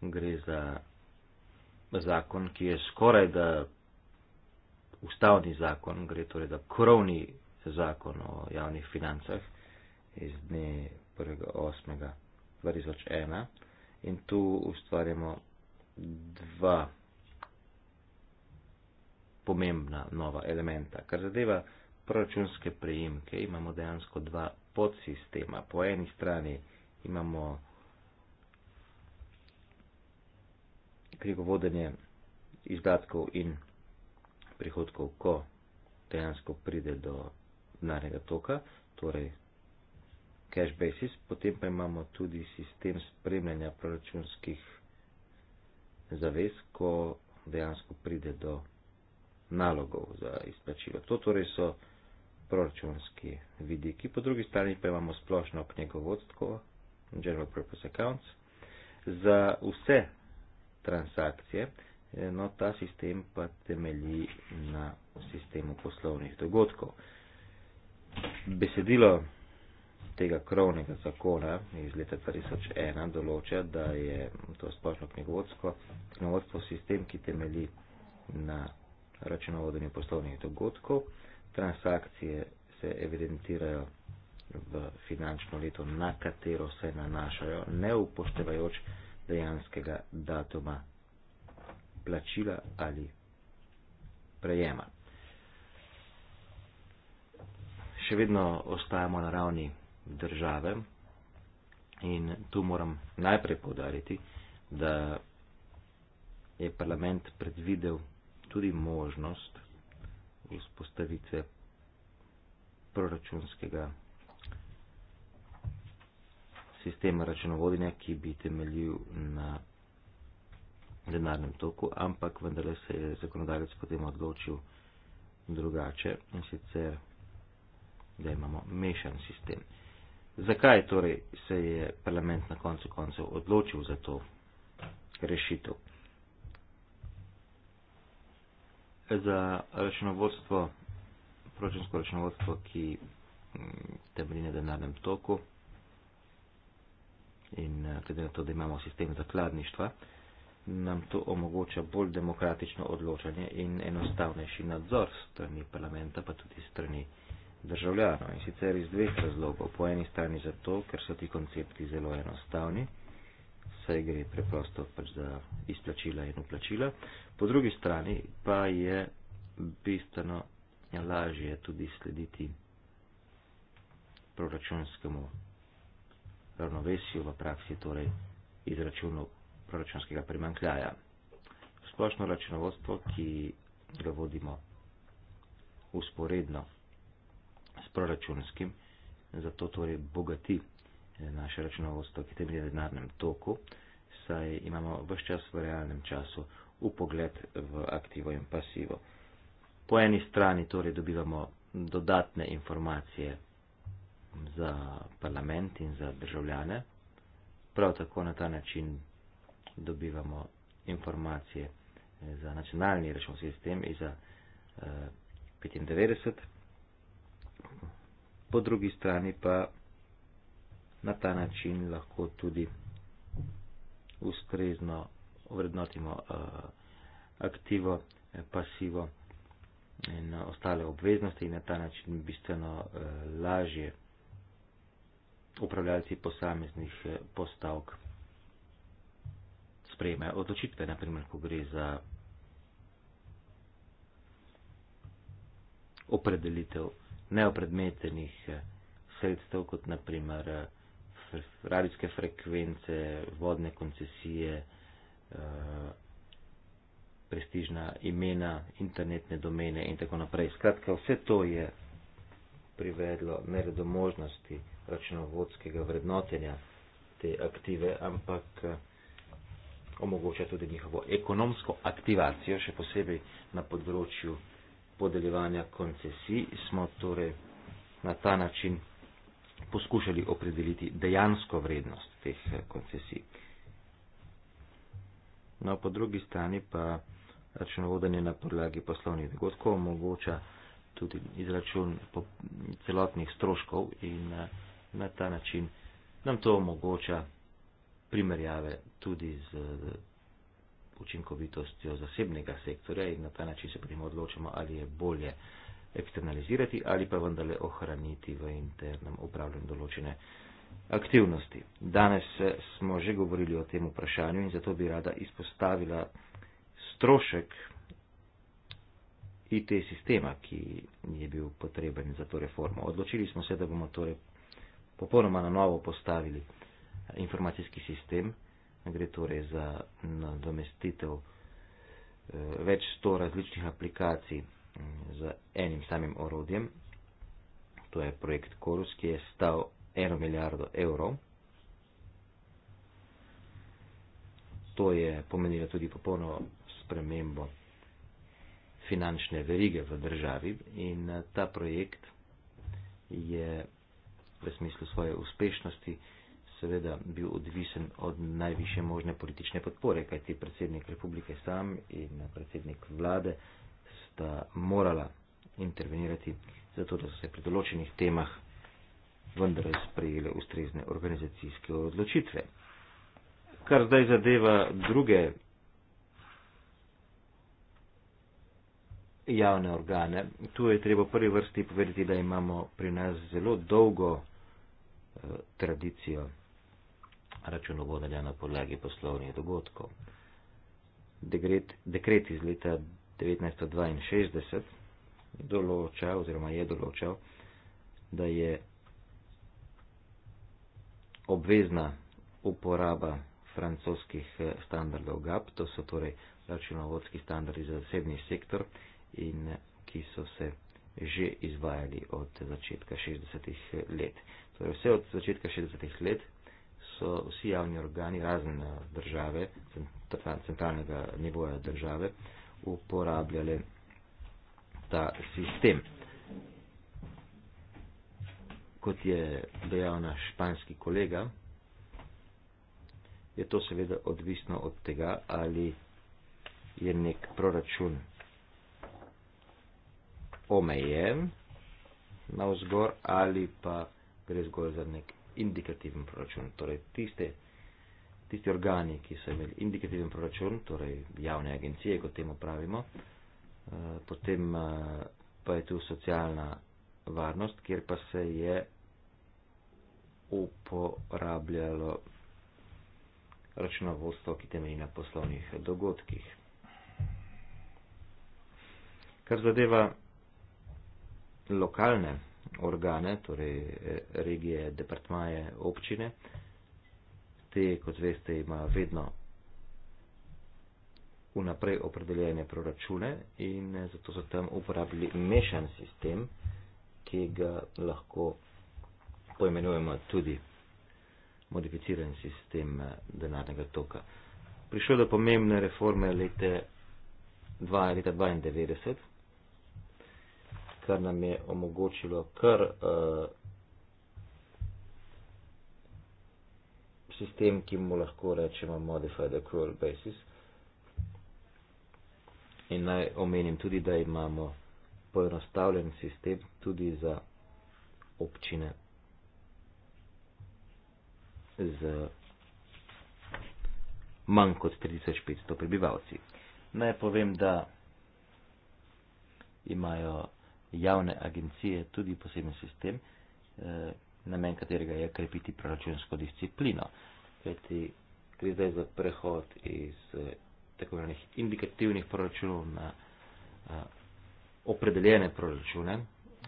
Speaker 2: Gre za zakon, ki je skoraj da ustavni zakon, gre torej da krovni zakon o javnih financah iz dne 1.8.2001 in tu ustvarjamo dva pomembna nova elementa. Kar zadeva proračunske prejemke, imamo dejansko dva podsistema. Po eni strani imamo krivovodenje izdatkov in prihodkov, ko dejansko pride do denarnega toka, torej cash basis, potem pa imamo tudi sistem spremljanja proračunskih zavez, ko dejansko pride do nalogov za izplačilo. To torej so proračunski vidiki, po drugi strani pa imamo splošno knjigovodstvo, general purpose accounts, za vse transakcije, no ta sistem pa temelji na sistemu poslovnih dogodkov. Besedilo tega krovnega zakona iz leta 2001 določa, da je to splošno knjigovodstvo sistem, ki temeli na računovodenju poslovnih dogodkov. Transakcije se evidentirajo v finančno leto, na katero se nanašajo, ne upoštevajoč dejanskega datuma plačila ali prejema. še vedno ostajamo na ravni države in tu moram najprej povdariti, da je parlament predvidel tudi možnost vzpostavitve proračunskega sistema računovodnja, ki bi temeljil na denarnem toku, ampak vendarle se je zakonodajalec potem odločil drugače in sicer da imamo mešan sistem. Zakaj torej se je parlament na koncu koncev odločil za to rešitev? Za računovodstvo, pročinsko računovodstvo, ki mm, temelji na denarnem toku in eh, glede na to, da imamo sistem zakladništva, nam to omogoča bolj demokratično odločanje in enostavnejši nadzor strani parlamenta, pa tudi strani državljanov in sicer iz dveh razlogov. Po eni strani zato, ker so ti koncepti zelo enostavni, saj gre preprosto pač za izplačila in uplačila, po drugi strani pa je bistveno lažje tudi slediti proračunskemu ravnovesju v praksi, torej izračunu proračunskega primankljaja. Splošno računovodstvo, ki ga vodimo usporedno proračunskim, zato torej bogati eh, naše računovodstvo, ki temelji na denarnem toku, saj imamo vse čas v realnem času v pogled v aktivo in pasivo. Po eni strani torej dobivamo dodatne informacije za parlament in za državljane, prav tako na ta način dobivamo informacije eh, za nacionalni računski sistem in za 95. Eh, po drugi strani pa na ta način lahko tudi ustrezno vrednotimo uh, eh, aktivo, eh, pasivo in ostale obveznosti in na ta način bistveno uh, lažje upravljalci posameznih postavk sprejmejo odločitve, naprimer, ko gre za opredelitev neopredmetenih eh, sredstev, kot naprimer eh, radijske frekvence, vodne koncesije, eh, prestižna imena, internetne domene in tako naprej. Skratka, vse to je privedlo ne do možnosti računovodskega vrednotenja te aktive, ampak omogoča tudi njihovo ekonomsko aktivacijo, še posebej na področju podeljevanja koncesij smo torej na ta način poskušali opredeliti dejansko vrednost teh eh, koncesij. No, po drugi strani pa računovodanje na podlagi poslovnih dogodkov omogoča tudi izračun celotnih stroškov in eh, na ta način nam to omogoča primerjave tudi z učinkovitostjo zasebnega sektorja in na ta način se potem odločimo, ali je bolje eksternalizirati ali pa vendarle ohraniti v internem upravljanju določene aktivnosti. Danes eh, smo že govorili o tem vprašanju in zato bi rada izpostavila strošek IT sistema, ki je bil potreben za to reformo. Odločili smo se, da bomo torej popolnoma na novo postavili informacijski sistem gre torej za nadomestitev eh, več sto različnih aplikacij mm, z enim samim orodjem. To je projekt Korus, ki je stal eno milijardo evrov. To je pomenilo tudi popolno spremembo finančne verige v državi in eh, ta projekt je v smislu svoje uspešnosti seveda bil odvisen od najviše možne politične podpore, kajti predsednik republike sam in predsednik vlade sta morala intervenirati, zato da so se pri določenih temah vendar sprejele ustrezne organizacijske odločitve. Kar zdaj zadeva druge javne organe, tu je treba v prvi vrsti povedati, da imamo pri nas zelo dolgo eh, tradicijo računovodanja na podlagi poslovnih dogodkov. Degret, dekret iz leta 1962 določa oziroma je določal, da je obvezna uporaba francoskih eh, standardov GAP, to so torej računovodski standardi za zasebni sektor in eh, ki so se že izvajali od začetka 60-ih eh, let. Torej vse od začetka 60-ih let so vsi javni organi, razen eh, države, centralnega nivoja države, uporabljali ta sistem. Kot je dejal naš španski kolega, je to seveda odvisno od tega, ali je nek proračun omejen na vzgor ali pa gre zgolj za nek indikativen proračun, torej tiste, tisti organi, ki so imeli indikativen proračun, torej javne agencije, kot temu pravimo, eh, potem eh, pa je tu socialna varnost, kjer pa se je uporabljalo računovodstvo, ki temelji na poslovnih dogodkih. Kar zadeva lokalne organe, torej eh, regije, departmaje, občine. Te, kot veste, imajo vedno vnaprej opredeljene proračune in eh, zato so tam uporabili mešan sistem, ki ga lahko poimenujemo tudi modificiran sistem eh, denarnega toka. Prišlo do pomembne reforme leta 1992, kar nam je omogočilo kar uh, sistem, ki mu lahko rečemo modified accrual basis. In naj omenim tudi, da imamo poenostavljen sistem tudi za občine z manj kot 3500 prebivalci. Naj povem, da imajo javne agencije tudi poseben sistem, eh, namen katerega je krepiti proračunsko disciplino. Kajti gre zdaj za prehod iz eh, tako imenovanih indikativnih proračunov na a, eh, opredeljene proračune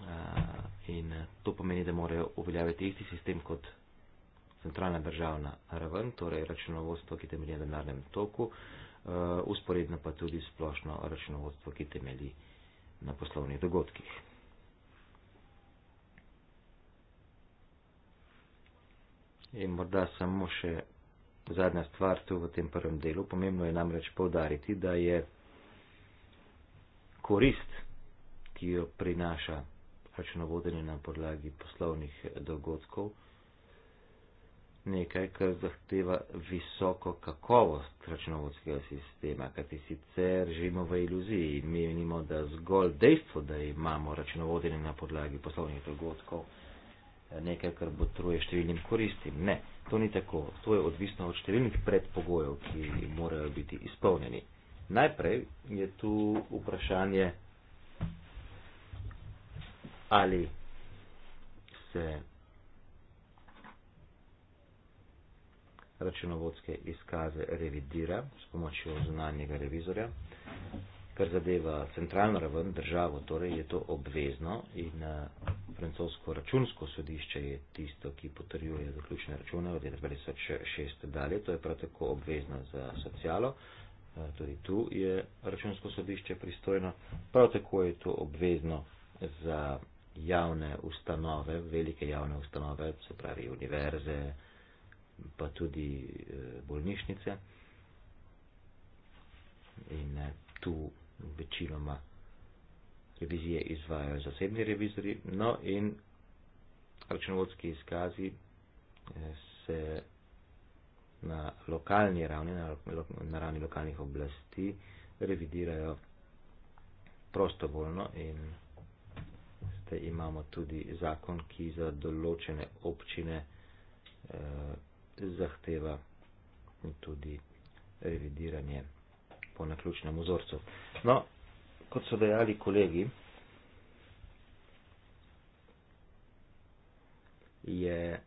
Speaker 2: a, in to pomeni, da morajo uveljaviti isti sistem kot centralna državna raven, torej računovodstvo, ki temelji na denarnem toku, a, usporedno pa tudi splošno računovodstvo, ki temelji na na poslovnih dogodkih. In morda samo še zadnja stvar tu v tem prvem delu. Pomembno je namreč povdariti, da je korist, ki jo prinaša računovodenje na podlagi poslovnih dogodkov, nekaj, kar zahteva visoko kakovost računovodskega sistema, kajti sicer živimo v iluziji in menimo, da zgolj dejstvo, da imamo računovodenje na podlagi poslovnih dogodkov, nekaj, kar botruje številnim koristim. Ne, to ni tako. To je odvisno od številnih predpogojev, ki morajo biti izpolnjeni. Najprej je tu vprašanje, ali se računovodske izkaze revidira s pomočjo znanjega revizorja. Kar zadeva centralno raven, državo, torej je to obvezno in eh, francosko računsko sodišče je tisto, ki potrjuje zaključne račune od 2006 dalje, to je prav tako obvezno za socialo, eh, tudi tu je računsko sodišče pristojno, prav tako je to obvezno za javne ustanove, velike javne ustanove, se pravi univerze, pa tudi eh, bolnišnice. In eh, tu večinoma revizije izvajajo zasebni revizori. No in računovodski izkazi eh, se na lokalni ravni, na, lo, na ravni lokalnih oblasti revidirajo prostovoljno in zdaj imamo tudi zakon, ki za določene občine eh, zahteva tudi revidiranje po naključnem vzorcu. No, kot so dejali kolegi, je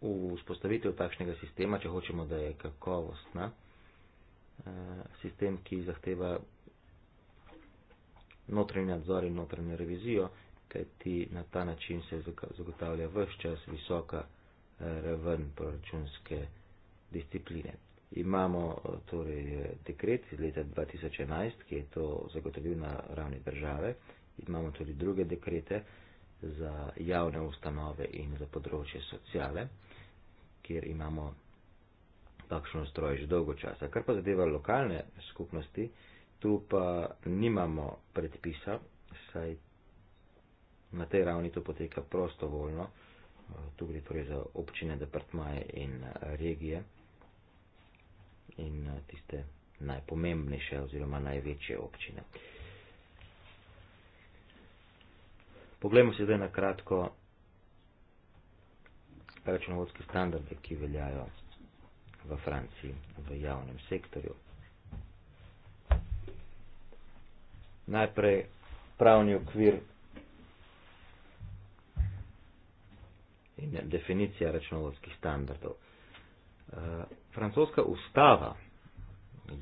Speaker 2: v vzpostavitev takšnega sistema, če hočemo, da je kakovostna, eh, sistem, ki zahteva notranji nadzor in notranjo revizijo, kajti na ta način se zagotavlja vse čas visoka Eh, raven proračunske discipline. Imamo eh, torej eh, dekret iz leta 2011, ki je to zagotovil na ravni države. Imamo tudi druge dekrete za javne ustanove in za področje sociale, kjer imamo takšno stroj že dolgo časa. Kar pa zadeva lokalne skupnosti, tu pa nimamo predpisa, saj na tej ravni to poteka prostovoljno tu gre torej za občine, departmaje in eh, regije in eh, tiste najpomembnejše oziroma največje občine. Poglejmo se zdaj na kratko računovodske standarde, ki veljajo v Franciji v javnem sektorju. Najprej pravni okvir in definicija računovodskih standardov. Eh, francoska ustava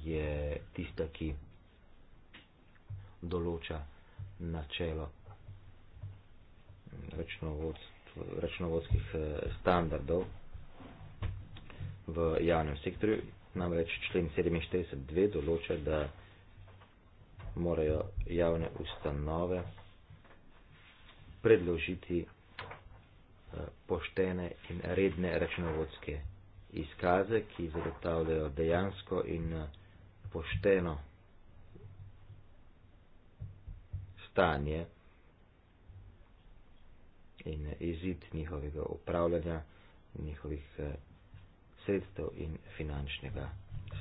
Speaker 2: je tista, ki določa načelo računovodskih eh, standardov v javnem sektorju. Namreč člen 47.2 določa, da morajo javne ustanove predložiti poštene in redne računovodske izkaze, ki zagotavljajo dejansko in eh, pošteno stanje in izid njihovega upravljanja, njihovih eh, sredstev in finančnega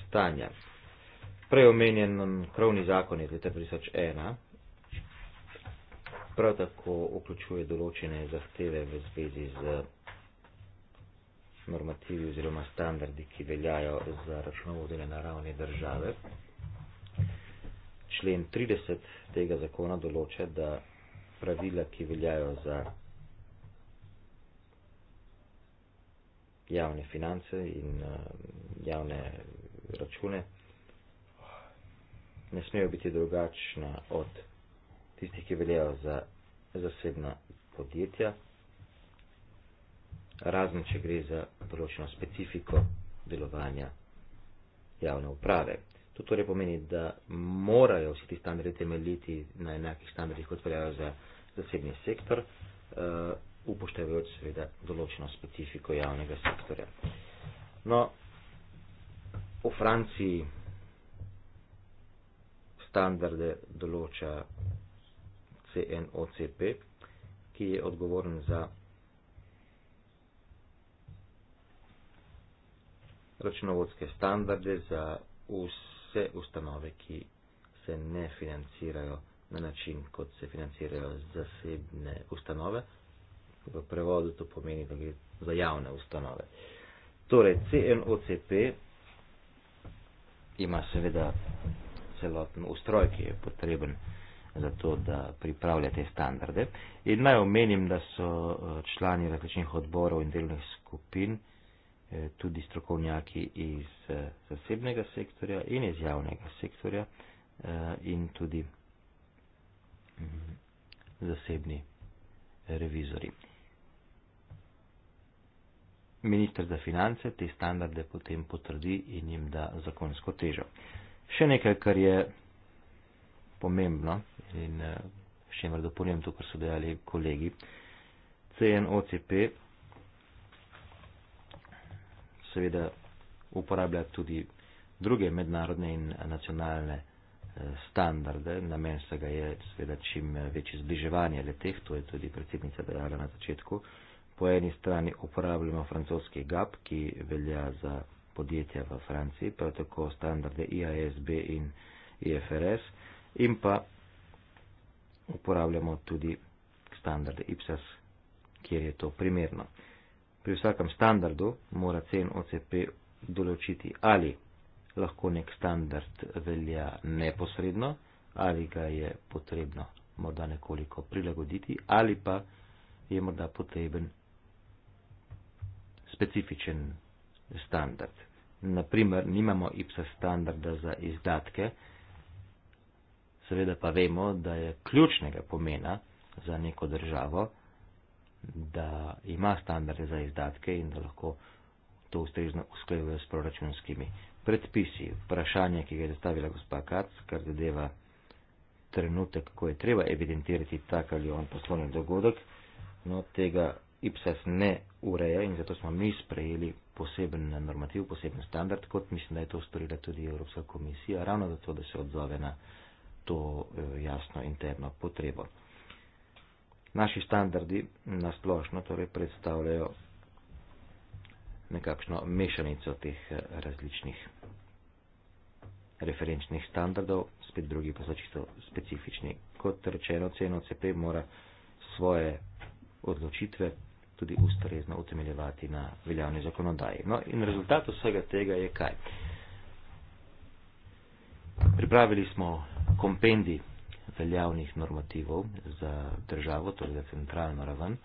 Speaker 2: stanja. Preomenjen krovni zakon je leta 2001 prav tako vključuje določene zahteve v zvezi z normativi oziroma standardi, ki veljajo za računovodene na ravni države. Člen 30 tega zakona določa, da pravila, ki veljajo za javne finance in eh, javne račune, ne smejo biti drugačna od tisti, ki veljajo za zasebna podjetja, razen če gre za določeno specifiko delovanja javne uprave. To torej pomeni, da morajo vsi ti standardi temeljiti na enakih standardih, kot veljajo za zasebni sektor, uh, upoštevajoč seveda določeno specifiko javnega sektorja. No, v Franciji standarde določa CNOCP, ki je odgovoren za računovodske standarde za vse ustanove, ki se ne financirajo na način, kot se financirajo zasebne ustanove. V prevodu to pomeni, da gre za javne ustanove. Torej, CNOCP ima seveda celoten ustroj, ki je potreben za to, da pripravlja te standarde. In naj omenim, da so eh, člani različnih odborov in delovnih skupin eh, tudi strokovnjaki iz eh, zasebnega sektorja in iz javnega sektorja in tudi mm, zasebni revizori. Ministr za finance te standarde potem potrdi in jim da zakonsko težo. Še nekaj, kar je pomembno in uh, še mar dopolnjujem to, kar so dejali kolegi. CNOCP seveda uporablja tudi druge mednarodne in eh, nacionalne uh, standarde. Namen vsega je seveda čim večje zbliževanje le teh, to je tudi predsednica dejala na začetku. Po eni strani uporabljamo francoski GAP, ki velja za podjetja v Franciji, prav tako standarde IASB in IFRS in pa uporabljamo tudi standarde IPSAS, kjer je to primerno. Pri vsakem standardu mora CNOCP določiti, ali lahko nek standard velja neposredno, ali ga je potrebno morda nekoliko prilagoditi, ali pa je morda potreben specifičen standard. Naprimer, nimamo IPSA standarda za izdatke, seveda pa vemo, da je ključnega pomena za neko državo, da ima standarde za izdatke in da lahko to ustrezno usklajuje s proračunskimi predpisi. Vprašanje, ki ga je zastavila gospa Kac, kar zadeva trenutek, ko je treba evidentirati tak ali on poslovni dogodek, no tega IPSES ne ureja in zato smo mi sprejeli poseben normativ, poseben standard, kot mislim, da je to storila tudi Evropska komisija, ravno zato, da se odzove na to eh, jasno interno potrebo. Naši standardi nasplošno torej predstavljajo nekakšno mešanico teh eh, različnih referenčnih standardov, spet drugi pa so čisto specifični. Kot rečeno, CNOCP mora svoje odločitve tudi ustrezno utemeljevati na veljavni zakonodaji. No in rezultat vsega tega je kaj? Pripravili smo kompendij veljavnih normativov za državo, torej za centralno raven.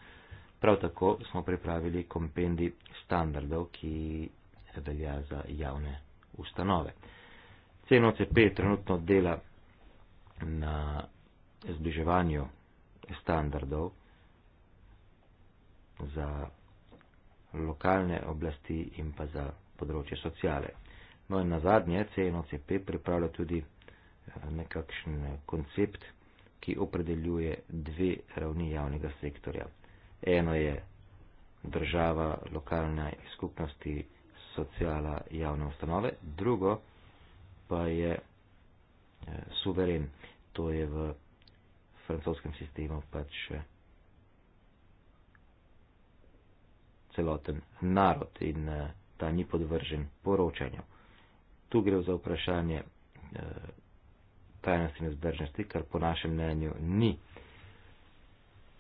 Speaker 2: Prav tako smo pripravili kompendij standardov, ki velja za javne ustanove. CNOCP trenutno dela na zbliževanju standardov za lokalne oblasti in pa za področje sociale. No in na zadnje, CNOCP pripravlja tudi nekakšen koncept, ki opredeljuje dve ravni javnega sektorja. Eno je država, lokalne skupnosti, sociala, javne ustanove, drugo pa je eh, suveren, to je v francoskem sistemu pač eh, celoten narod in eh, ta ni podvržen poročanju. Tu gre za vprašanje tajnosti in zbržnosti, kar po našem mnenju ni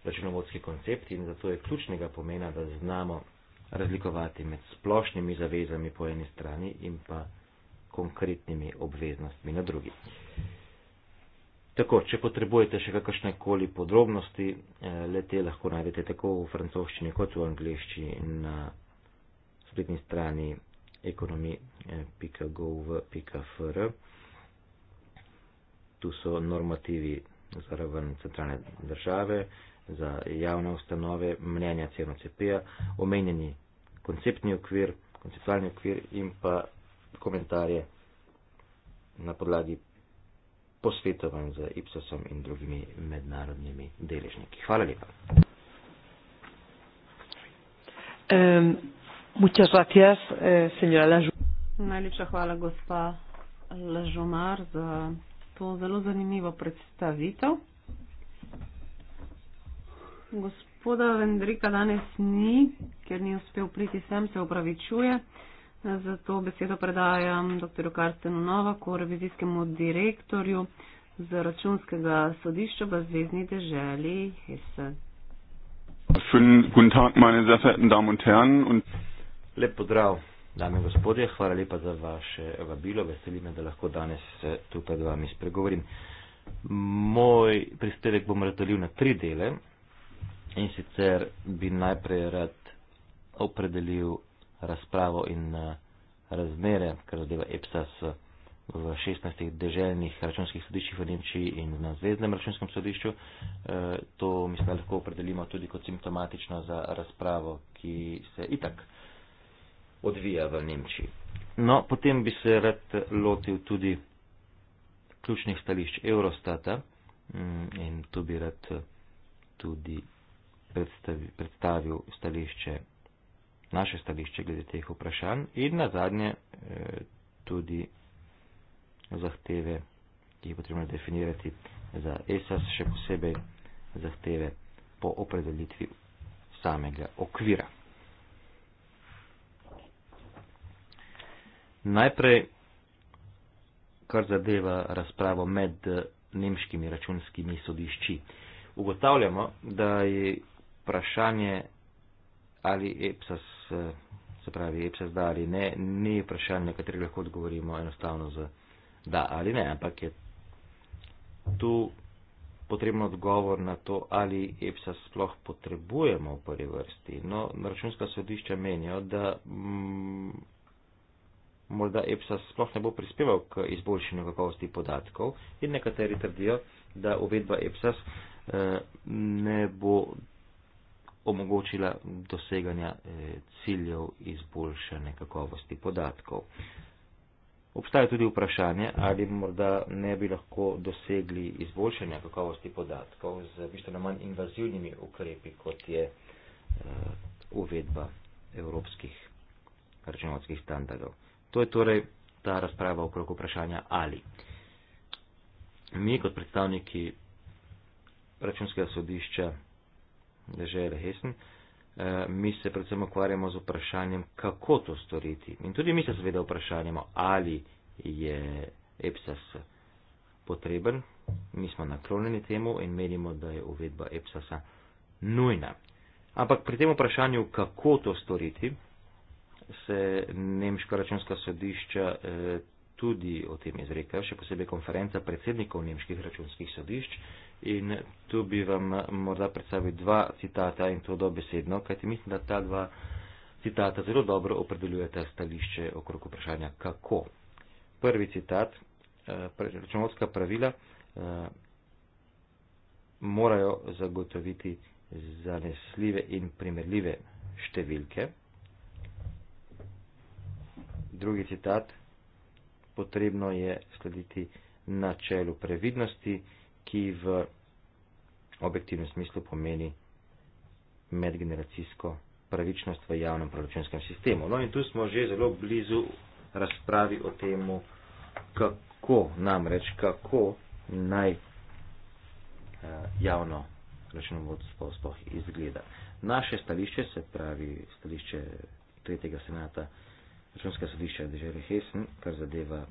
Speaker 2: računovodski koncept in zato je ključnega pomena, da znamo razlikovati med splošnimi zavezami po eni strani in pa konkretnimi obveznostmi na drugi. Tako, če potrebujete še kakršne koli podrobnosti, eh, le te lahko najdete tako v francoščini kot v angliščini na spletni strani ekonomi.gov.fr. Eh, tu so normativi za raven centralne države, za javne ustanove, mnenja CNCP-ja, omenjeni konceptni okvir, konceptualni okvir in pa komentarje na podlagi posvetovanj z IPSOSom in drugimi mednarodnimi deležniki. Hvala lepa.
Speaker 1: Um, gracias, eh, señora Laj Najlepša hvala, gospa Lažomar, za to zelo zanimivo predstavitev. Gospoda Vendrika danes ni, ker ni uspel priti sem, se upravičuje. Zato besedo predajam dr. Karstenu Novaku, revizijskemu direktorju z računskega sodišča v zvezdni deželi Hesse. Guten Tag, meine sehr verehrten Damen und Herren. Lep pozdrav, Dame gospodje,
Speaker 2: hvala lepa za vaše vabilo. Veseli me, da lahko danes eh, tukaj z vami spregovorim. Moj prispevek bom razdelil na tri dele in sicer bi najprej rad opredelil razpravo in eh, razmere, kar zadeva EPSAS v 16 deželjnih računskih sodiščih v Nemčiji in na Zvezdnem računskem sodišču. Eh, to mislim, da lahko opredelimo tudi kot simptomatično za razpravo, ki se itak odvija v Nemčiji. No, potem bi se rad lotil tudi ključnih stališč Eurostata mm, in tu bi rad tudi predstavil, predstavil stališče, naše stališče glede teh vprašanj in na zadnje eh, tudi zahteve, ki je potrebno definirati za ESAS, še posebej zahteve po opredelitvi samega okvira. Najprej, kar zadeva razpravo med eh, nemškimi računskimi sodišči. Ugotavljamo, da je vprašanje ali EPSAS, eh, se pravi EPSAS da ali ne, ni vprašanje, na katero lahko odgovorimo enostavno z da ali ne, ampak je tu potrebno odgovor na to, ali EPSAS sploh potrebujemo v prvi vrsti. No, računska sodišča menijo, da. Mm, morda EPSAS sploh ne bo prispeval k izboljšanju kakovosti podatkov in nekateri trdijo, da uvedba EPSAS eh, ne bo omogočila doseganja eh, ciljev izboljšane kakovosti podatkov. Obstaja tudi vprašanje, ali morda ne bi lahko dosegli izboljšanja kakovosti podatkov z bistveno manj invazivnimi ukrepi, kot je eh, uvedba evropskih računovodskih standardov. To je torej ta razprava okrog vprašanja ali. Mi kot predstavniki računskega sodišča države Hesen, eh, mi se predvsem ukvarjamo z vprašanjem, kako to storiti. In tudi mi se seveda vprašanjamo, ali je EPSAS potreben. Mi smo naklonjeni temu in menimo, da je uvedba EPSAS-a nujna. Ampak pri tem vprašanju, kako to storiti, se nemška računska sodišča eh, tudi o tem izrekajo, še posebej konferenca predsednikov nemških računskih sodišč. In tu bi vam morda predstavil dva citata in to dobesedno, kajti mislim, da ta dva citata zelo dobro opredeljujeta stališče okrog vprašanja kako. Prvi citat. Eh, računovodska pravila eh, morajo zagotoviti zanesljive in primerljive številke drugi citat, potrebno je slediti načelu previdnosti, ki v objektivnem smislu pomeni medgeneracijsko pravičnost v javnem proračunskem sistemu. No in tu smo že zelo blizu razpravi o tem, kako namreč, kako naj eh, javno računovodstvo sploh izgleda. Naše stališče, se pravi stališče tretjega senata računska sodišča države Hesen, kar zadeva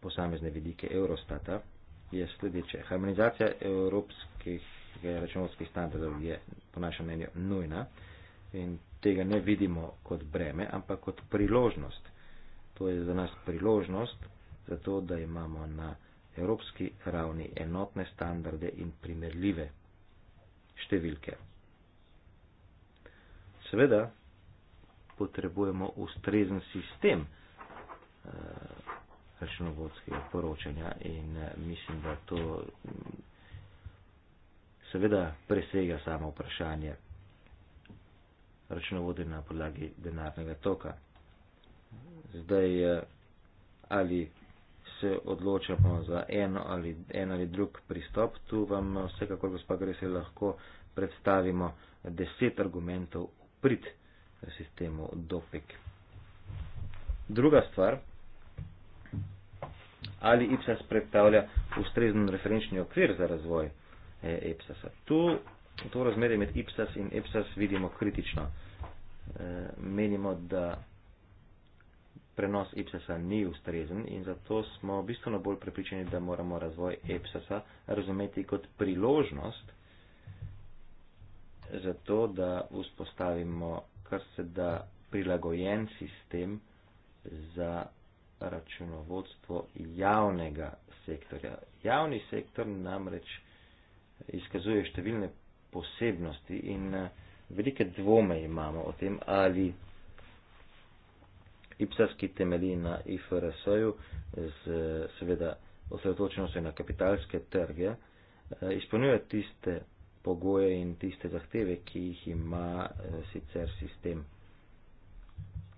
Speaker 2: posamezne vidike Eurostata, je sledeče. Harmonizacija evropskih računovskih standardov je po našem mnenju nujna in tega ne vidimo kot breme, ampak kot priložnost. To je za nas priložnost, zato da imamo na evropski ravni enotne standarde in primerljive številke. Seveda, potrebujemo ustrezen sistem uh, računovodskega poročanja in uh, mislim, da to mm, seveda presega samo vprašanje računovode na podlagi denarnega toka. Zdaj, uh, ali se odločamo za eno ali, en ali drug pristop, tu vam vsekakor, gospod Gresel, lahko predstavimo deset argumentov prid sistemu DOPEC. Druga stvar, ali IPSAS predstavlja ustrezen referenčni okvir za razvoj EPSAS-a. Tu to razmerje med IPSAS in EPSAS vidimo kritično. E, menimo, da prenos EPSAS-a ni ustrezen in zato smo bistveno bolj prepričani, da moramo razvoj EPSAS-a razumeti kot priložnost za to, da vzpostavimo EPSAS-a kar se da prilagojen sistem za računovodstvo javnega sektorja. Javni sektor namreč izkazuje številne posebnosti in eh, velike dvome imamo o tem, ali IPSAS, ki temelji na IFRS-u, seveda osredotočeno se na kapitalske trge, eh, izpolnjuje tiste pogoje in tiste zahteve, ki jih ima eh, sicer sistem,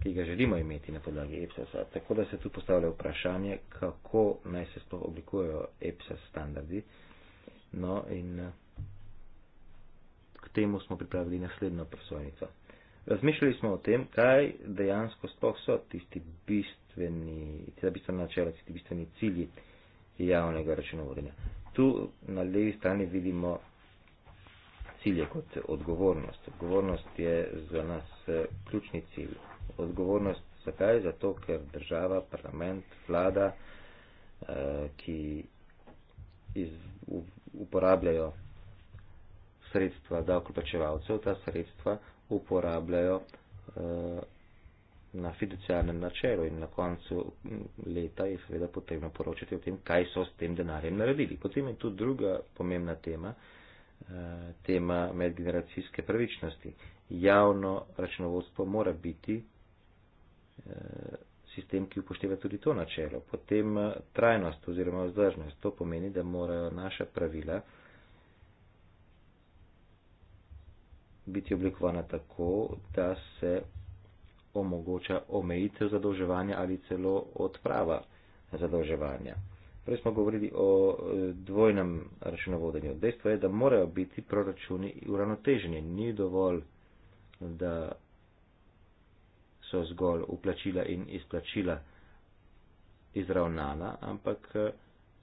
Speaker 2: ki ga želimo imeti na podlagi EPSAS-a. Tako da se tu postavlja vprašanje, kako naj se sploh oblikujejo EPSAS standardi. No in eh, k temu smo pripravili naslednjo prosojnico. Razmišljali smo o tem, kaj dejansko sploh so tisti bistveni, bistveni načela, tisti bistveni cilji javnega računovodenja. Tu na levi strani vidimo cilje kot odgovornost. Odgovornost je za nas eh, ključni cilj. Odgovornost zakaj? Zato, ker država, parlament, vlada, eh, ki iz, u, uporabljajo sredstva davkoplačevalcev, ta sredstva uporabljajo eh, na fiduciarnem načelu in na koncu mm, leta je seveda potrebno poročati o tem, kaj so s tem denarjem naredili. Potem je tu druga pomembna tema, Eh, tema medgeneracijske pravičnosti. Javno računovodstvo mora biti eh, sistem, ki upošteva tudi to načelo. Potem eh, trajnost oziroma vzdržnost. To pomeni, da morajo naša pravila biti oblikovana tako, da se omogoča omejitev zadolževanja ali celo odprava zadolževanja. Prej smo govorili o e, dvojnem računovodenju. Dejstvo je, da morajo biti proračuni uravnoteženi. Ni dovolj, da so zgolj uplačila in izplačila izravnana, ampak e,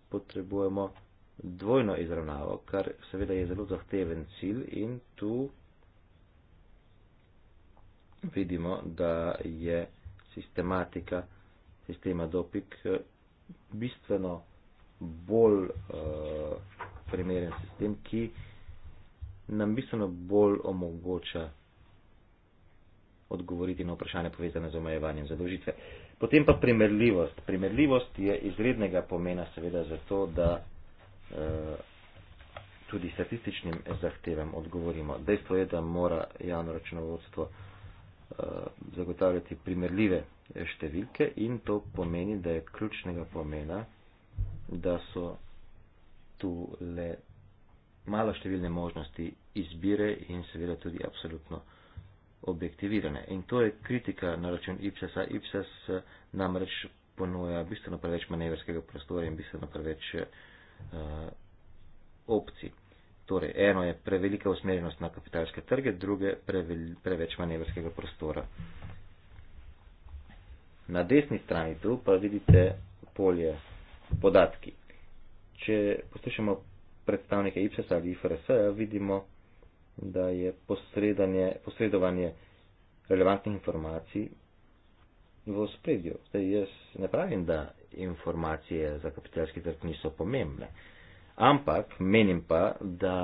Speaker 2: potrebujemo dvojno izravnavo, kar seveda je zelo zahteven cilj in tu vidimo, da je sistematika sistema DOPIK e, bistveno bolj uh, primeren sistem, ki nam bistveno bolj omogoča odgovoriti na vprašanje povezane z omejevanjem zadolžitve. Potem pa primerljivost. Primerljivost je izrednega pomena seveda zato, da uh, tudi statističnim zahtevam odgovorimo. Dejstvo je, da mora javno računovodstvo eh, zagotavljati primerljive številke in to pomeni, da je ključnega pomena da so tu le malo številne možnosti izbire in seveda tudi absolutno objektivirane. In to je kritika na račun Ipsesa. Ipses eh, namreč ponuja bistveno preveč manevrskega prostora in bistveno preveč uh, opcij. Torej, eno je prevelika usmerjenost na kapitalske trge, druge prevel, preveč manevrskega prostora. Na desni strani tu pa vidite polje podatki. Če poslušamo predstavnike IPSES ali IFRS, vidimo, da je posredovanje relevantnih informacij v spredju. Zdaj, jaz ne pravim, da informacije za kapitalski trg niso pomembne, ampak menim pa, da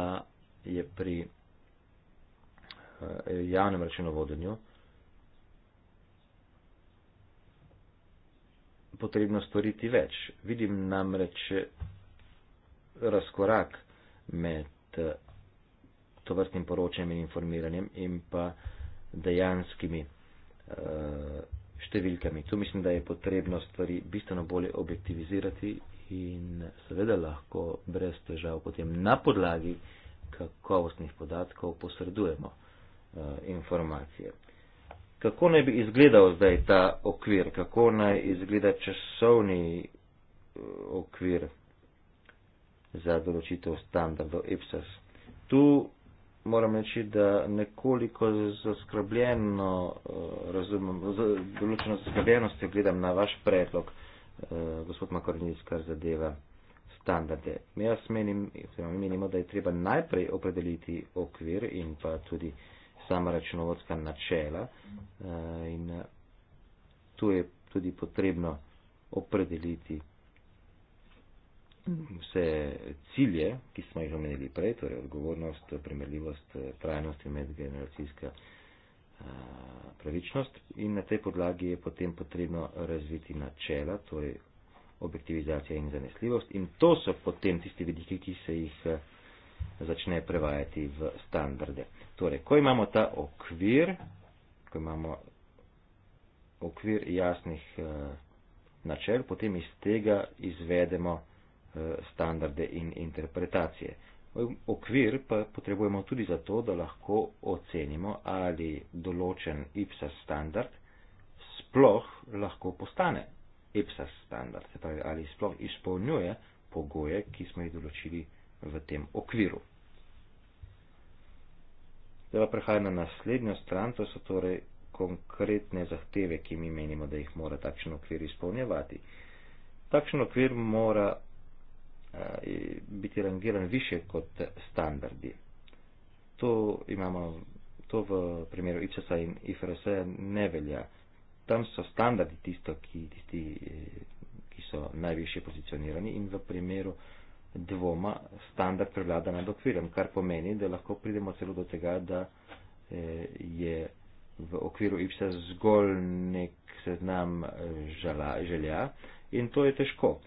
Speaker 2: je pri eh, javnem računovodenju potrebno storiti več. Vidim namreč razkorak med tovrstnim poročanjem in informiranjem in pa dejanskimi eh, številkami. Tu mislim, da je potrebno stvari bistveno bolje objektivizirati in seveda lahko brez težav potem na podlagi kakovostnih podatkov posredujemo eh, informacije kako naj bi izgledal zdaj ta okvir, kako naj izgleda časovni eh, okvir za določitev standardov EPSAS. Tu moram reči, da nekoliko zaskrbljeno eh, razumem, z določeno zaskrbljenostjo gledam na vaš predlog, eh, gospod Makornic, kar zadeva standarde. Mi jaz menim, menimo, da je treba najprej opredeliti okvir in pa tudi uh, sama računovodska načela eh, in eh, tu je tudi potrebno opredeliti vse cilje, ki smo jih omenili prej, torej odgovornost, primerljivost, eh, trajnost in medgeneracijska pravičnost in na tej podlagi je potem potrebno razviti načela, torej objektivizacija in zanesljivost in to so potem tisti vidiki, ki se jih začne prevajati v standarde. Torej, ko imamo ta okvir, ko imamo okvir jasnih eh, načel, potem iz tega izvedemo eh, standarde in interpretacije. Okvir pa potrebujemo tudi zato, da lahko ocenimo, ali določen IPSAS standard sploh lahko postane IPSAS standard, se pravi, ali sploh izpolnjuje pogoje, ki smo jih določili v tem okviru. Zdaj pa prehajam na naslednjo stran, to so torej konkretne zahteve, ki mi menimo, da jih mora takšen okvir izpolnjevati. Takšen okvir mora eh, biti rangiran više kot standardi. To imamo to v primeru IPSAS-a in IFRS-a ne velja. Tam so standardi tisto, ki, tisti, eh, ki so najviše pozicionirani in v primeru uh, dvoma standard prevlada nad okvirom, kar pomeni, da lahko pridemo celo do tega, da eh, je v okviru IPS-a zgolj nek seznam eh, želja in to je težko.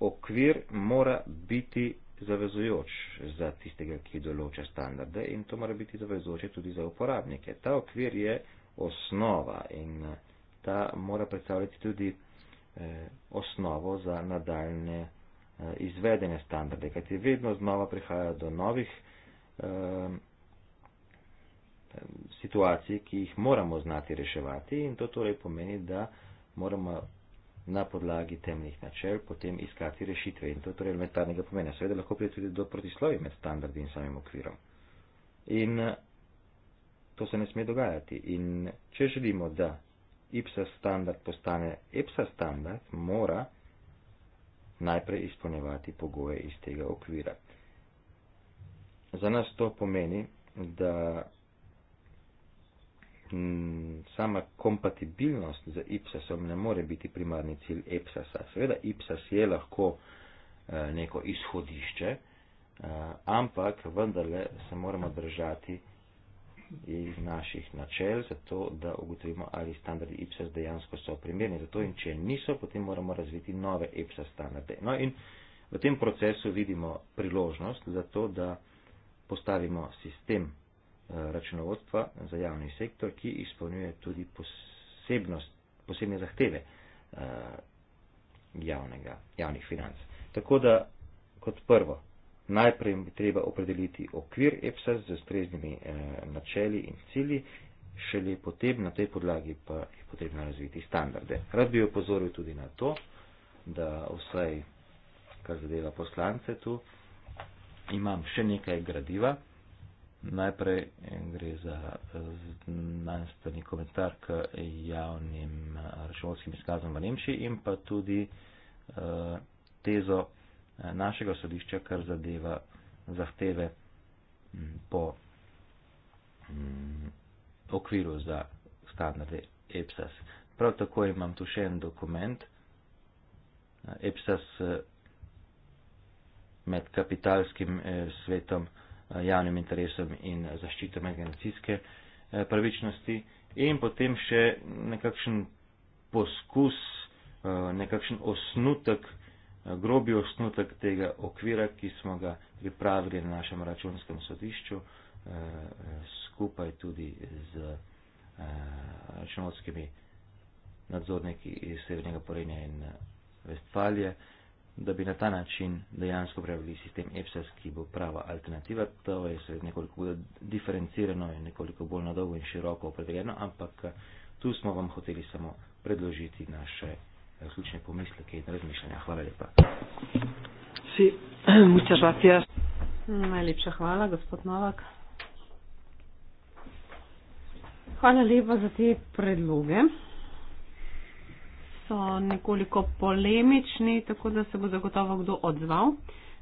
Speaker 2: Okvir mora biti zavezujoč za tistega, ki določa standarde in to mora biti zavezujoče tudi za uporabnike. Ta okvir je osnova in eh, ta mora predstavljati tudi eh, osnovo za nadaljne. Eh, izvedene standarde, kajti vedno znova prihaja do novih eh, situacij, ki jih moramo znati reševati in to torej pomeni, da moramo na podlagi temnih načel potem iskati rešitve in to torej elementarnega pomena. Seveda lahko pride tudi do protislovi med standardi in samim okvirom. In eh, to se ne sme dogajati. In če želimo, da IPSA standard postane EPSA standard, mora najprej izpolnjevati pogoje iz tega okvira. Za nas to pomeni, da sama kompatibilnost z IPSASom ne more biti primarni cilj EPSASa. Seveda IPSAS je lahko eh, neko izhodišče, eh, ampak vendarle se moramo držati iz naših načel, zato da ugotovimo, ali standardi IPSAS dejansko so primerni. Zato in če niso, potem moramo razviti nove IPSAS standarde. No in v tem procesu vidimo priložnost za to, da postavimo sistem eh, računovodstva za javni sektor, ki izpolnjuje tudi posebnost, posebne zahteve eh, javnega, javnih financ. Tako da kot prvo, Najprej je treba opredeliti okvir EPSA z ustreznimi eh, načeli in cilji, šele potem na tej podlagi pa je potrebno razviti standarde. Rad bi opozoril tudi na to, da vsaj, kar zadeva poslance tu, imam še nekaj gradiva. Najprej eh, gre za eh, znanstveni komentar k javnim eh, računovskim izkazom v Nemčiji in pa tudi tezo Eh, našega sodišča, kar zadeva zahteve mm, po mm, okviru za standarde EPSAS. Prav tako imam tu še en dokument, eh, EPSAS eh, med kapitalskim svetom, javnim interesom in zaščito medgeneracijske pravičnosti in potem še nekakšen poskus, nekakšen osnutek grobi osnutek tega okvira, ki smo ga pripravili na našem računskem sodišču eh, skupaj tudi z eh, računovskimi nadzorniki iz Severnega Porenja in eh, Vestfalije, da bi na ta način dejansko prijavili sistem EPSAS, ki bo prava alternativa. To je seveda nekoliko bolj diferencirano in nekoliko bolj nadolgo in široko opredeljeno, ampak tu smo vam hoteli samo predložiti naše ključne pomisleke in razmišljanja. Hvala lepa. Si, muchas gracias.
Speaker 1: Najlepša hvala, gospod Novak. Hvala lepa za te predloge. So nekoliko polemični, tako da se bo zagotovo kdo odzval.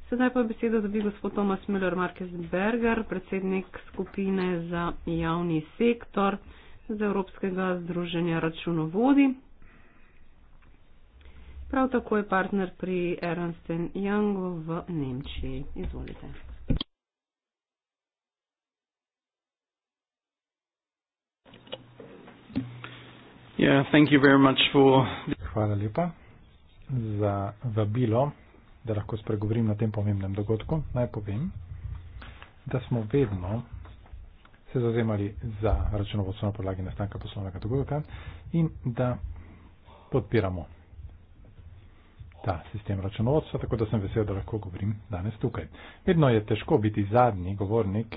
Speaker 1: Sedaj pa besedo dobi gospod Tomas Müller Marquez Berger, predsednik skupine za javni sektor z Evropskega združenja računovodi. Prav tako je partner pri Ernst Youngu v Nemčiji. Izvolite.
Speaker 3: Yeah, thank you very much for Hvala lepa za vabilo, da lahko spregovorim na tem pomembnem dogodku. Naj povem, da smo vedno se zazemali za računovodstvo na podlagi nastanka poslovnega dogodka in da podpiramo ta sistem računovodstva, tako da sem vesel, da lahko govorim danes tukaj. Vedno je težko biti zadnji govornik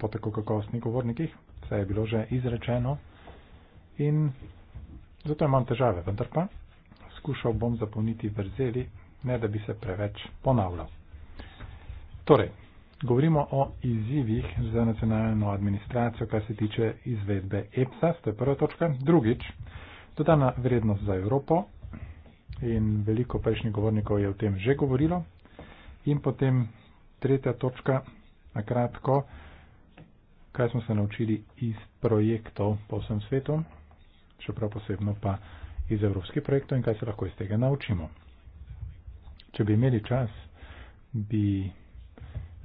Speaker 3: po tako kakovostnih govornikih, vse je bilo že izrečeno in zato imam težave, vendar pa skušal bom zapolniti vrzeli, ne da bi se preveč ponavljal. Torej, govorimo o izzivih za nacionalno administracijo, kar se tiče izvedbe EPSA, to je prva točka. Drugič, dodana vrednost za Evropo, in veliko prejšnjih govornikov je o tem že govorilo. In potem tretja točka, na kratko, kaj smo se naučili iz projektov po vsem svetu, čeprav posebno pa iz evropskih projektov in kaj se lahko iz tega naučimo. Če bi imeli čas, bi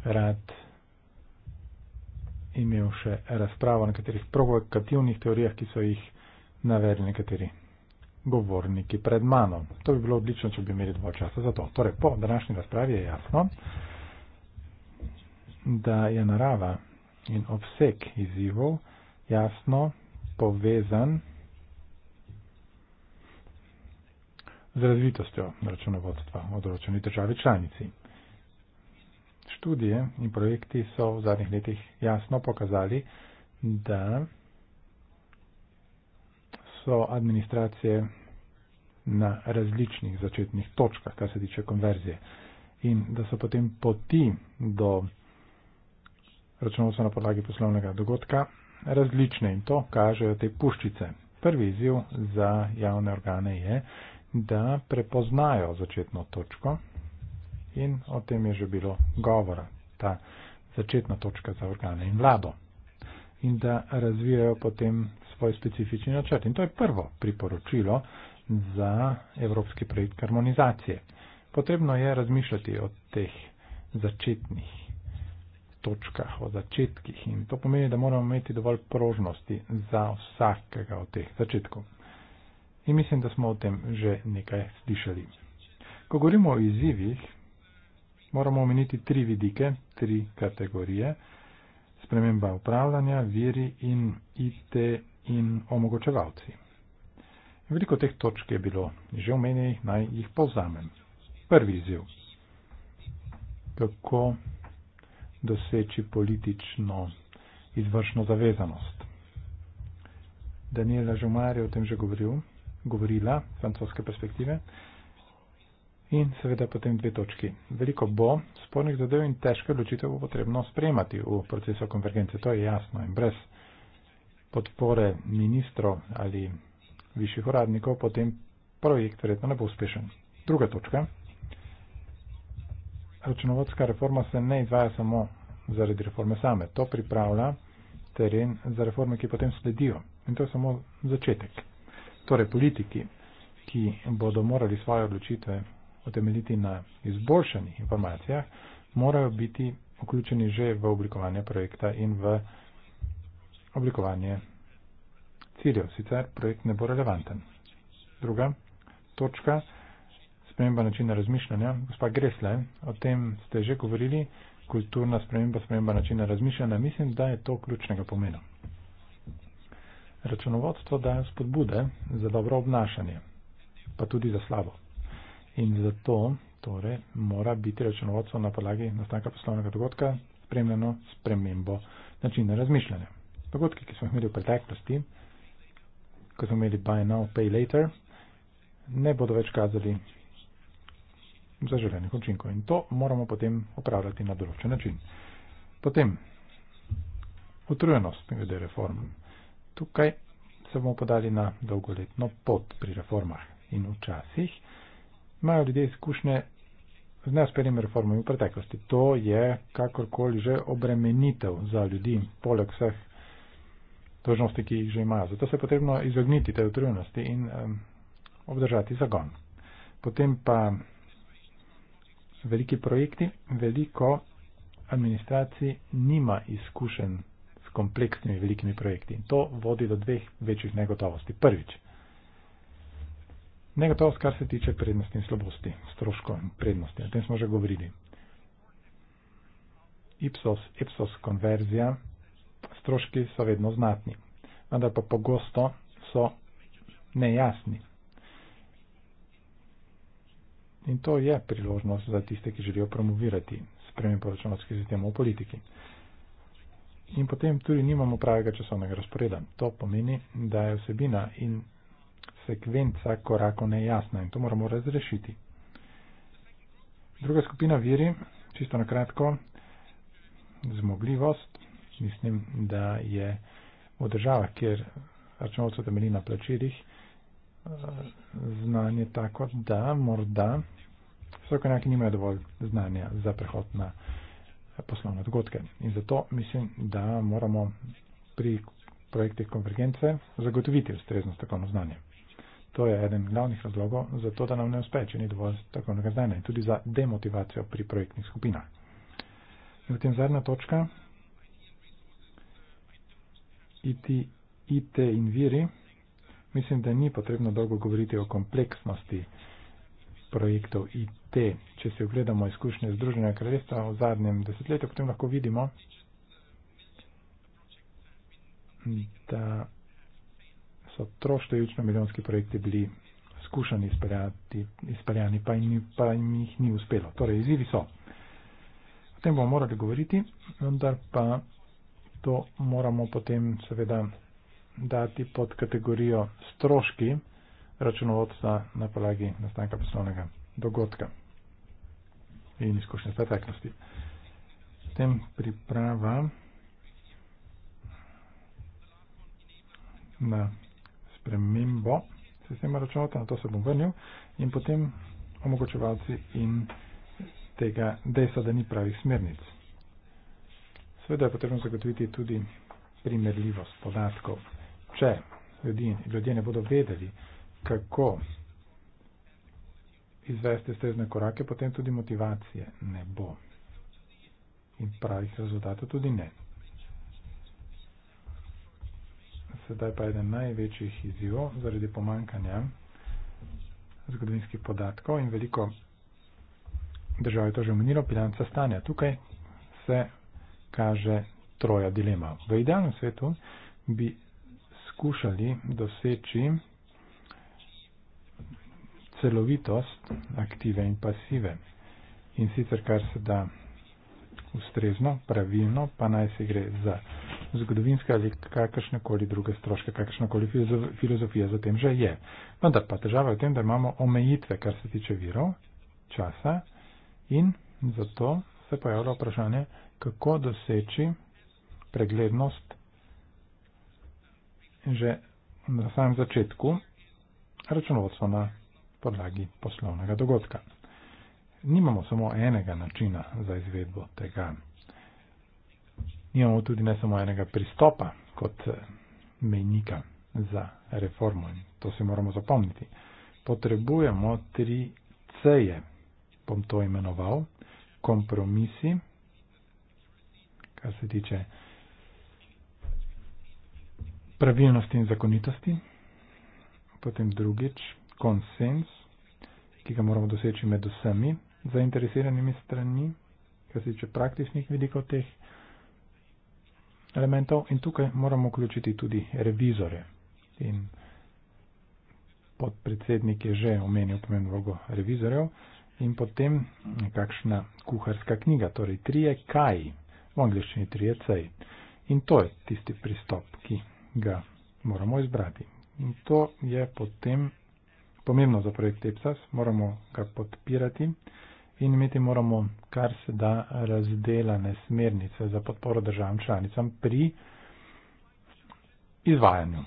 Speaker 3: rad imel še razpravo o nekaterih provokativnih teorijah, ki so jih navedli nekateri govorniki pred mano. To bi bilo odlično, če bi imeli dovolj časa za to. Torej, po današnji razpravi je jasno, da je narava in obseg izzivov jasno povezan z razvitostjo računovodstva v določeni državi članici. Študije in projekti so v zadnjih letih jasno pokazali, da so administracije na različnih začetnih točkah, kar se tiče konverzije. In da so potem poti do računovca na podlagi poslovnega dogodka različne in to kažejo te puščice. Prvi izziv za javne organe je, da prepoznajo začetno točko in o tem je že bilo govora, ta začetna točka za organe in vlado in da razvijajo potem svoj specifični načrt. In to je prvo priporočilo za evropski projekt harmonizacije. Potrebno je razmišljati o teh začetnih točkah, o začetkih in to pomeni, da moramo imeti dovolj prožnosti za vsakega od teh začetkov. In mislim, da smo o tem že nekaj slišali. Ko govorimo o izzivih, moramo omeniti tri vidike, tri kategorije sprememba upravljanja, viri in IT in omogočevalci. Veliko teh točk je bilo že omenjenih, naj jih povzamem. Prvi izziv. Kako doseči politično izvršno zavezanost. Daniela Žumar je o tem že govoril, govorila, francoske perspektive in seveda potem dve točki. Veliko bo spornih zadev in težke odločitev bo potrebno sprejemati v procesu konvergence. To je jasno in brez podpore ministrov ali višjih uradnikov potem projekt verjetno ne bo uspešen. Druga točka. Računovodska reforma se ne izvaja samo zaradi reforme same. To pripravlja teren za reforme, ki potem sledijo. In to je samo začetek. Torej, politiki, ki bodo morali svoje odločitve utemeljiti na izboljšanih informacijah, morajo biti vključeni že v oblikovanje projekta in v oblikovanje ciljev. Sicer projekt ne bo relevanten. Druga točka, sprememba načina razmišljanja. Gospa Gresle, o tem ste že govorili, kulturna sprememba, sprememba načina razmišljanja. Mislim, da je to ključnega pomena. Računovodstvo daje spodbude za dobro obnašanje, pa tudi za slabo in zato torej, mora biti računovodstvo na podlagi nastanka poslovnega dogodka spremljeno spremembo načina razmišljanja. Dogodki, ki smo imeli v preteklosti, ko smo imeli buy now, pay later, ne bodo več kazali zaželenih učinkov in to moramo potem upravljati na določen način. Potem, utrujenost glede reform. Tukaj se bomo podali na dolgoletno pot pri reformah in včasih imajo ljudje izkušnje z neuspelimi reformami v preteklosti. To je kakorkoli že obremenitev za ljudi, poleg vseh dožnosti, ki jih že imajo. Zato se je potrebno izogniti te utrujenosti in um, obdržati zagon. Potem pa veliki projekti, veliko administracij nima izkušenj s kompleksnimi velikimi projekti. In to vodi do dveh večjih negotovosti. Prvič, Negotovost, kar se tiče prednosti in slabosti, stroškov in prednosti, o tem smo že govorili. Ipsos, ipsos konverzija, stroški so vedno znatni, vendar pa pogosto so nejasni. In to je priložnost za tiste, ki želijo promovirati spremem poračunovskih sistemov v politiki. In potem tudi nimamo pravega časovnega razporeda. To pomeni, da je vsebina in sekvenca korakov nejasna in to moramo razrešiti. Druga skupina viri, čisto na kratko, zmogljivost, mislim, da je v državah, kjer računovce temelji na plačilih, eh, znanje tako, da morda strokovnjaki nimajo dovolj znanja za prehod na poslovne dogodke. In zato mislim, da moramo pri projektih konvergence zagotoviti ustrezno strokovno znanje. To je eden glavnih razlogov za to, da nam ne uspe, če ni dovolj tako nagradene, tudi za demotivacijo pri projektnih skupinah. In potem zadnja točka, IT, IT in viri. Mislim, da ni potrebno dolgo govoriti o kompleksnosti projektov IT. Če se ogledamo izkušnje Združenja kraljestva v zadnjem desetletju, potem lahko vidimo, da so troštevično milijonski projekti bili skušani izpeljati, izpeljani, pa jim, pa jim jih ni uspelo. Torej, izzivi so. O tem bomo morali govoriti, vendar pa to moramo potem seveda dati pod kategorijo stroški računovodstva na podlagi nastanka poslovnega dogodka in izkušnje iz preteklosti. S tem priprava na spremembo sistema računalnika, na to se bom vrnil, in potem omogočevalci in tega dejstva, da ni pravih smernic. Seveda je potrebno zagotoviti tudi primerljivost podatkov. Če ljudje, ljudje ne bodo vedeli, kako izvesti strezne korake, potem tudi motivacije ne bo. In pravih rezultatov tudi ne. sedaj pa eden največjih izzivov zaradi pomankanja zgodovinskih podatkov in veliko držav je to že omenilo, bilanca stanja. Tukaj se kaže troja dilema. V idealnem svetu bi skušali doseči celovitost aktive in pasive. In sicer kar se da ustrezno, pravilno, pa naj se gre za kakšne zgodovinske ali kakršne koli druge stroške, kakršna koli filozofija za tem že je. Vendar pa težava je v tem, da imamo omejitve, kar se tiče virov, časa in zato se pojavlja vprašanje, kako doseči preglednost že na samem začetku računovodstva na podlagi poslovnega dogodka. Nimamo samo enega načina za izvedbo tega Nimamo tudi ne samo enega pristopa kot eh, menika za reformo in to si moramo zapomniti. Potrebujemo tri ceje, bom to imenoval, kompromisi, kar se tiče pravilnosti in zakonitosti, potem drugič konsens, ki ga moramo doseči med vsemi zainteresiranimi strani, kar se tiče praktičnih vidikov teh elementov in tukaj moramo vključiti tudi revizore. In podpredsednik je že omenil pomen vlogo revizorjev in potem kakšna kuharska knjiga, torej tri je kaj, v angliščini tri je cej. In to je tisti pristop, ki ga moramo izbrati. In to je potem pomembno za projekt EPSAS, moramo ga podpirati in imeti moramo kar se da razdelane smernice za podporo državam članicam pri izvajanju.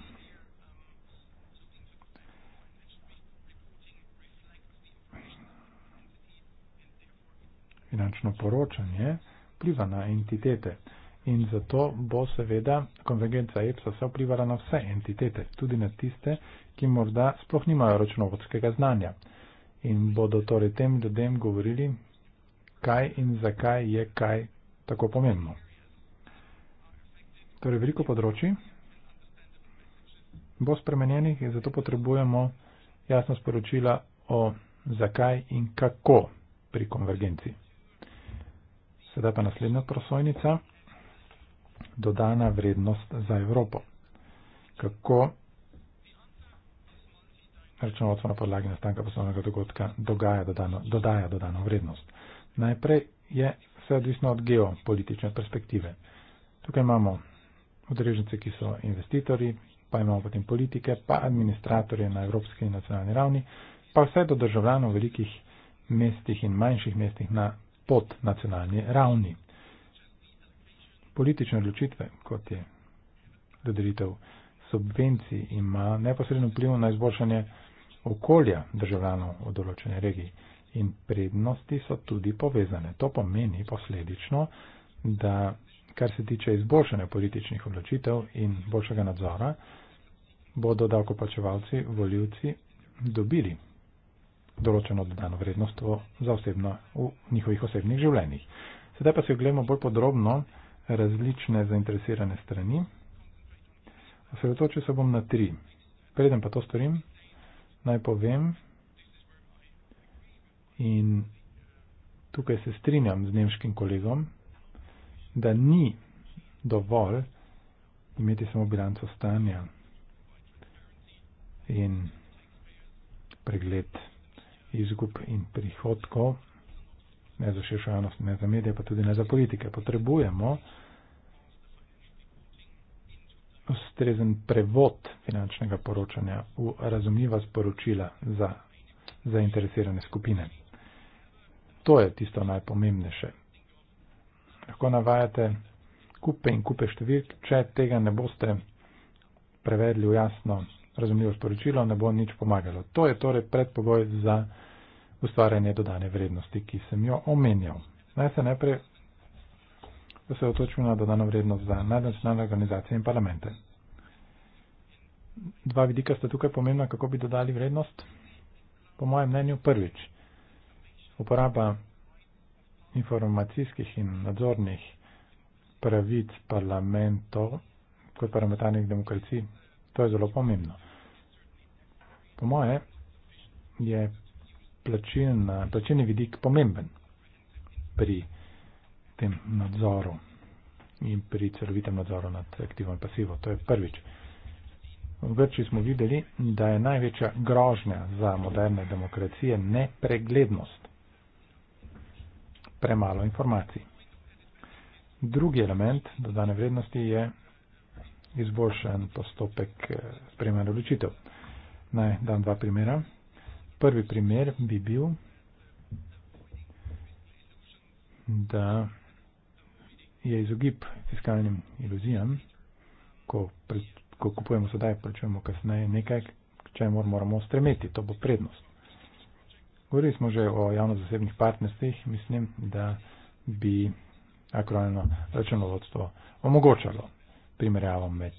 Speaker 3: Finančno poročanje pliva na entitete in zato bo seveda konvergenca EPSA se vplivala na vse entitete, tudi na tiste, ki morda sploh nimajo računovodskega znanja in bodo torej tem ljudem govorili, kaj in zakaj je kaj tako pomembno. Torej, veliko področji bo spremenjenih in zato potrebujemo jasno sporočila o zakaj in kako pri konvergenci. Sedaj pa naslednja prosojnica, dodana vrednost za Evropo. Kako računovodstvo na podlagi nastanka poslovnega dogodka dogaja dodano, dodaja dodano vrednost. Najprej je vse odvisno od geopolitične perspektive. Tukaj imamo udeležence, ki so investitorji, pa imamo potem politike, pa administratorje na evropski in nacionalni ravni, pa vse do državljanov velikih mestih in manjših mestih na podnacionalni ravni. Politične odločitve, kot je dodelitev subvencij, ima neposreden vpliv na izboljšanje okolja državljanov v določene regiji in prednosti so tudi povezane. To pomeni posledično, da kar se tiče izboljšanja političnih odločitev in boljšega nadzora, bodo davkoplačevalci, voljivci dobili določeno dodano vrednost za osebno v njihovih osebnih življenjih. Sedaj pa si ogledamo bolj podrobno različne zainteresirane strani. Osredotočil se bom na tri. Preden pa to storim, naj povem in tukaj se strinjam z nemškim kolegom, da ni dovolj imeti samo bilanco stanja in pregled izgub in prihodkov, ne za širšo javnost, ne za medije, pa tudi ne za politike. Potrebujemo ustrezen prevod finančnega poročanja v razumljiva sporočila za zainteresirane skupine. To je tisto najpomembnejše. Lahko navajate kupe in kupe številk, če tega ne boste prevedli v jasno razumljivo sporočilo, ne bo nič pomagalo. To je torej predpogoj za ustvarjanje dodane vrednosti, ki sem jo omenjal. Naj se najprej da se otočimo na dodano vrednost za nadnacionalne organizacije in parlamente. Dva vidika sta tukaj pomembna, kako bi dodali vrednost. Po mojem mnenju prvič, uporaba informacijskih in nadzornih pravic parlamentov kot parlamentarnih demokracij, to je zelo pomembno. Po moje je plačilni vidik pomemben pri tem nadzoru in pri celovitem nadzoru nad aktivom in pasivo. To je prvič. V Grčiji smo videli, da je največja grožnja za moderne demokracije nepreglednost, premalo informacij. Drugi element dodane vrednosti je izboljšan postopek eh, sprejemanja odločitev. Naj dam dva primera. Prvi primer bi bil, da je izogib fiskalnim iluzijam, ko, pre, ko kupujemo sedaj, plačujemo kasneje nekaj, k čemu moramo stremeti, to bo prednost. Govorili smo že o javno-zasebnih partnerstvih, mislim, da bi aktualno računovodstvo omogočalo primerjavo med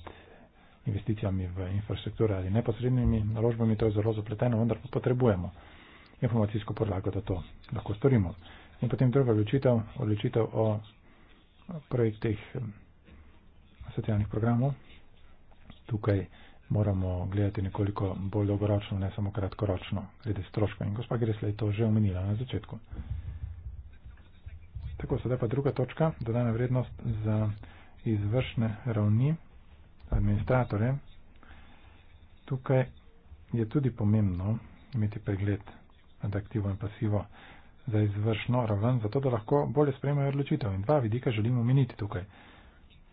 Speaker 3: investicijami v infrastrukturo ali neposrednimi naložbami, to je zelo zapleteno, vendar pa potrebujemo informacijsko podlago, da to lahko storimo. In potem druga odločitev, odločitev o prek teh socialnih programov. Tukaj moramo gledati nekoliko bolj dolgoročno, ne samo kratkoročno, glede stroškov. In gospa Gresla je to že omenila na začetku. Tako, sedaj pa druga točka, dodana vrednost za izvršne ravni, administratore. Tukaj je tudi pomembno imeti pregled nad aktivo in pasivo za izvršno raven, zato da lahko bolje sprejmejo odločitev. In dva vidika želim omeniti tukaj.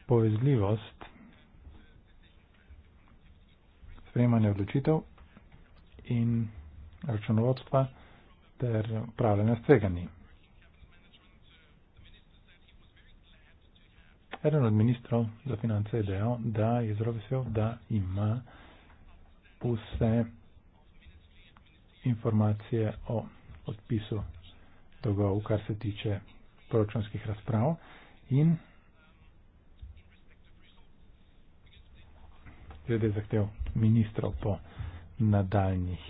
Speaker 3: Povezljivost, sprejmanje odločitev in računovodstva ter upravljanje s tveganji. Eden od ministrov za finance je dejal, da je zelo vesel, da ima vse informacije o odpisu dogov, kar se tiče proračunskih razprav in glede zahtev ministrov po nadaljnih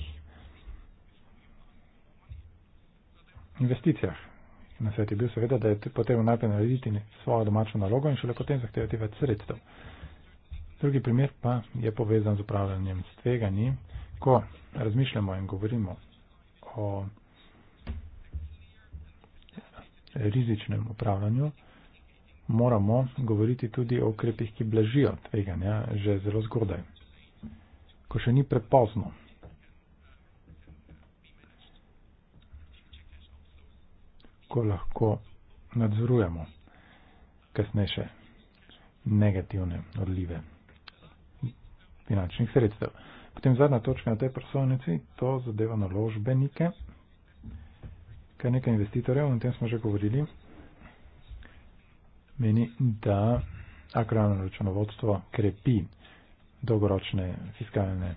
Speaker 3: investicijah. Na svet je bil seveda, da je potrebno najprej narediti svojo domačo nalogo in šele potem zahtevati več sredstev. Drugi primer pa je povezan z upravljanjem s tveganji, ko razmišljamo in govorimo o rizičnem upravljanju, moramo govoriti tudi o ukrepih, ki blažijo tveganja že zelo zgodaj, ko še ni prepozno. Ko lahko nadzorujemo kasnejše negativne odlive finančnih sredstev. Potem zadnja točka na tej prosovnici, to zadeva naložbenike, kar nekaj investitorjev, o tem smo že govorili, meni, da agrarno računovodstvo krepi dolgoročne fiskalne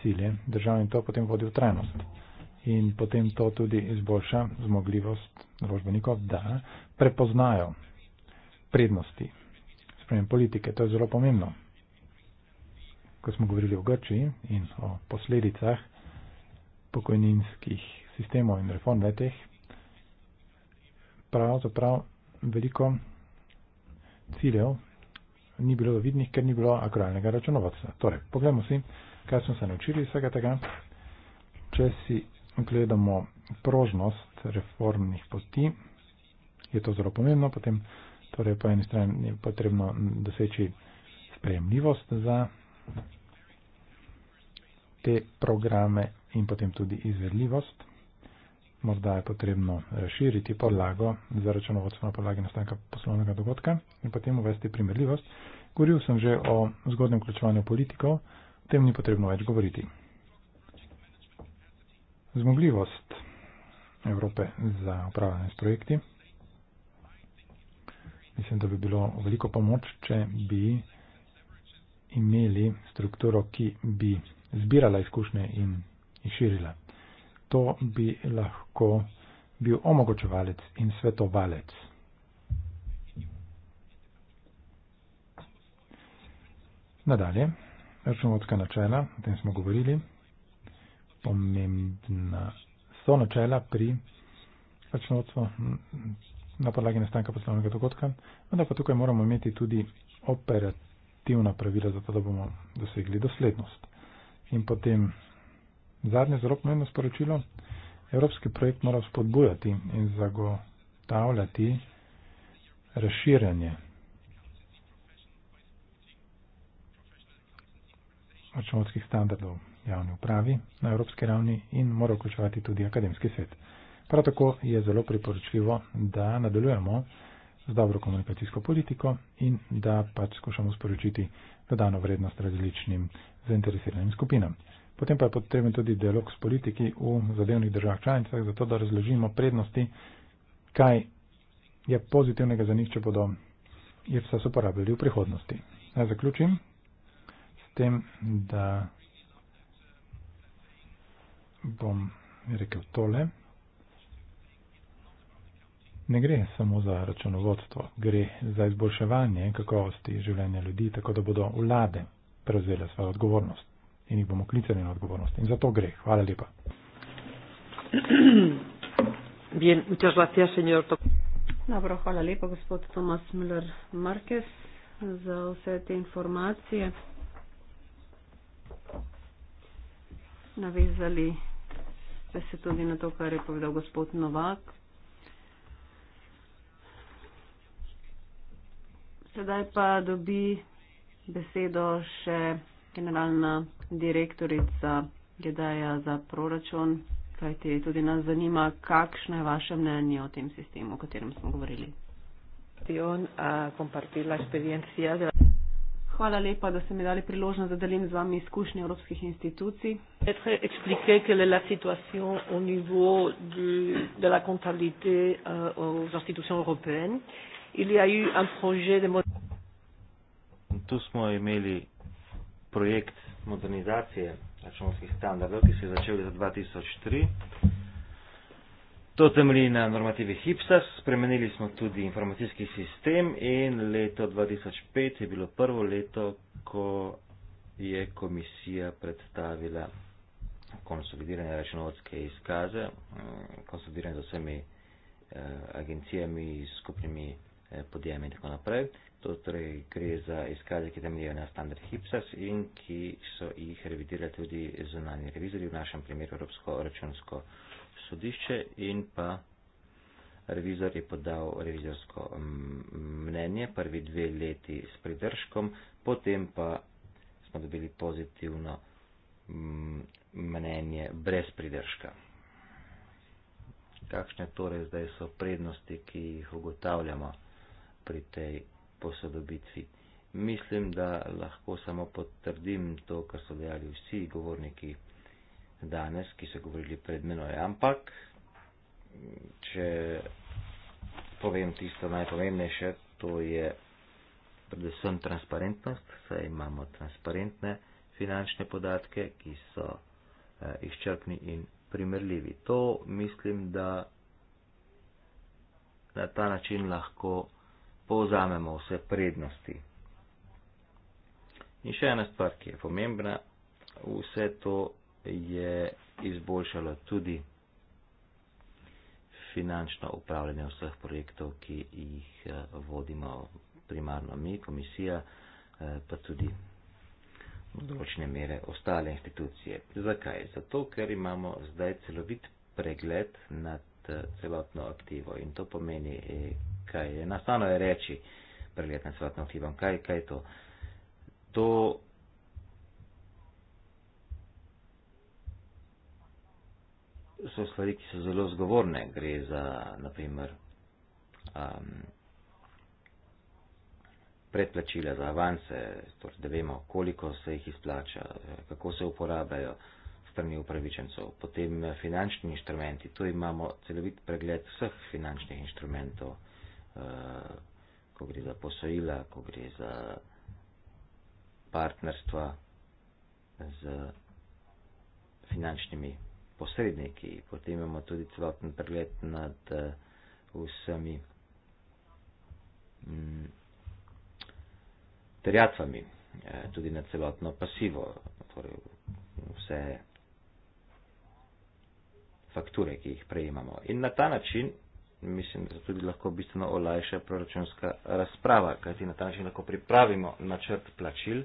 Speaker 3: cilje države in to potem vodi v trajnost. In potem to tudi izboljša zmogljivost naložbenikov, da prepoznajo prednosti sprejem politike. To je zelo pomembno. Ko smo govorili o Grčiji in o posledicah pokojninskih sistemov in reform leteh, pravzaprav veliko ciljev ni bilo vidnih, ker ni bilo akuralnega računovodstva. Torej, poglejmo si, kaj smo se naučili iz vsega tega. Če si gledamo prožnost reformnih poti, je to zelo pomembno, potem torej po eni strani je potrebno doseči sprejemljivost za te programe in potem tudi izvedljivost morda je potrebno širiti podlago za računovodstvo na podlagi nastanka poslovnega dogodka in potem uvesti primerljivost. Govoril sem že o zgodnem vključevanju politikov, o tem ni potrebno več govoriti. Zmogljivost Evrope za upravljanje s projekti. Mislim, da bi bilo veliko pomoč, če bi imeli strukturo, ki bi zbirala izkušnje in jih širila to bi lahko bil omogočevalec in svetovalec. Nadalje, računovodska načela, o tem smo govorili, pomembna so načela pri računovodstvu na podlagi nastanka poslovnega dogodka, vendar pa tukaj moramo imeti tudi operativna pravila, zato da bomo dosegli doslednost. In potem Zadnje zelo pomembno sporočilo. Evropski projekt mora spodbujati in zagotavljati razširjanje. računovodskih standardov javne upravi na evropski ravni in mora vključevati tudi akademski svet. Prav tako je zelo priporočljivo, da nadaljujemo z dobro komunikacijsko politiko in da pač skušamo sporočiti dodano vrednost različnim zainteresiranim skupinam. Potem pa je potreben tudi dialog s politiki v zadevnih državah članicah, zato da razložimo prednosti, kaj je pozitivnega za njih, če bodo IRS-a uporabljali v prihodnosti. Naj ja zaključim s tem, da bom rekel tole. Ne gre samo za računovodstvo, gre za izboljševanje kakovosti življenja ljudi, tako da bodo vlade prevzele svojo odgovornost in jih bomo klicali na odgovornost. In zato gre. Hvala lepa.
Speaker 1: Bien, muchas gracias, señor. Dobro, hvala lepa, gospod Tomas Miller Marquez, za vse te informacije. Navezali ste se tudi na to, kar je povedal gospod Novak. Sedaj pa dobi besedo še generalna direktorica GDA za proračun, kajti tudi nas zanima, kakšno je vaše mnenje o tem sistemu, o katerem smo govorili. Hvala lepa, da ste mi dali priložnost, da delim z vami izkušnje evropskih institucij. Euh,
Speaker 2: tu smo imeli projekt modernizacije računskih standardov, ki se je začel za 2003. To temelji na normativi HIPSAS, spremenili smo tudi informacijski sistem in leto 2005 je bilo prvo leto, ko je komisija predstavila konsolidirane računovodske izkaze, mm, konsolidirane z vsemi eh, agencijami, skupnimi eh, podjemi in tako naprej. To torej gre za izkaze, ki temeljijo na standard HIPSAS in ki so jih revidirali tudi zunanji revizori, v našem primeru Evropsko računsko sodišče in pa revizor je podal revizorsko mm, mnenje, prvi dve leti s pridržkom, potem pa smo dobili pozitivno mm, mnenje brez pridržka. Kakšne torej zdaj so prednosti, ki jih ugotavljamo pri tej posodobitvi. Mislim, da lahko samo potrdim to, kar so dejali vsi govorniki danes, ki so govorili pred menoj. Ampak, če povem tisto najpomembnejše, to je predvsem transparentnost, saj imamo transparentne finančne podatke, ki so eh, izčrpni in primerljivi. To mislim, da na ta način lahko povzamemo vse prednosti. In še ena stvar, ki je pomembna, vse to je izboljšalo tudi finančno upravljanje vseh projektov, ki jih eh, vodimo primarno mi, komisija, eh, pa tudi v določene mere ostale institucije. Zakaj? Zato, ker imamo zdaj celovit pregled nad eh, celotno aktivo in to pomeni, kaj je. Enostavno je reči preletnem svetnem hibom, kaj, kaj je to. To so stvari, ki so zelo zgovorne. Gre za, naprimer, um, predplačila za avanse, torej da vemo, koliko se jih izplača, kako se uporabljajo strani upravičencev. Potem finančni inštrumenti, tu imamo celovit pregled vseh finančnih inštrumentov, Eh, ko gre za posojila, ko gre za partnerstva z finančnimi posredniki. Potem imamo tudi celoten pregled nad eh, vsemi mm, terjatvami, eh, tudi nad celotno pasivo, torej vse fakture, ki jih prejemamo. In na ta način mislim, da se tudi lahko bistveno olajša proračunska razprava, kajti na ta način lahko pripravimo načrt plačil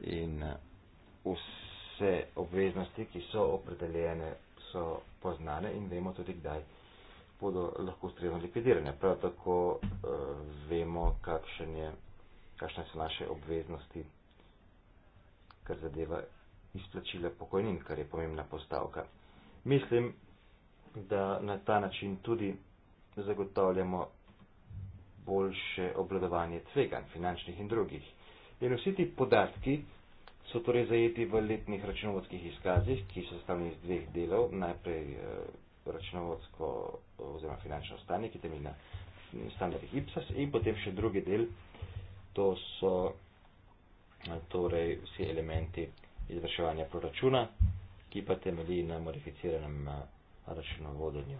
Speaker 2: in eh, vse obveznosti, ki so opredeljene, so poznane in vemo tudi, kdaj bodo lahko ustrezno likvidirane. Prav tako uh, vemo, je, kakšne so naše obveznosti, kar zadeva izplačila pokojnin, kar je pomembna postavka. Mislim, da na ta način tudi zagotavljamo boljše obladovanje tveganj, finančnih in drugih. In vsi ti podatki so torej zajeti v letnih računovodskih izkazih, ki so sestavljeni iz dveh delov. Najprej eh, računovodsko oziroma finančno stanje, ki temelji na standardih IPSAS in potem še drugi del, to so eh, torej vsi elementi izvrševanja proračuna, ki pa temelji na modificiranem eh, računovodenju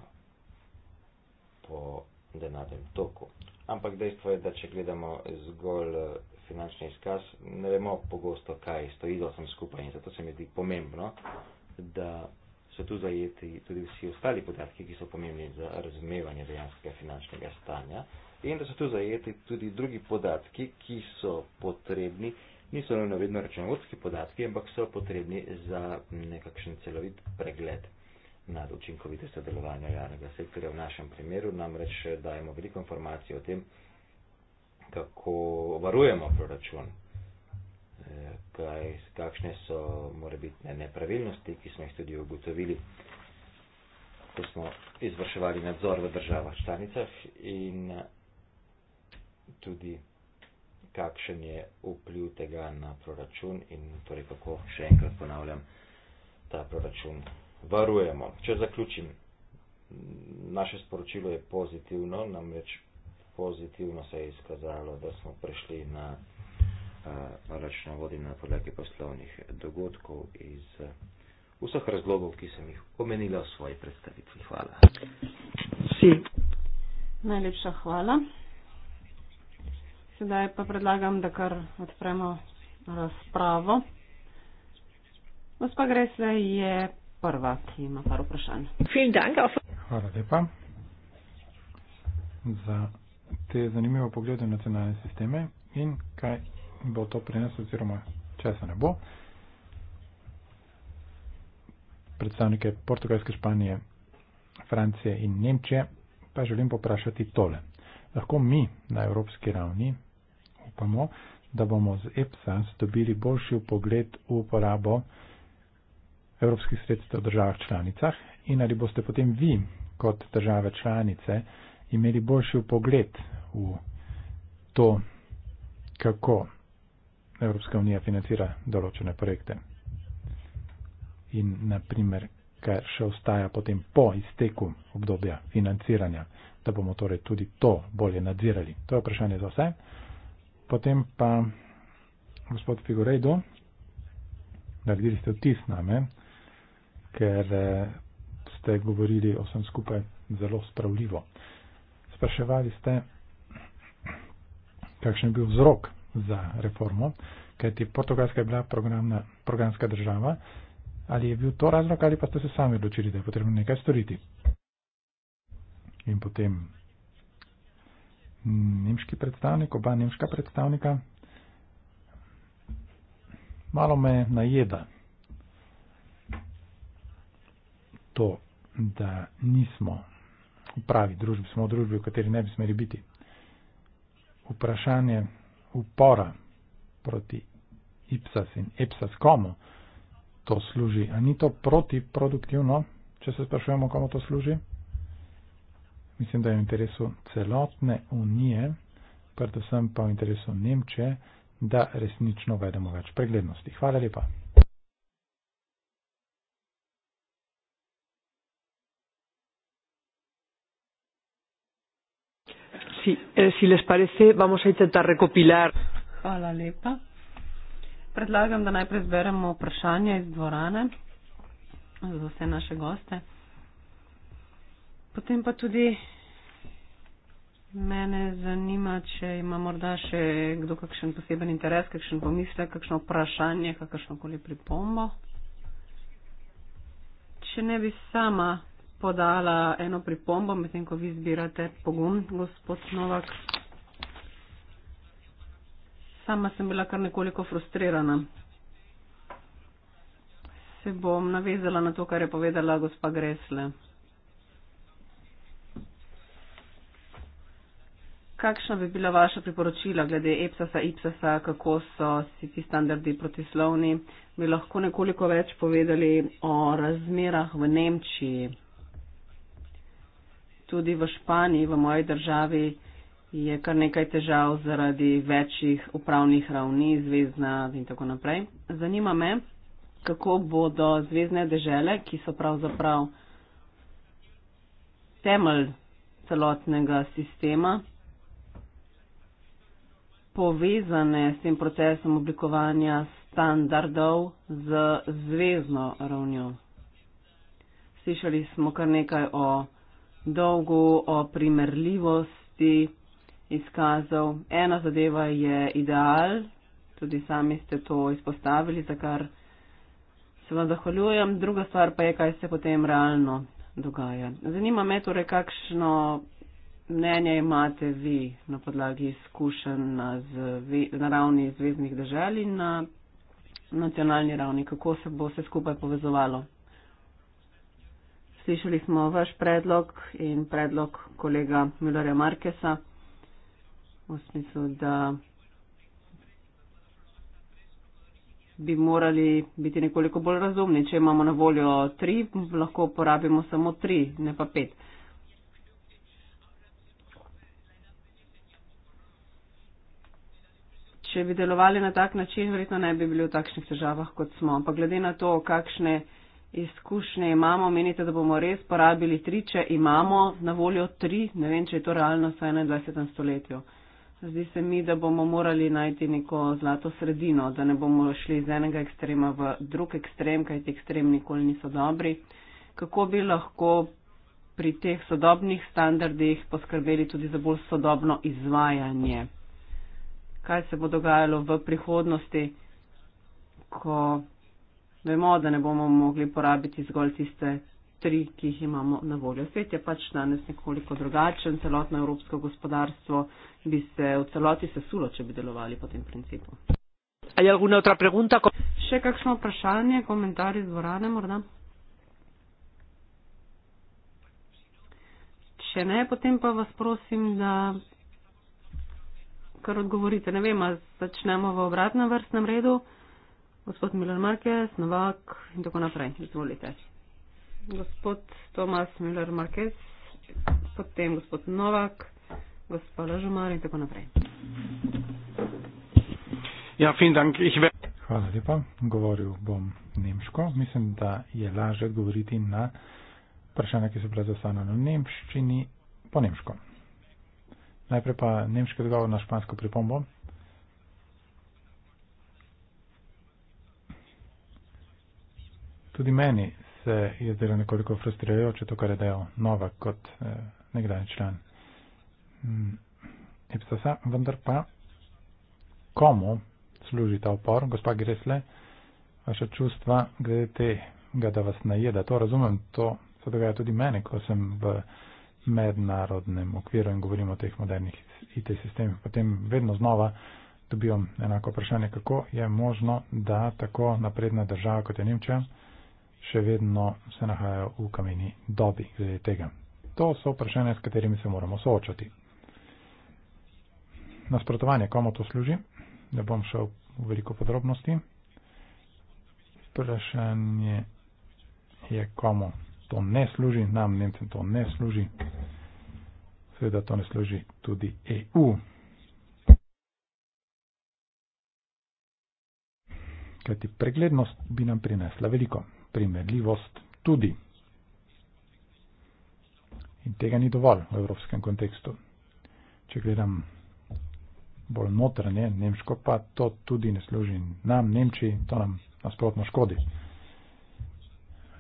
Speaker 2: po denarnem toku. Ampak dejstvo je, da če gledamo zgolj eh, finančni izkaz, ne vemo pogosto, kaj stoji za vsem skupaj in zato se mi zdi pomembno, da so tu zajeti tudi vsi ostali podatki, ki so pomembni za razumevanje dejanskega finančnega stanja in da so tu zajeti tudi drugi podatki, ki so potrebni, niso nujno vedno računovodski podatki, ampak so potrebni za nekakšen celovit pregled nad učinkovitostjo delovanja javnega sektorja. V našem primeru namreč dajemo veliko informacij o tem, kako varujemo proračun, eh, kaj, kakšne so morebitne nepravilnosti, ki smo jih tudi ugotovili, ko smo izvrševali nadzor v državah članicah in tudi kakšen je vpliv tega na proračun in torej kako še enkrat ponavljam ta proračun varujemo. Če zaključim, naše sporočilo je pozitivno, namreč pozitivno se je izkazalo, da smo prešli na eh, računovodje na podlagi poslovnih dogodkov iz eh, vseh razlogov, ki sem jih omenila v svoji predstavitvi. Hvala. Si.
Speaker 1: Najlepša hvala. Sedaj pa predlagam, da kar odpremo razpravo. Gospa Gresle je prva, ki ima par vprašanj.
Speaker 3: Hvala lepa za te zanimive poglede v nacionalne sisteme in kaj bo to prineslo, oziroma česa ne bo. Predstavnike Portugalske, Španije, Francije in Nemčije pa želim poprašati tole. Lahko mi na evropski ravni upamo, da bomo z EPSAS dobili boljši pogled v uporabo evropskih sredstev v državah članicah in ali boste potem vi kot države članice imeli boljši pogled v to, kako Evropska unija financira določene projekte. In naprimer, kar še ostaja potem po izteku obdobja financiranja, da bomo torej tudi to bolje nadzirali. To je vprašanje za vse. Potem pa gospod Figurejdo, naredili ste vtis na me, eh? ker eh, ste govorili o vsem skupaj zelo spravljivo. Spraševali ste, kakšen je bil vzrok za reformo, kajti Portugalska je bila programna, programska država. Ali je bil to razlog ali pa ste se sami odločili, da je potrebno nekaj storiti? In potem mm, nemški predstavnik, oba nemška predstavnika, malo me najeda to, da nismo v pravi družbi, smo v družbi, v kateri ne bi smeli biti. Vprašanje upora proti ipsas in ipsas komu to služi. A ni to protiproduktivno, če se sprašujemo, komu to služi? Mislim, da je v interesu celotne unije, predvsem pa v interesu Nemče, da resnično vedemo več preglednosti. Hvala lepa.
Speaker 1: si, eh, si les parece, vamos a intentar recopilar. Hvala lepa. Predlagam, da najprej zberemo vprašanja iz dvorane za vse naše goste. Potem pa tudi mene zanima, če ima morda še kdo kakšen poseben interes, kakšen pomisle, kakšno vprašanje, kakšno koli pripombo. Če ne bi sama podala eno pripombo, medtem ko vi zbirate pogum, gospod Novak. Sama sem bila kar nekoliko frustrirana. Se bom navezala na to, kar je povedala gospa Gresle. Kakšna bi bila vaša priporočila glede EPSAS-a, IPSAS-a, kako so si ti standardi protislovni? Bi lahko nekoliko več povedali o razmerah v Nemčiji? tudi v Španiji, v moji državi, je kar nekaj težav zaradi večjih upravnih ravni, zvezdna in tako naprej. Zanima me, kako bodo zvezdne dežele, ki so pravzaprav temelj celotnega sistema, povezane s tem procesom oblikovanja standardov z zvezdno ravnjo. Slišali smo kar nekaj o dolgu, o primerljivosti izkazov. Ena zadeva je ideal, tudi sami ste to izpostavili, za kar se vam zahvaljujem. Druga stvar pa je, kaj se potem realno dogaja. Zanima me torej, kakšno mnenje imate vi na podlagi izkušenj na, na ravni zvezdnih držav in na nacionalni ravni, kako se bo vse skupaj povezovalo. Slišali smo vaš predlog in predlog kolega Müllerja Markesa v smislu, da bi morali biti nekoliko bolj razumni. Če imamo na voljo tri, lahko porabimo samo tri, ne pa pet. Če bi delovali na tak način, verjetno ne bi bili v takšnih težavah, kot smo. Pa glede na to, kakšne izkušnje imamo, menite, da bomo res porabili tri, če imamo na voljo tri, ne vem, če je to realno v 21. stoletju. Zdi se mi, da bomo morali najti neko zlato sredino, da ne bomo šli iz enega ekstrema v drug ekstrem, kajti ekstremi nikoli niso dobri. Kako bi lahko pri teh sodobnih standardih poskrbeli tudi za bolj sodobno izvajanje? Kaj se bo dogajalo v prihodnosti, ko vemo, da ne bomo mogli porabiti zgolj tiste tri, ki jih imamo na voljo. Svet je pač danes nekoliko drugačen, celotno evropsko gospodarstvo bi se v celoti sesulo, če bi delovali po tem principu. Je alguna otra pregunta? Še kakšno vprašanje, komentar iz dvorane morda? Če ne, potem pa vas prosim, da kar odgovorite. Ne vem, začnemo v obratnem vrstnem redu. Gospod Miller Marquez, Novak in tako naprej. Izvolite. Gospod Tomas Miller Marquez, potem gospod Novak, gospod Lažumar in tako naprej.
Speaker 3: Ja, dank. Ve... Hvala lepa. Govoril bom nemško. Mislim, da je lažje odgovoriti na vprašanja, ki so bila zastavljena v nemščini po nemško. Najprej pa nemški odgovor na špansko pripombo. Tudi meni se je zdelo nekoliko frustrirajoče to, kar je dejal Novak kot eh, nekdanji član mm, Ipsosa, vendar pa komu služi ta upor, gospa Gresle, vaša čustva glede tega, da vas najeda. To razumem, to se dogaja tudi meni, ko sem v mednarodnem okviru in govorim o teh modernih IT sistemih. Potem vedno znova dobivam enako vprašanje, kako je možno, da tako napredna država kot je Nemčija, še vedno se nahajajo v kameni dobi glede tega. To so vprašanja, s katerimi se moramo soočati. Nasprotovanje, komu to služi, ne bom šel v veliko podrobnosti. Vprašanje je, komu to ne služi, nam Nemcem to ne služi, seveda to ne služi tudi EU. Kajti preglednost bi nam prinesla veliko primerljivost tudi. In tega ni dovolj v evropskem kontekstu. Če gledam bolj notranje, Nemško pa to tudi ne služi nam, Nemčiji, to nam nasprotno škodi.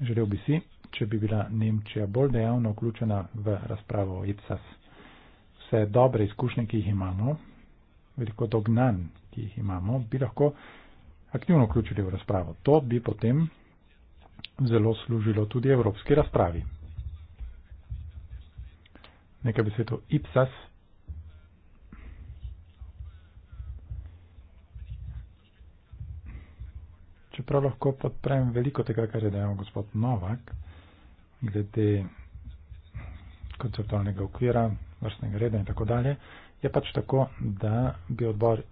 Speaker 3: Želel bi si, če bi bila Nemčija bolj dejavno vključena v razpravo o ICAS. Vse dobre izkušnje, ki jih imamo, veliko dognanj, ki jih imamo, bi lahko aktivno vključili v razpravo. To bi potem zelo služilo tudi evropski razpravi. Nekaj besed o IPSAS. Čeprav lahko podprem veliko tega, kar je dejal gospod Novak, glede konceptualnega okvira, vrstnega reda in tako dalje, je pač tako, da bi odbor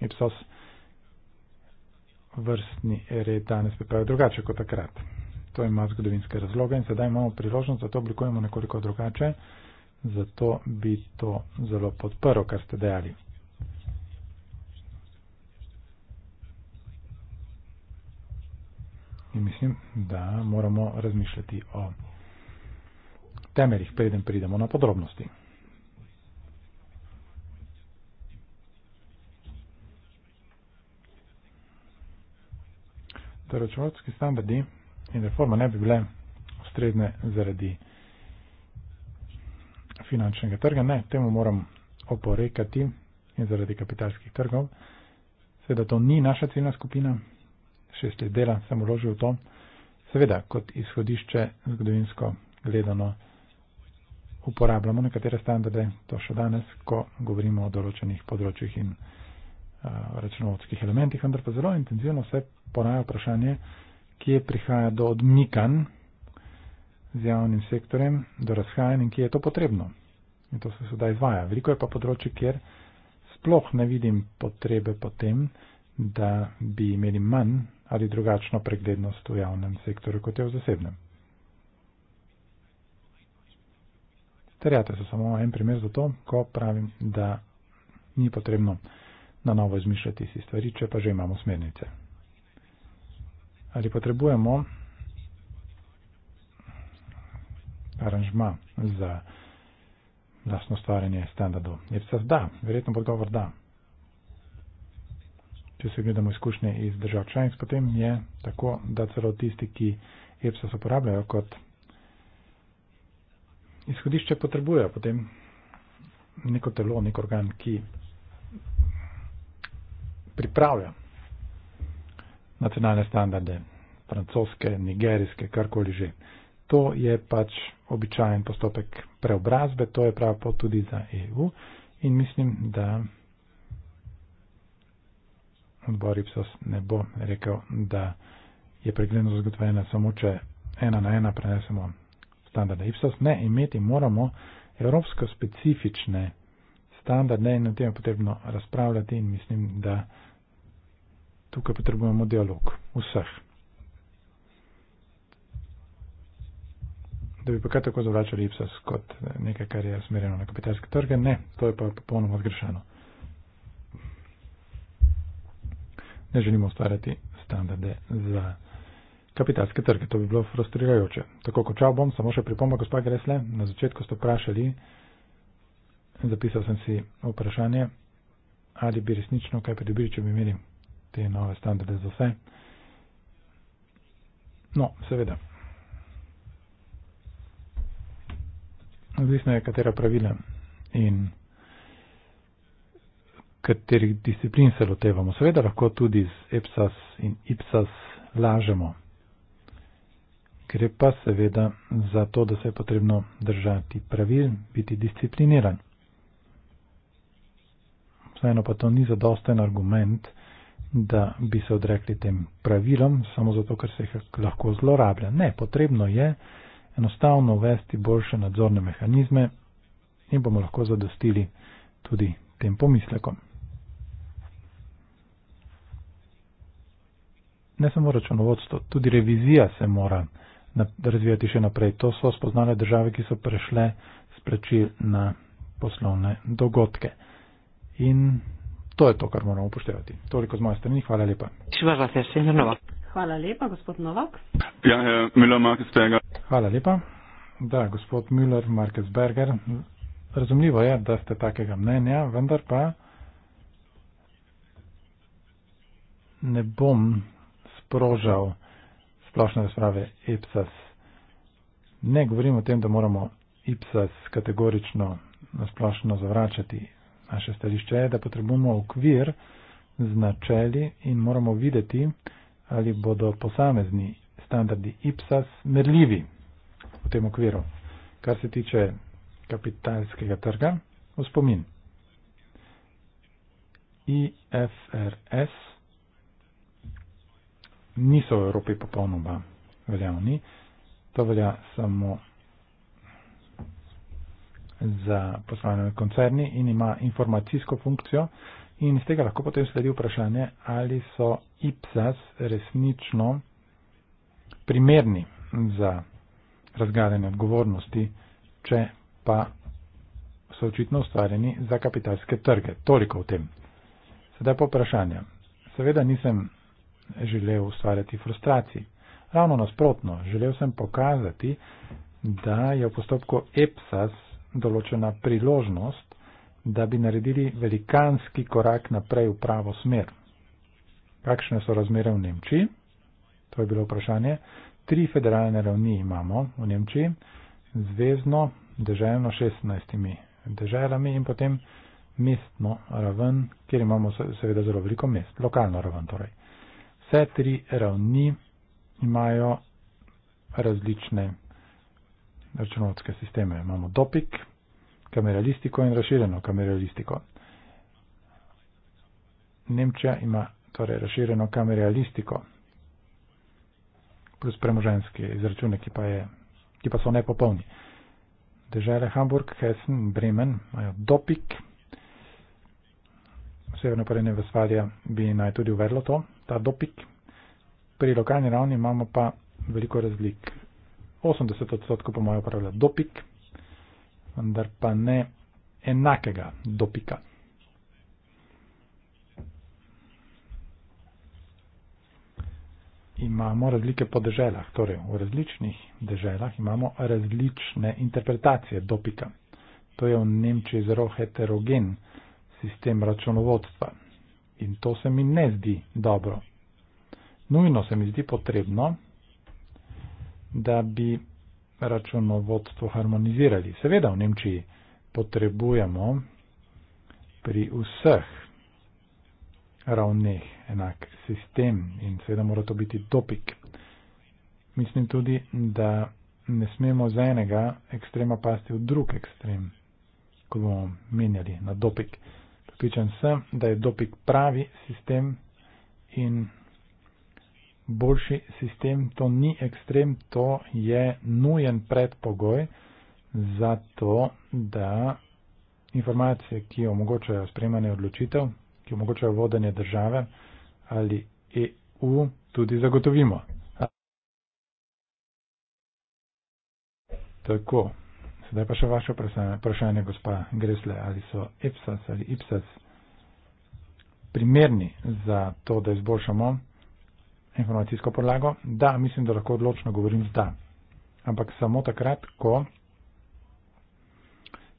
Speaker 3: IPSAS vrstni red danes pripravi drugače kot takrat. To ima zgodovinske razloge in sedaj imamo priložnost, da to oblikujemo nekoliko drugače. Zato bi to zelo podprl, kar ste dejali. In mislim, da moramo razmišljati o temeljih, preden pridemo na podrobnosti. ter računovodski standardi in reforma ne bi bile ustrezne zaradi finančnega trga. Ne, temu moram oporekati in zaradi kapitalskih trgov. Seveda to ni naša ciljna skupina, šest let dela sem vložil v to. Seveda, kot izhodišče zgodovinsko gledano, uporabljamo nekatere standarde, to še danes, ko govorimo o določenih področjih in področjih. Eh, računovodskih elementih, vendar pa zelo intenzivno se poraja vprašanje, kje prihaja do odmikanj z javnim sektorjem, do razhajanj in kje je to potrebno. In to se sedaj izvaja. Veliko je pa področje, kjer sploh ne vidim potrebe potem, da bi imeli manj ali drugačno preglednost v javnem sektorju, kot je v zasebnem. Terjate se samo en primer za to, ko pravim, da ni potrebno na novo izmišljati si stvari, če pa že imamo smernice. Ali potrebujemo aranžma za lastno stvaranje standardov? Je se da, verjetno bo odgovor da. Če se gledamo izkušnje iz držav članic, potem je tako, da celo tisti, ki EPSAS uporabljajo kot izhodišče, potrebujejo potem neko telo, nek organ, ki pripravlja nacionalne standarde, francoske, nigerijske, karkoli že. To je pač običajen postopek preobrazbe, to je prava pot tudi za EU in mislim, da odbor IPSOS ne bo rekel, da je pregledno zagotovljena samo, če ena na ena prenesemo standarde IPSOS. Ne, imeti moramo evropsko specifične standard ne, in o tem je potrebno razpravljati in mislim, da tukaj potrebujemo dialog vseh. Da bi pa kar tako zavračali IPSAS kot nekaj, kar je usmerjeno na kapitalske trge, ne, to je pa popolnoma odgrešeno. Ne želimo ustvarjati standarde za kapitalske trge, to bi bilo frustrirajoče. Tako, končal bom, samo še pripomba, gospod Gresle, na začetku ste vprašali, zapisal sem si vprašanje, ali bi resnično kaj pridobili, če bi imeli te nove standarde za vse. No, seveda. Odvisno je, katera pravila in katerih disciplin se lotevamo. Seveda lahko tudi z EPSAS in IPSAS lažemo. Gre pa seveda za to, da se je potrebno držati pravil, biti discipliniran vseeno pa to ni zadosten argument, da bi se odrekli tem pravilom, samo zato, ker se jih lahko zlorablja. Ne, potrebno je enostavno uvesti boljše nadzorne mehanizme in bomo lahko zadostili tudi tem pomislekom. Ne samo računovodstvo, tudi revizija se mora razvijati še naprej. To so spoznale države, ki so prešle s plačil na poslovne dogodke. In to je to, kar moramo upoštevati. Toliko z moje strani, hvala lepa.
Speaker 1: Hvala lepa, gospod Novak.
Speaker 3: Ja, je, eh, Miller Markesberger. Hvala lepa. Da, gospod Miller Markesberger, razumljivo je, da ste takega mnenja, vendar pa ne bom sprožal splošne razprave IPSAS. Ne govorim o tem, da moramo IPSAS kategorično nasplošno zavračati. Naše stališče je, da potrebujemo okvir z načeli in moramo videti, ali bodo posamezni standardi IPSAS merljivi v tem okviru. Kar se tiče kapitalskega trga, v spomin. IFRS niso v Evropi popolnoma veljavni. To velja samo za poslovanje med koncerni in ima informacijsko funkcijo. In iz tega lahko potem sledi vprašanje, ali so IPSAS resnično primerni za razgradanje odgovornosti, če pa so očitno ustvarjeni za kapitalske trge. Toliko o tem. Sedaj pa vprašanje. Seveda nisem želel ustvarjati frustracij. Ravno nasprotno, želel sem pokazati, da je v postopku EPSAS določena priložnost, da bi naredili velikanski korak naprej v pravo smer. Kakšne so razmere v Nemčiji? To je bilo vprašanje. Tri federalne ravni imamo v Nemčiji, zvezno, državno, 16 državami in potem mestno raven, kjer imamo seveda zelo veliko mest, lokalno raven torej. Vse tri ravni imajo različne računovodske sisteme. Imamo dopik, kameralistiko in razširjeno kameralistiko. Nemčija ima torej razširjeno kameralistiko plus premoženske izračune, ki pa, je, ki pa so nepopolni. Države Hamburg, Hessen, Bremen imajo dopik, severno pa Rene Vesvalija bi naj tudi uvedlo to, ta dopik. Pri lokalni ravni imamo pa veliko razlik 80 odstotkov, po mojem, uporablja dopik, vendar pa ne enakega dopika. Imamo razlike po deželah, torej v različnih deželah imamo različne interpretacije dopika. To je v Nemčiji zelo heterogen sistem računovodstva in to se mi ne zdi dobro. Nujno se mi zdi potrebno, da bi računovodstvo harmonizirali. Seveda v Nemčiji potrebujemo pri vseh ravneh enak sistem in seveda mora to biti topik. Mislim tudi, da ne smemo za enega ekstrema pasti v drug ekstrem, ko bomo menjali na dopik. Pripričan sem, da je dopik pravi sistem in boljši sistem, to ni ekstrem, to je nujen predpogoj za to, da informacije, ki omogočajo sprejmanje odločitev, ki omogočajo vodenje države ali EU, tudi zagotovimo. Tako, sedaj pa še vaše vprašanje, vprašanje gospa Gresle, ali so EPSAS ali IPSAS primerni za to, da izboljšamo informacijsko podlago? Da, mislim, da lahko odločno govorim da. Ampak samo takrat, ko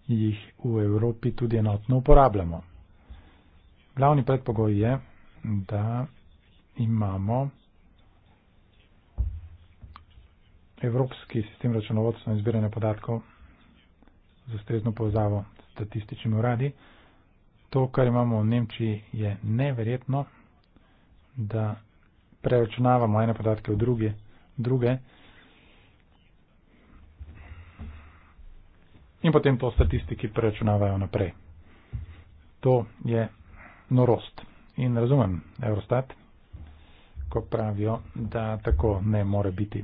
Speaker 3: jih v Evropi tudi enotno uporabljamo. Glavni predpogoj je, da imamo Evropski sistem računovodstva in zbiranja podatkov za strezno povezavo s statističnimi uradi. To, kar imamo v Nemčiji, je neverjetno, da preračunavamo ene podatke v druge. druge. In potem to statistiki preračunavajo naprej. To je norost. In razumem Eurostat, ko pravijo, da tako ne more biti.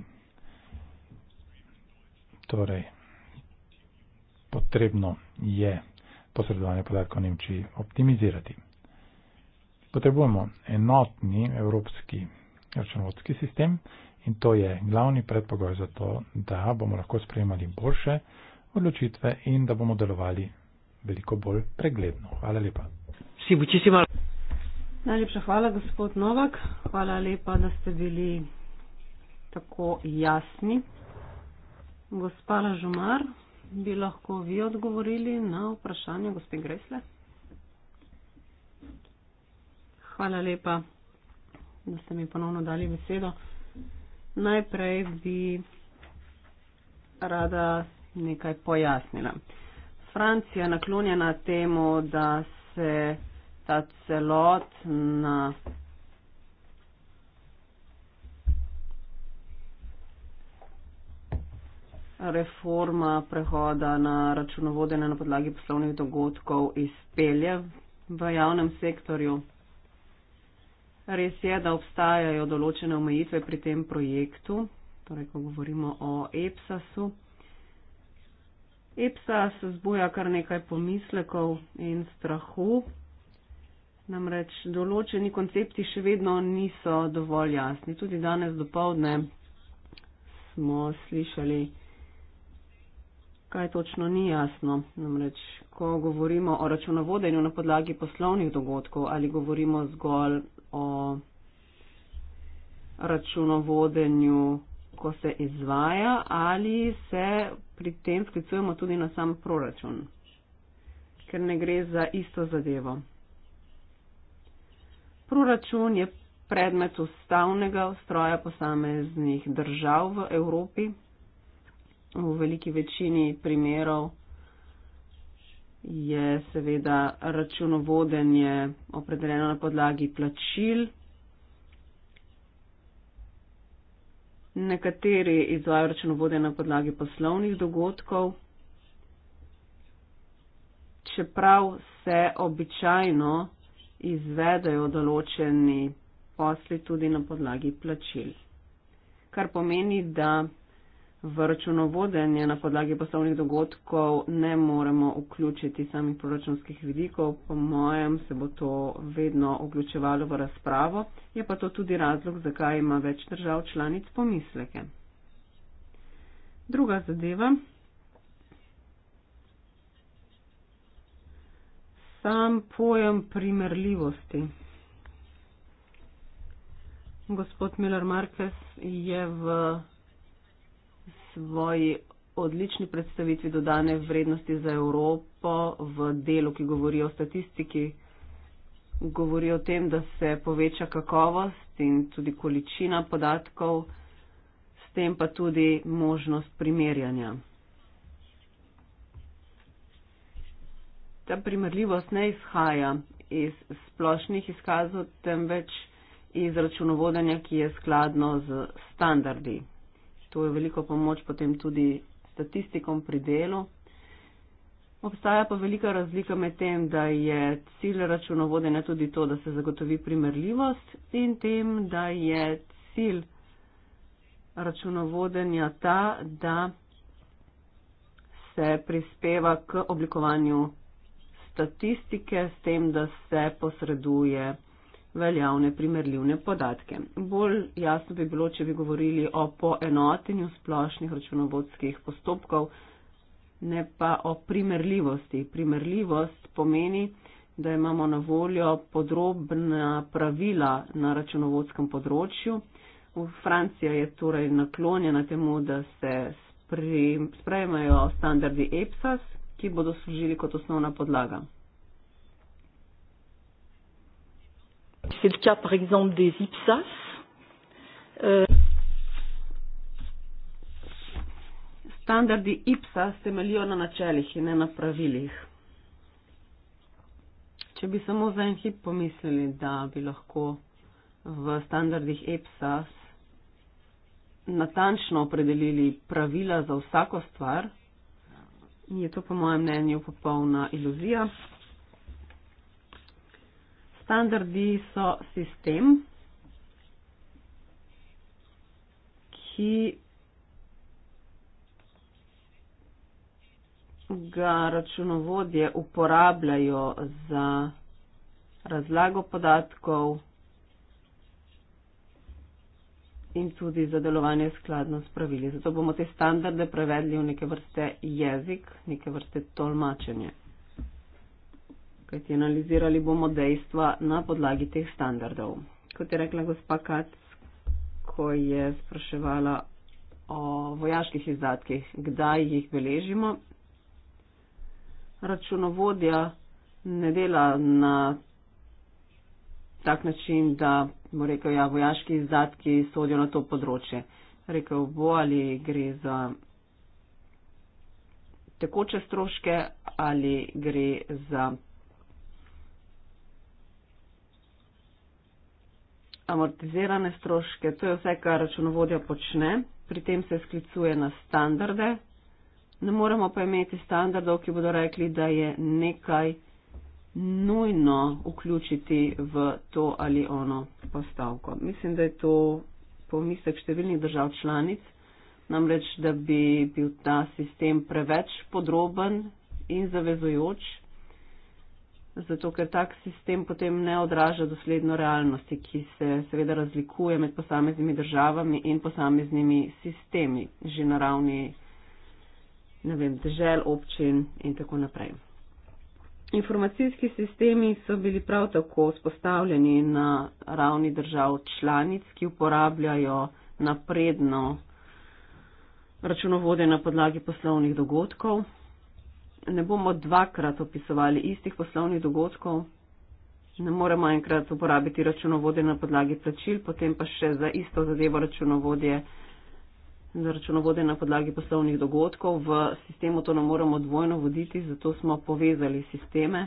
Speaker 3: Torej, potrebno je posredovanje podatkov Nemčiji optimizirati. Potrebujemo enotni evropski računovodski sistem in to je glavni predpogoj za to, da bomo lahko sprejemali boljše odločitve in da bomo delovali veliko bolj pregledno. Hvala lepa.
Speaker 1: Najlepša hvala, gospod Novak. Hvala lepa, da ste bili tako jasni. Gospala Žumar, bi lahko vi odgovorili na vprašanje gospe Gresle? Hvala lepa da ste mi ponovno dali besedo. Najprej bi rada nekaj pojasnila. Francija je naklonjena temu, da se ta celotna reforma prehoda na računovodene na podlagi poslovnih dogodkov izpelje v javnem sektorju. Res je, da obstajajo določene omejitve pri tem projektu, torej ko govorimo o EPSAS-u. EPSAS zbuja kar nekaj pomislekov in strahu, namreč določeni koncepti še vedno niso dovolj jasni. Tudi danes dopovdne smo slišali, kaj točno ni jasno. Namreč, ko govorimo o računovodenju na podlagi poslovnih dogodkov ali govorimo zgolj o računovodenju, ko se izvaja, ali se pri tem sklicujemo tudi na sam proračun, ker ne gre za isto zadevo. Proračun je predmet ustavnega ustroja posameznih držav v Evropi. V veliki večini primerov je seveda računovodenje opredeljeno na podlagi plačil. Nekateri izvajo računovodenje na podlagi poslovnih dogodkov, čeprav se običajno izvedajo določeni posli tudi na podlagi plačil. Kar pomeni, da v računovodenje na podlagi poslovnih dogodkov ne moremo vključiti samih proračunskih vidikov. Po mojem se bo to vedno vključevalo v razpravo. Je pa to tudi razlog, zakaj ima več držav članic pomisleke. Druga zadeva. Sam pojem primerljivosti. Gospod Miller Marquez je v svoji odlični predstavitvi dodane vrednosti za Evropo v delu, ki govori o statistiki, govori o tem, da se poveča kakovost in tudi količina podatkov, s tem pa tudi možnost primerjanja. Ta primerljivost ne izhaja iz splošnih izkazov, temveč iz računovodanja, ki je skladno z standardi To je veliko pomoč potem tudi statistikom pri delu. Obstaja pa velika razlika med tem, da je cilj računovodene tudi to, da se zagotovi primerljivost in tem, da je cilj računovodenja ta, da se prispeva k oblikovanju statistike s tem, da se posreduje veljavne primerljivne podatke. Bolj jasno bi bilo, če bi govorili o poenotenju splošnih računovodskih postopkov, ne pa o primerljivosti. Primerljivost pomeni, da imamo na voljo podrobna pravila na računovodskem področju. Francija je torej naklonjena temu, da se sprejmajo standardi EPSAS, ki bodo služili kot osnovna podlaga. C'est le cas par exemple des IPSAS. Euh, Standardi IPSAS temeljijo na načelih in ne na pravilih. Če bi samo za en hip pomislili, da bi lahko v standardih IPSAS natančno opredelili pravila za vsako stvar, je to po mojem mnenju popolna iluzija standardi so sistem, ki ga računovodje uporabljajo za razlago podatkov in tudi za delovanje skladno s pravili. Zato bomo te standarde prevedli v neke vrste jezik, neke vrste tolmačenje kajti analizirali bomo dejstva na podlagi teh standardov. Kot je rekla gospa Kac, ko je spraševala o vojaških izdatkih, kdaj jih beležimo, računovodja ne dela na tak način, da bo rekel, ja, vojaški izdatki sodijo na to področje. Rekel bo, ali gre za tekoče stroške ali gre za amortizirane stroške, to je vse, kar računovodja počne, pri tem se sklicuje na standarde. Ne moremo pa imeti standardov, ki bodo rekli, da je nekaj nujno vključiti v to ali ono postavko. Mislim, da je to pomislek številnih držav članic, namreč, da bi bil ta sistem preveč podroben in zavezujoč, zato ker tak sistem potem ne odraža dosledno realnosti, ki se seveda razlikuje med posameznimi državami in posameznimi sistemi, že na ravni vem, držel, občin in tako naprej. Informacijski sistemi so bili prav tako spostavljeni na ravni držav članic, ki uporabljajo napredno računovode na podlagi poslovnih dogodkov, ne bomo dvakrat opisovali istih poslovnih dogodkov, ne moremo enkrat uporabiti računovodje na podlagi plačil, potem pa še za isto zadevo računovodje, za računovodje na podlagi poslovnih dogodkov. V sistemu to ne moremo dvojno voditi, zato smo povezali sisteme.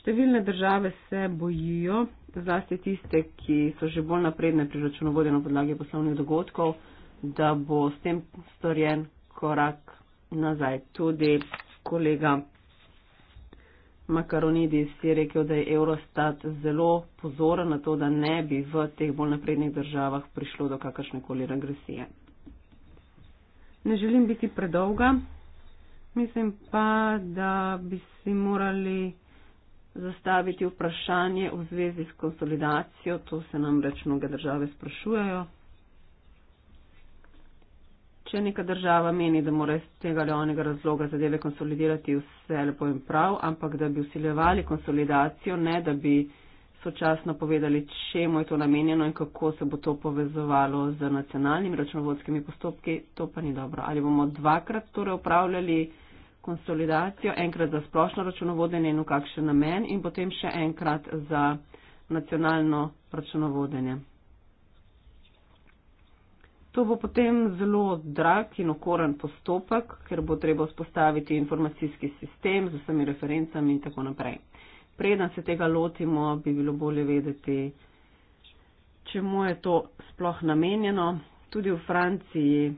Speaker 1: Številne države se bojijo, zlasti tiste, ki so že bolj napredne pri računovodju na podlagi poslovnih dogodkov, da bo s tem storjen korak nazaj. Tudi kolega Makaronidis je rekel, da je Eurostat zelo pozoren na to, da ne bi v teh bolj naprednih državah prišlo do kakršnekoli regresije. Ne želim biti predolga, mislim pa, da bi si morali zastaviti vprašanje v zvezi s konsolidacijo, to se nam rečnoga države sprašujejo če neka država meni, da mora iz tega ali onega razloga zadeve konsolidirati vse lepo in prav, ampak da bi usiljevali konsolidacijo, ne da bi sočasno povedali, čemu je to namenjeno in kako se bo to povezovalo z nacionalnimi računovodskimi postopki, to pa ni dobro. Ali bomo dvakrat torej upravljali konsolidacijo, enkrat za splošno računovodenje in v kakšen namen in potem še enkrat za nacionalno računovodenje. To bo potem zelo drag in okoren postopek, ker bo treba vzpostaviti informacijski sistem z vsemi referencami in tako naprej. Preden se tega lotimo, bi bilo bolje vedeti, čemu je to sploh namenjeno. Tudi v Franciji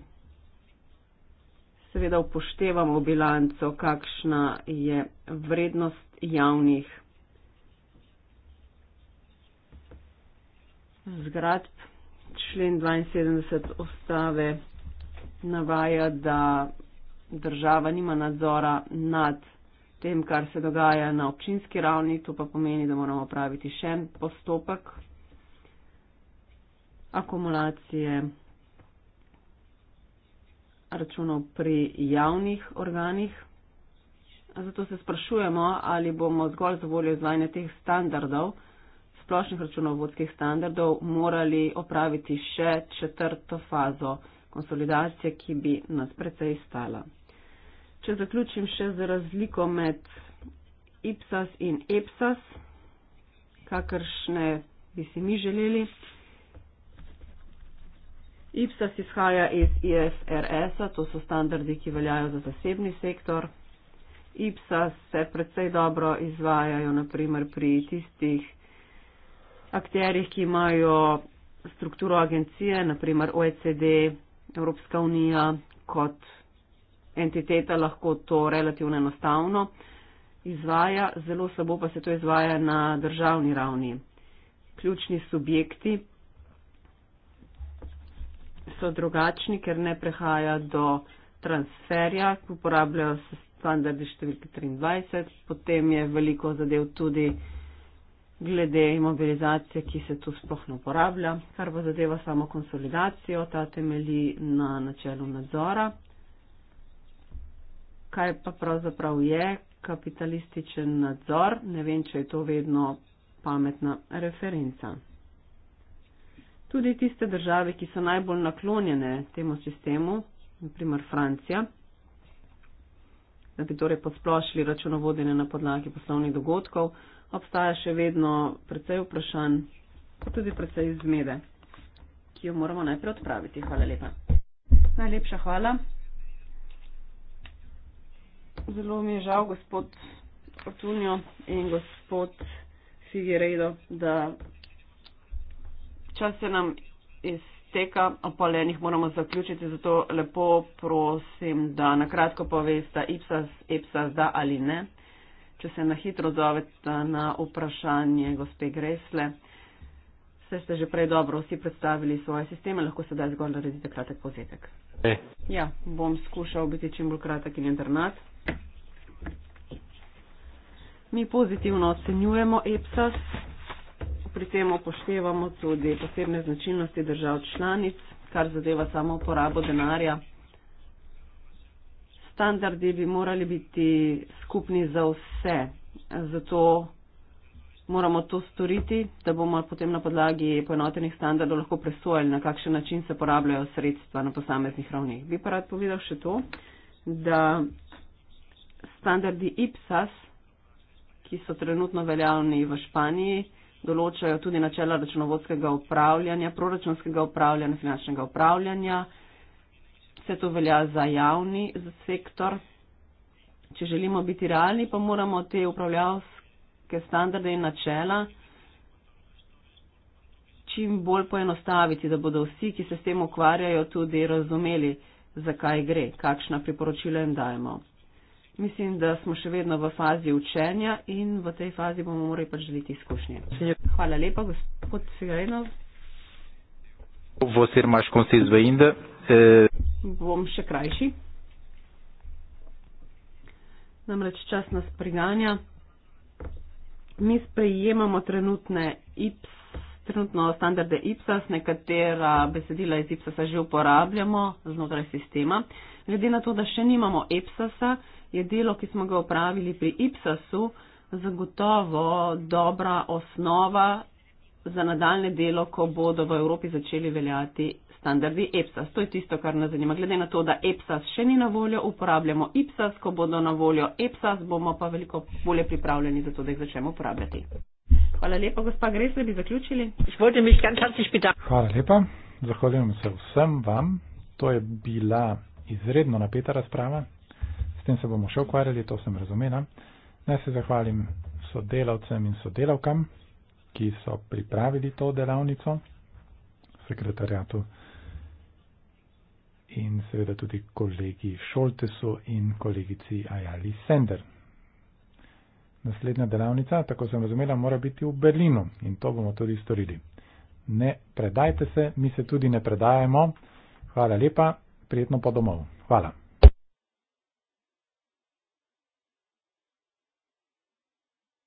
Speaker 1: seveda upoštevamo bilanco, kakšna je vrednost javnih zgradb člen 72 ustave navaja, da država nima nadzora nad tem, kar se dogaja na občinski ravni. To pa pomeni, da moramo praviti še en postopek akumulacije računov pri javnih organih. Zato se sprašujemo, ali bomo zgolj zavoljo izvajanja teh standardov splošnih računovodskih standardov morali opraviti še četrto fazo konsolidacije, ki bi nas precej stala. Če zaključim še z razliko med IPSAS in EPSAS, kakršne bi si mi želeli. IPSAS izhaja iz IFRS, to so standardi, ki veljajo za zasebni sektor. IPSAS se precej dobro izvajajo naprimer pri tistih akterjih, ki imajo strukturo agencije, naprimer OECD, Evropska unija, kot entiteta lahko to relativno enostavno izvaja, zelo slabo pa se to izvaja na državni ravni. Ključni subjekti so drugačni, ker ne prehaja do transferja, uporabljajo se standardi številke 23, potem je veliko zadev tudi glede imobilizacije, ki se tu sploh ne uporablja, kar pa zadeva samo konsolidacijo, ta temelji na načelu nadzora. Kaj pa pravzaprav je kapitalističen nadzor? Ne vem, če je to vedno pametna referenca. Tudi tiste države, ki so najbolj naklonjene temu sistemu, naprimer Francija, da bi torej posplošili računovodene na podlagi poslovnih dogodkov, obstaja še vedno precej vprašanj, pa tudi precej zmede, ki jo moramo najprej odpraviti. Hvala lepa. Najlepša hvala. Zelo mi je žal, gospod Otunjo in gospod Figueiredo, da čas se nam izteka, po lenih moramo zaključiti, zato lepo prosim, da na kratko poveste, ipsas, ipsas, da ali ne če se na hitro odzovete na vprašanje gospe Gresle. Se ste že prej dobro vsi predstavili svoje sisteme, lahko sedaj zgolj naredite kratek povzetek. E. Ja, bom skušal biti čim bolj kratek in internat. Mi pozitivno ocenjujemo EPSAS, pri tem upoštevamo tudi posebne značilnosti držav članic, kar zadeva samo uporabo denarja standardi bi morali biti skupni za vse. Zato moramo to storiti, da bomo potem na podlagi poenotenih standardov lahko presojali, na kakšen način se porabljajo sredstva na posameznih ravneh. Bi pa rad povedal še to, da standardi IPSAS, ki so trenutno veljavni v Španiji, določajo tudi načela računovodskega upravljanja, proračunskega upravljanja, finančnega upravljanja vse to velja za javni sektor. Če želimo biti realni, pa moramo te upravljavske standarde in načela čim bolj poenostaviti, da bodo vsi, ki se s tem ukvarjajo, tudi razumeli, zakaj gre, kakšna priporočila jim dajemo. Mislim, da smo še vedno v fazi učenja in v tej fazi bomo morali pač želiti izkušnje. Hvala lepa, gospod Sigarinov.
Speaker 3: Você é mais conciso ainda? Uh... E-
Speaker 1: bom še krajši. Namreč čas nas priganja. Mi sprejemamo trenutne IPS, trenutno standarde IPSAS, nekatera besedila iz IPSAS-a že uporabljamo znotraj sistema. Glede na to, da še nimamo IPSAS-a, e je delo, ki smo ga upravili pri IPSAS-u, zagotovo dobra osnova za nadaljne delo, ko bodo v Evropi začeli veljati standardi EPSAS. To je tisto, kar nas zanima. Glede na to, da EPSAS še ni na voljo, uporabljamo EPSAS, ko bodo na voljo EPSAS, bomo pa veliko bolje pripravljeni za to, da jih začnemo uporabljati. Hvala lepa, gospa Gres, da bi zaključili.
Speaker 3: Hvala lepa, zahvaljujem se vsem vam. To je bila izredno napeta razprava. S tem se bomo še ukvarjali, to sem razumela. Naj se zahvalim sodelavcem in sodelavkam, ki so pripravili to delavnico, sekretarjatu in seveda tudi kolegi Šoltesu in kolegici Ajali Sender. Naslednja delavnica, tako sem razumela, mora biti v Berlinu in to bomo tudi storili. Ne predajte se, mi se tudi ne predajemo. Hvala lepa, prijetno pa domov. Hvala.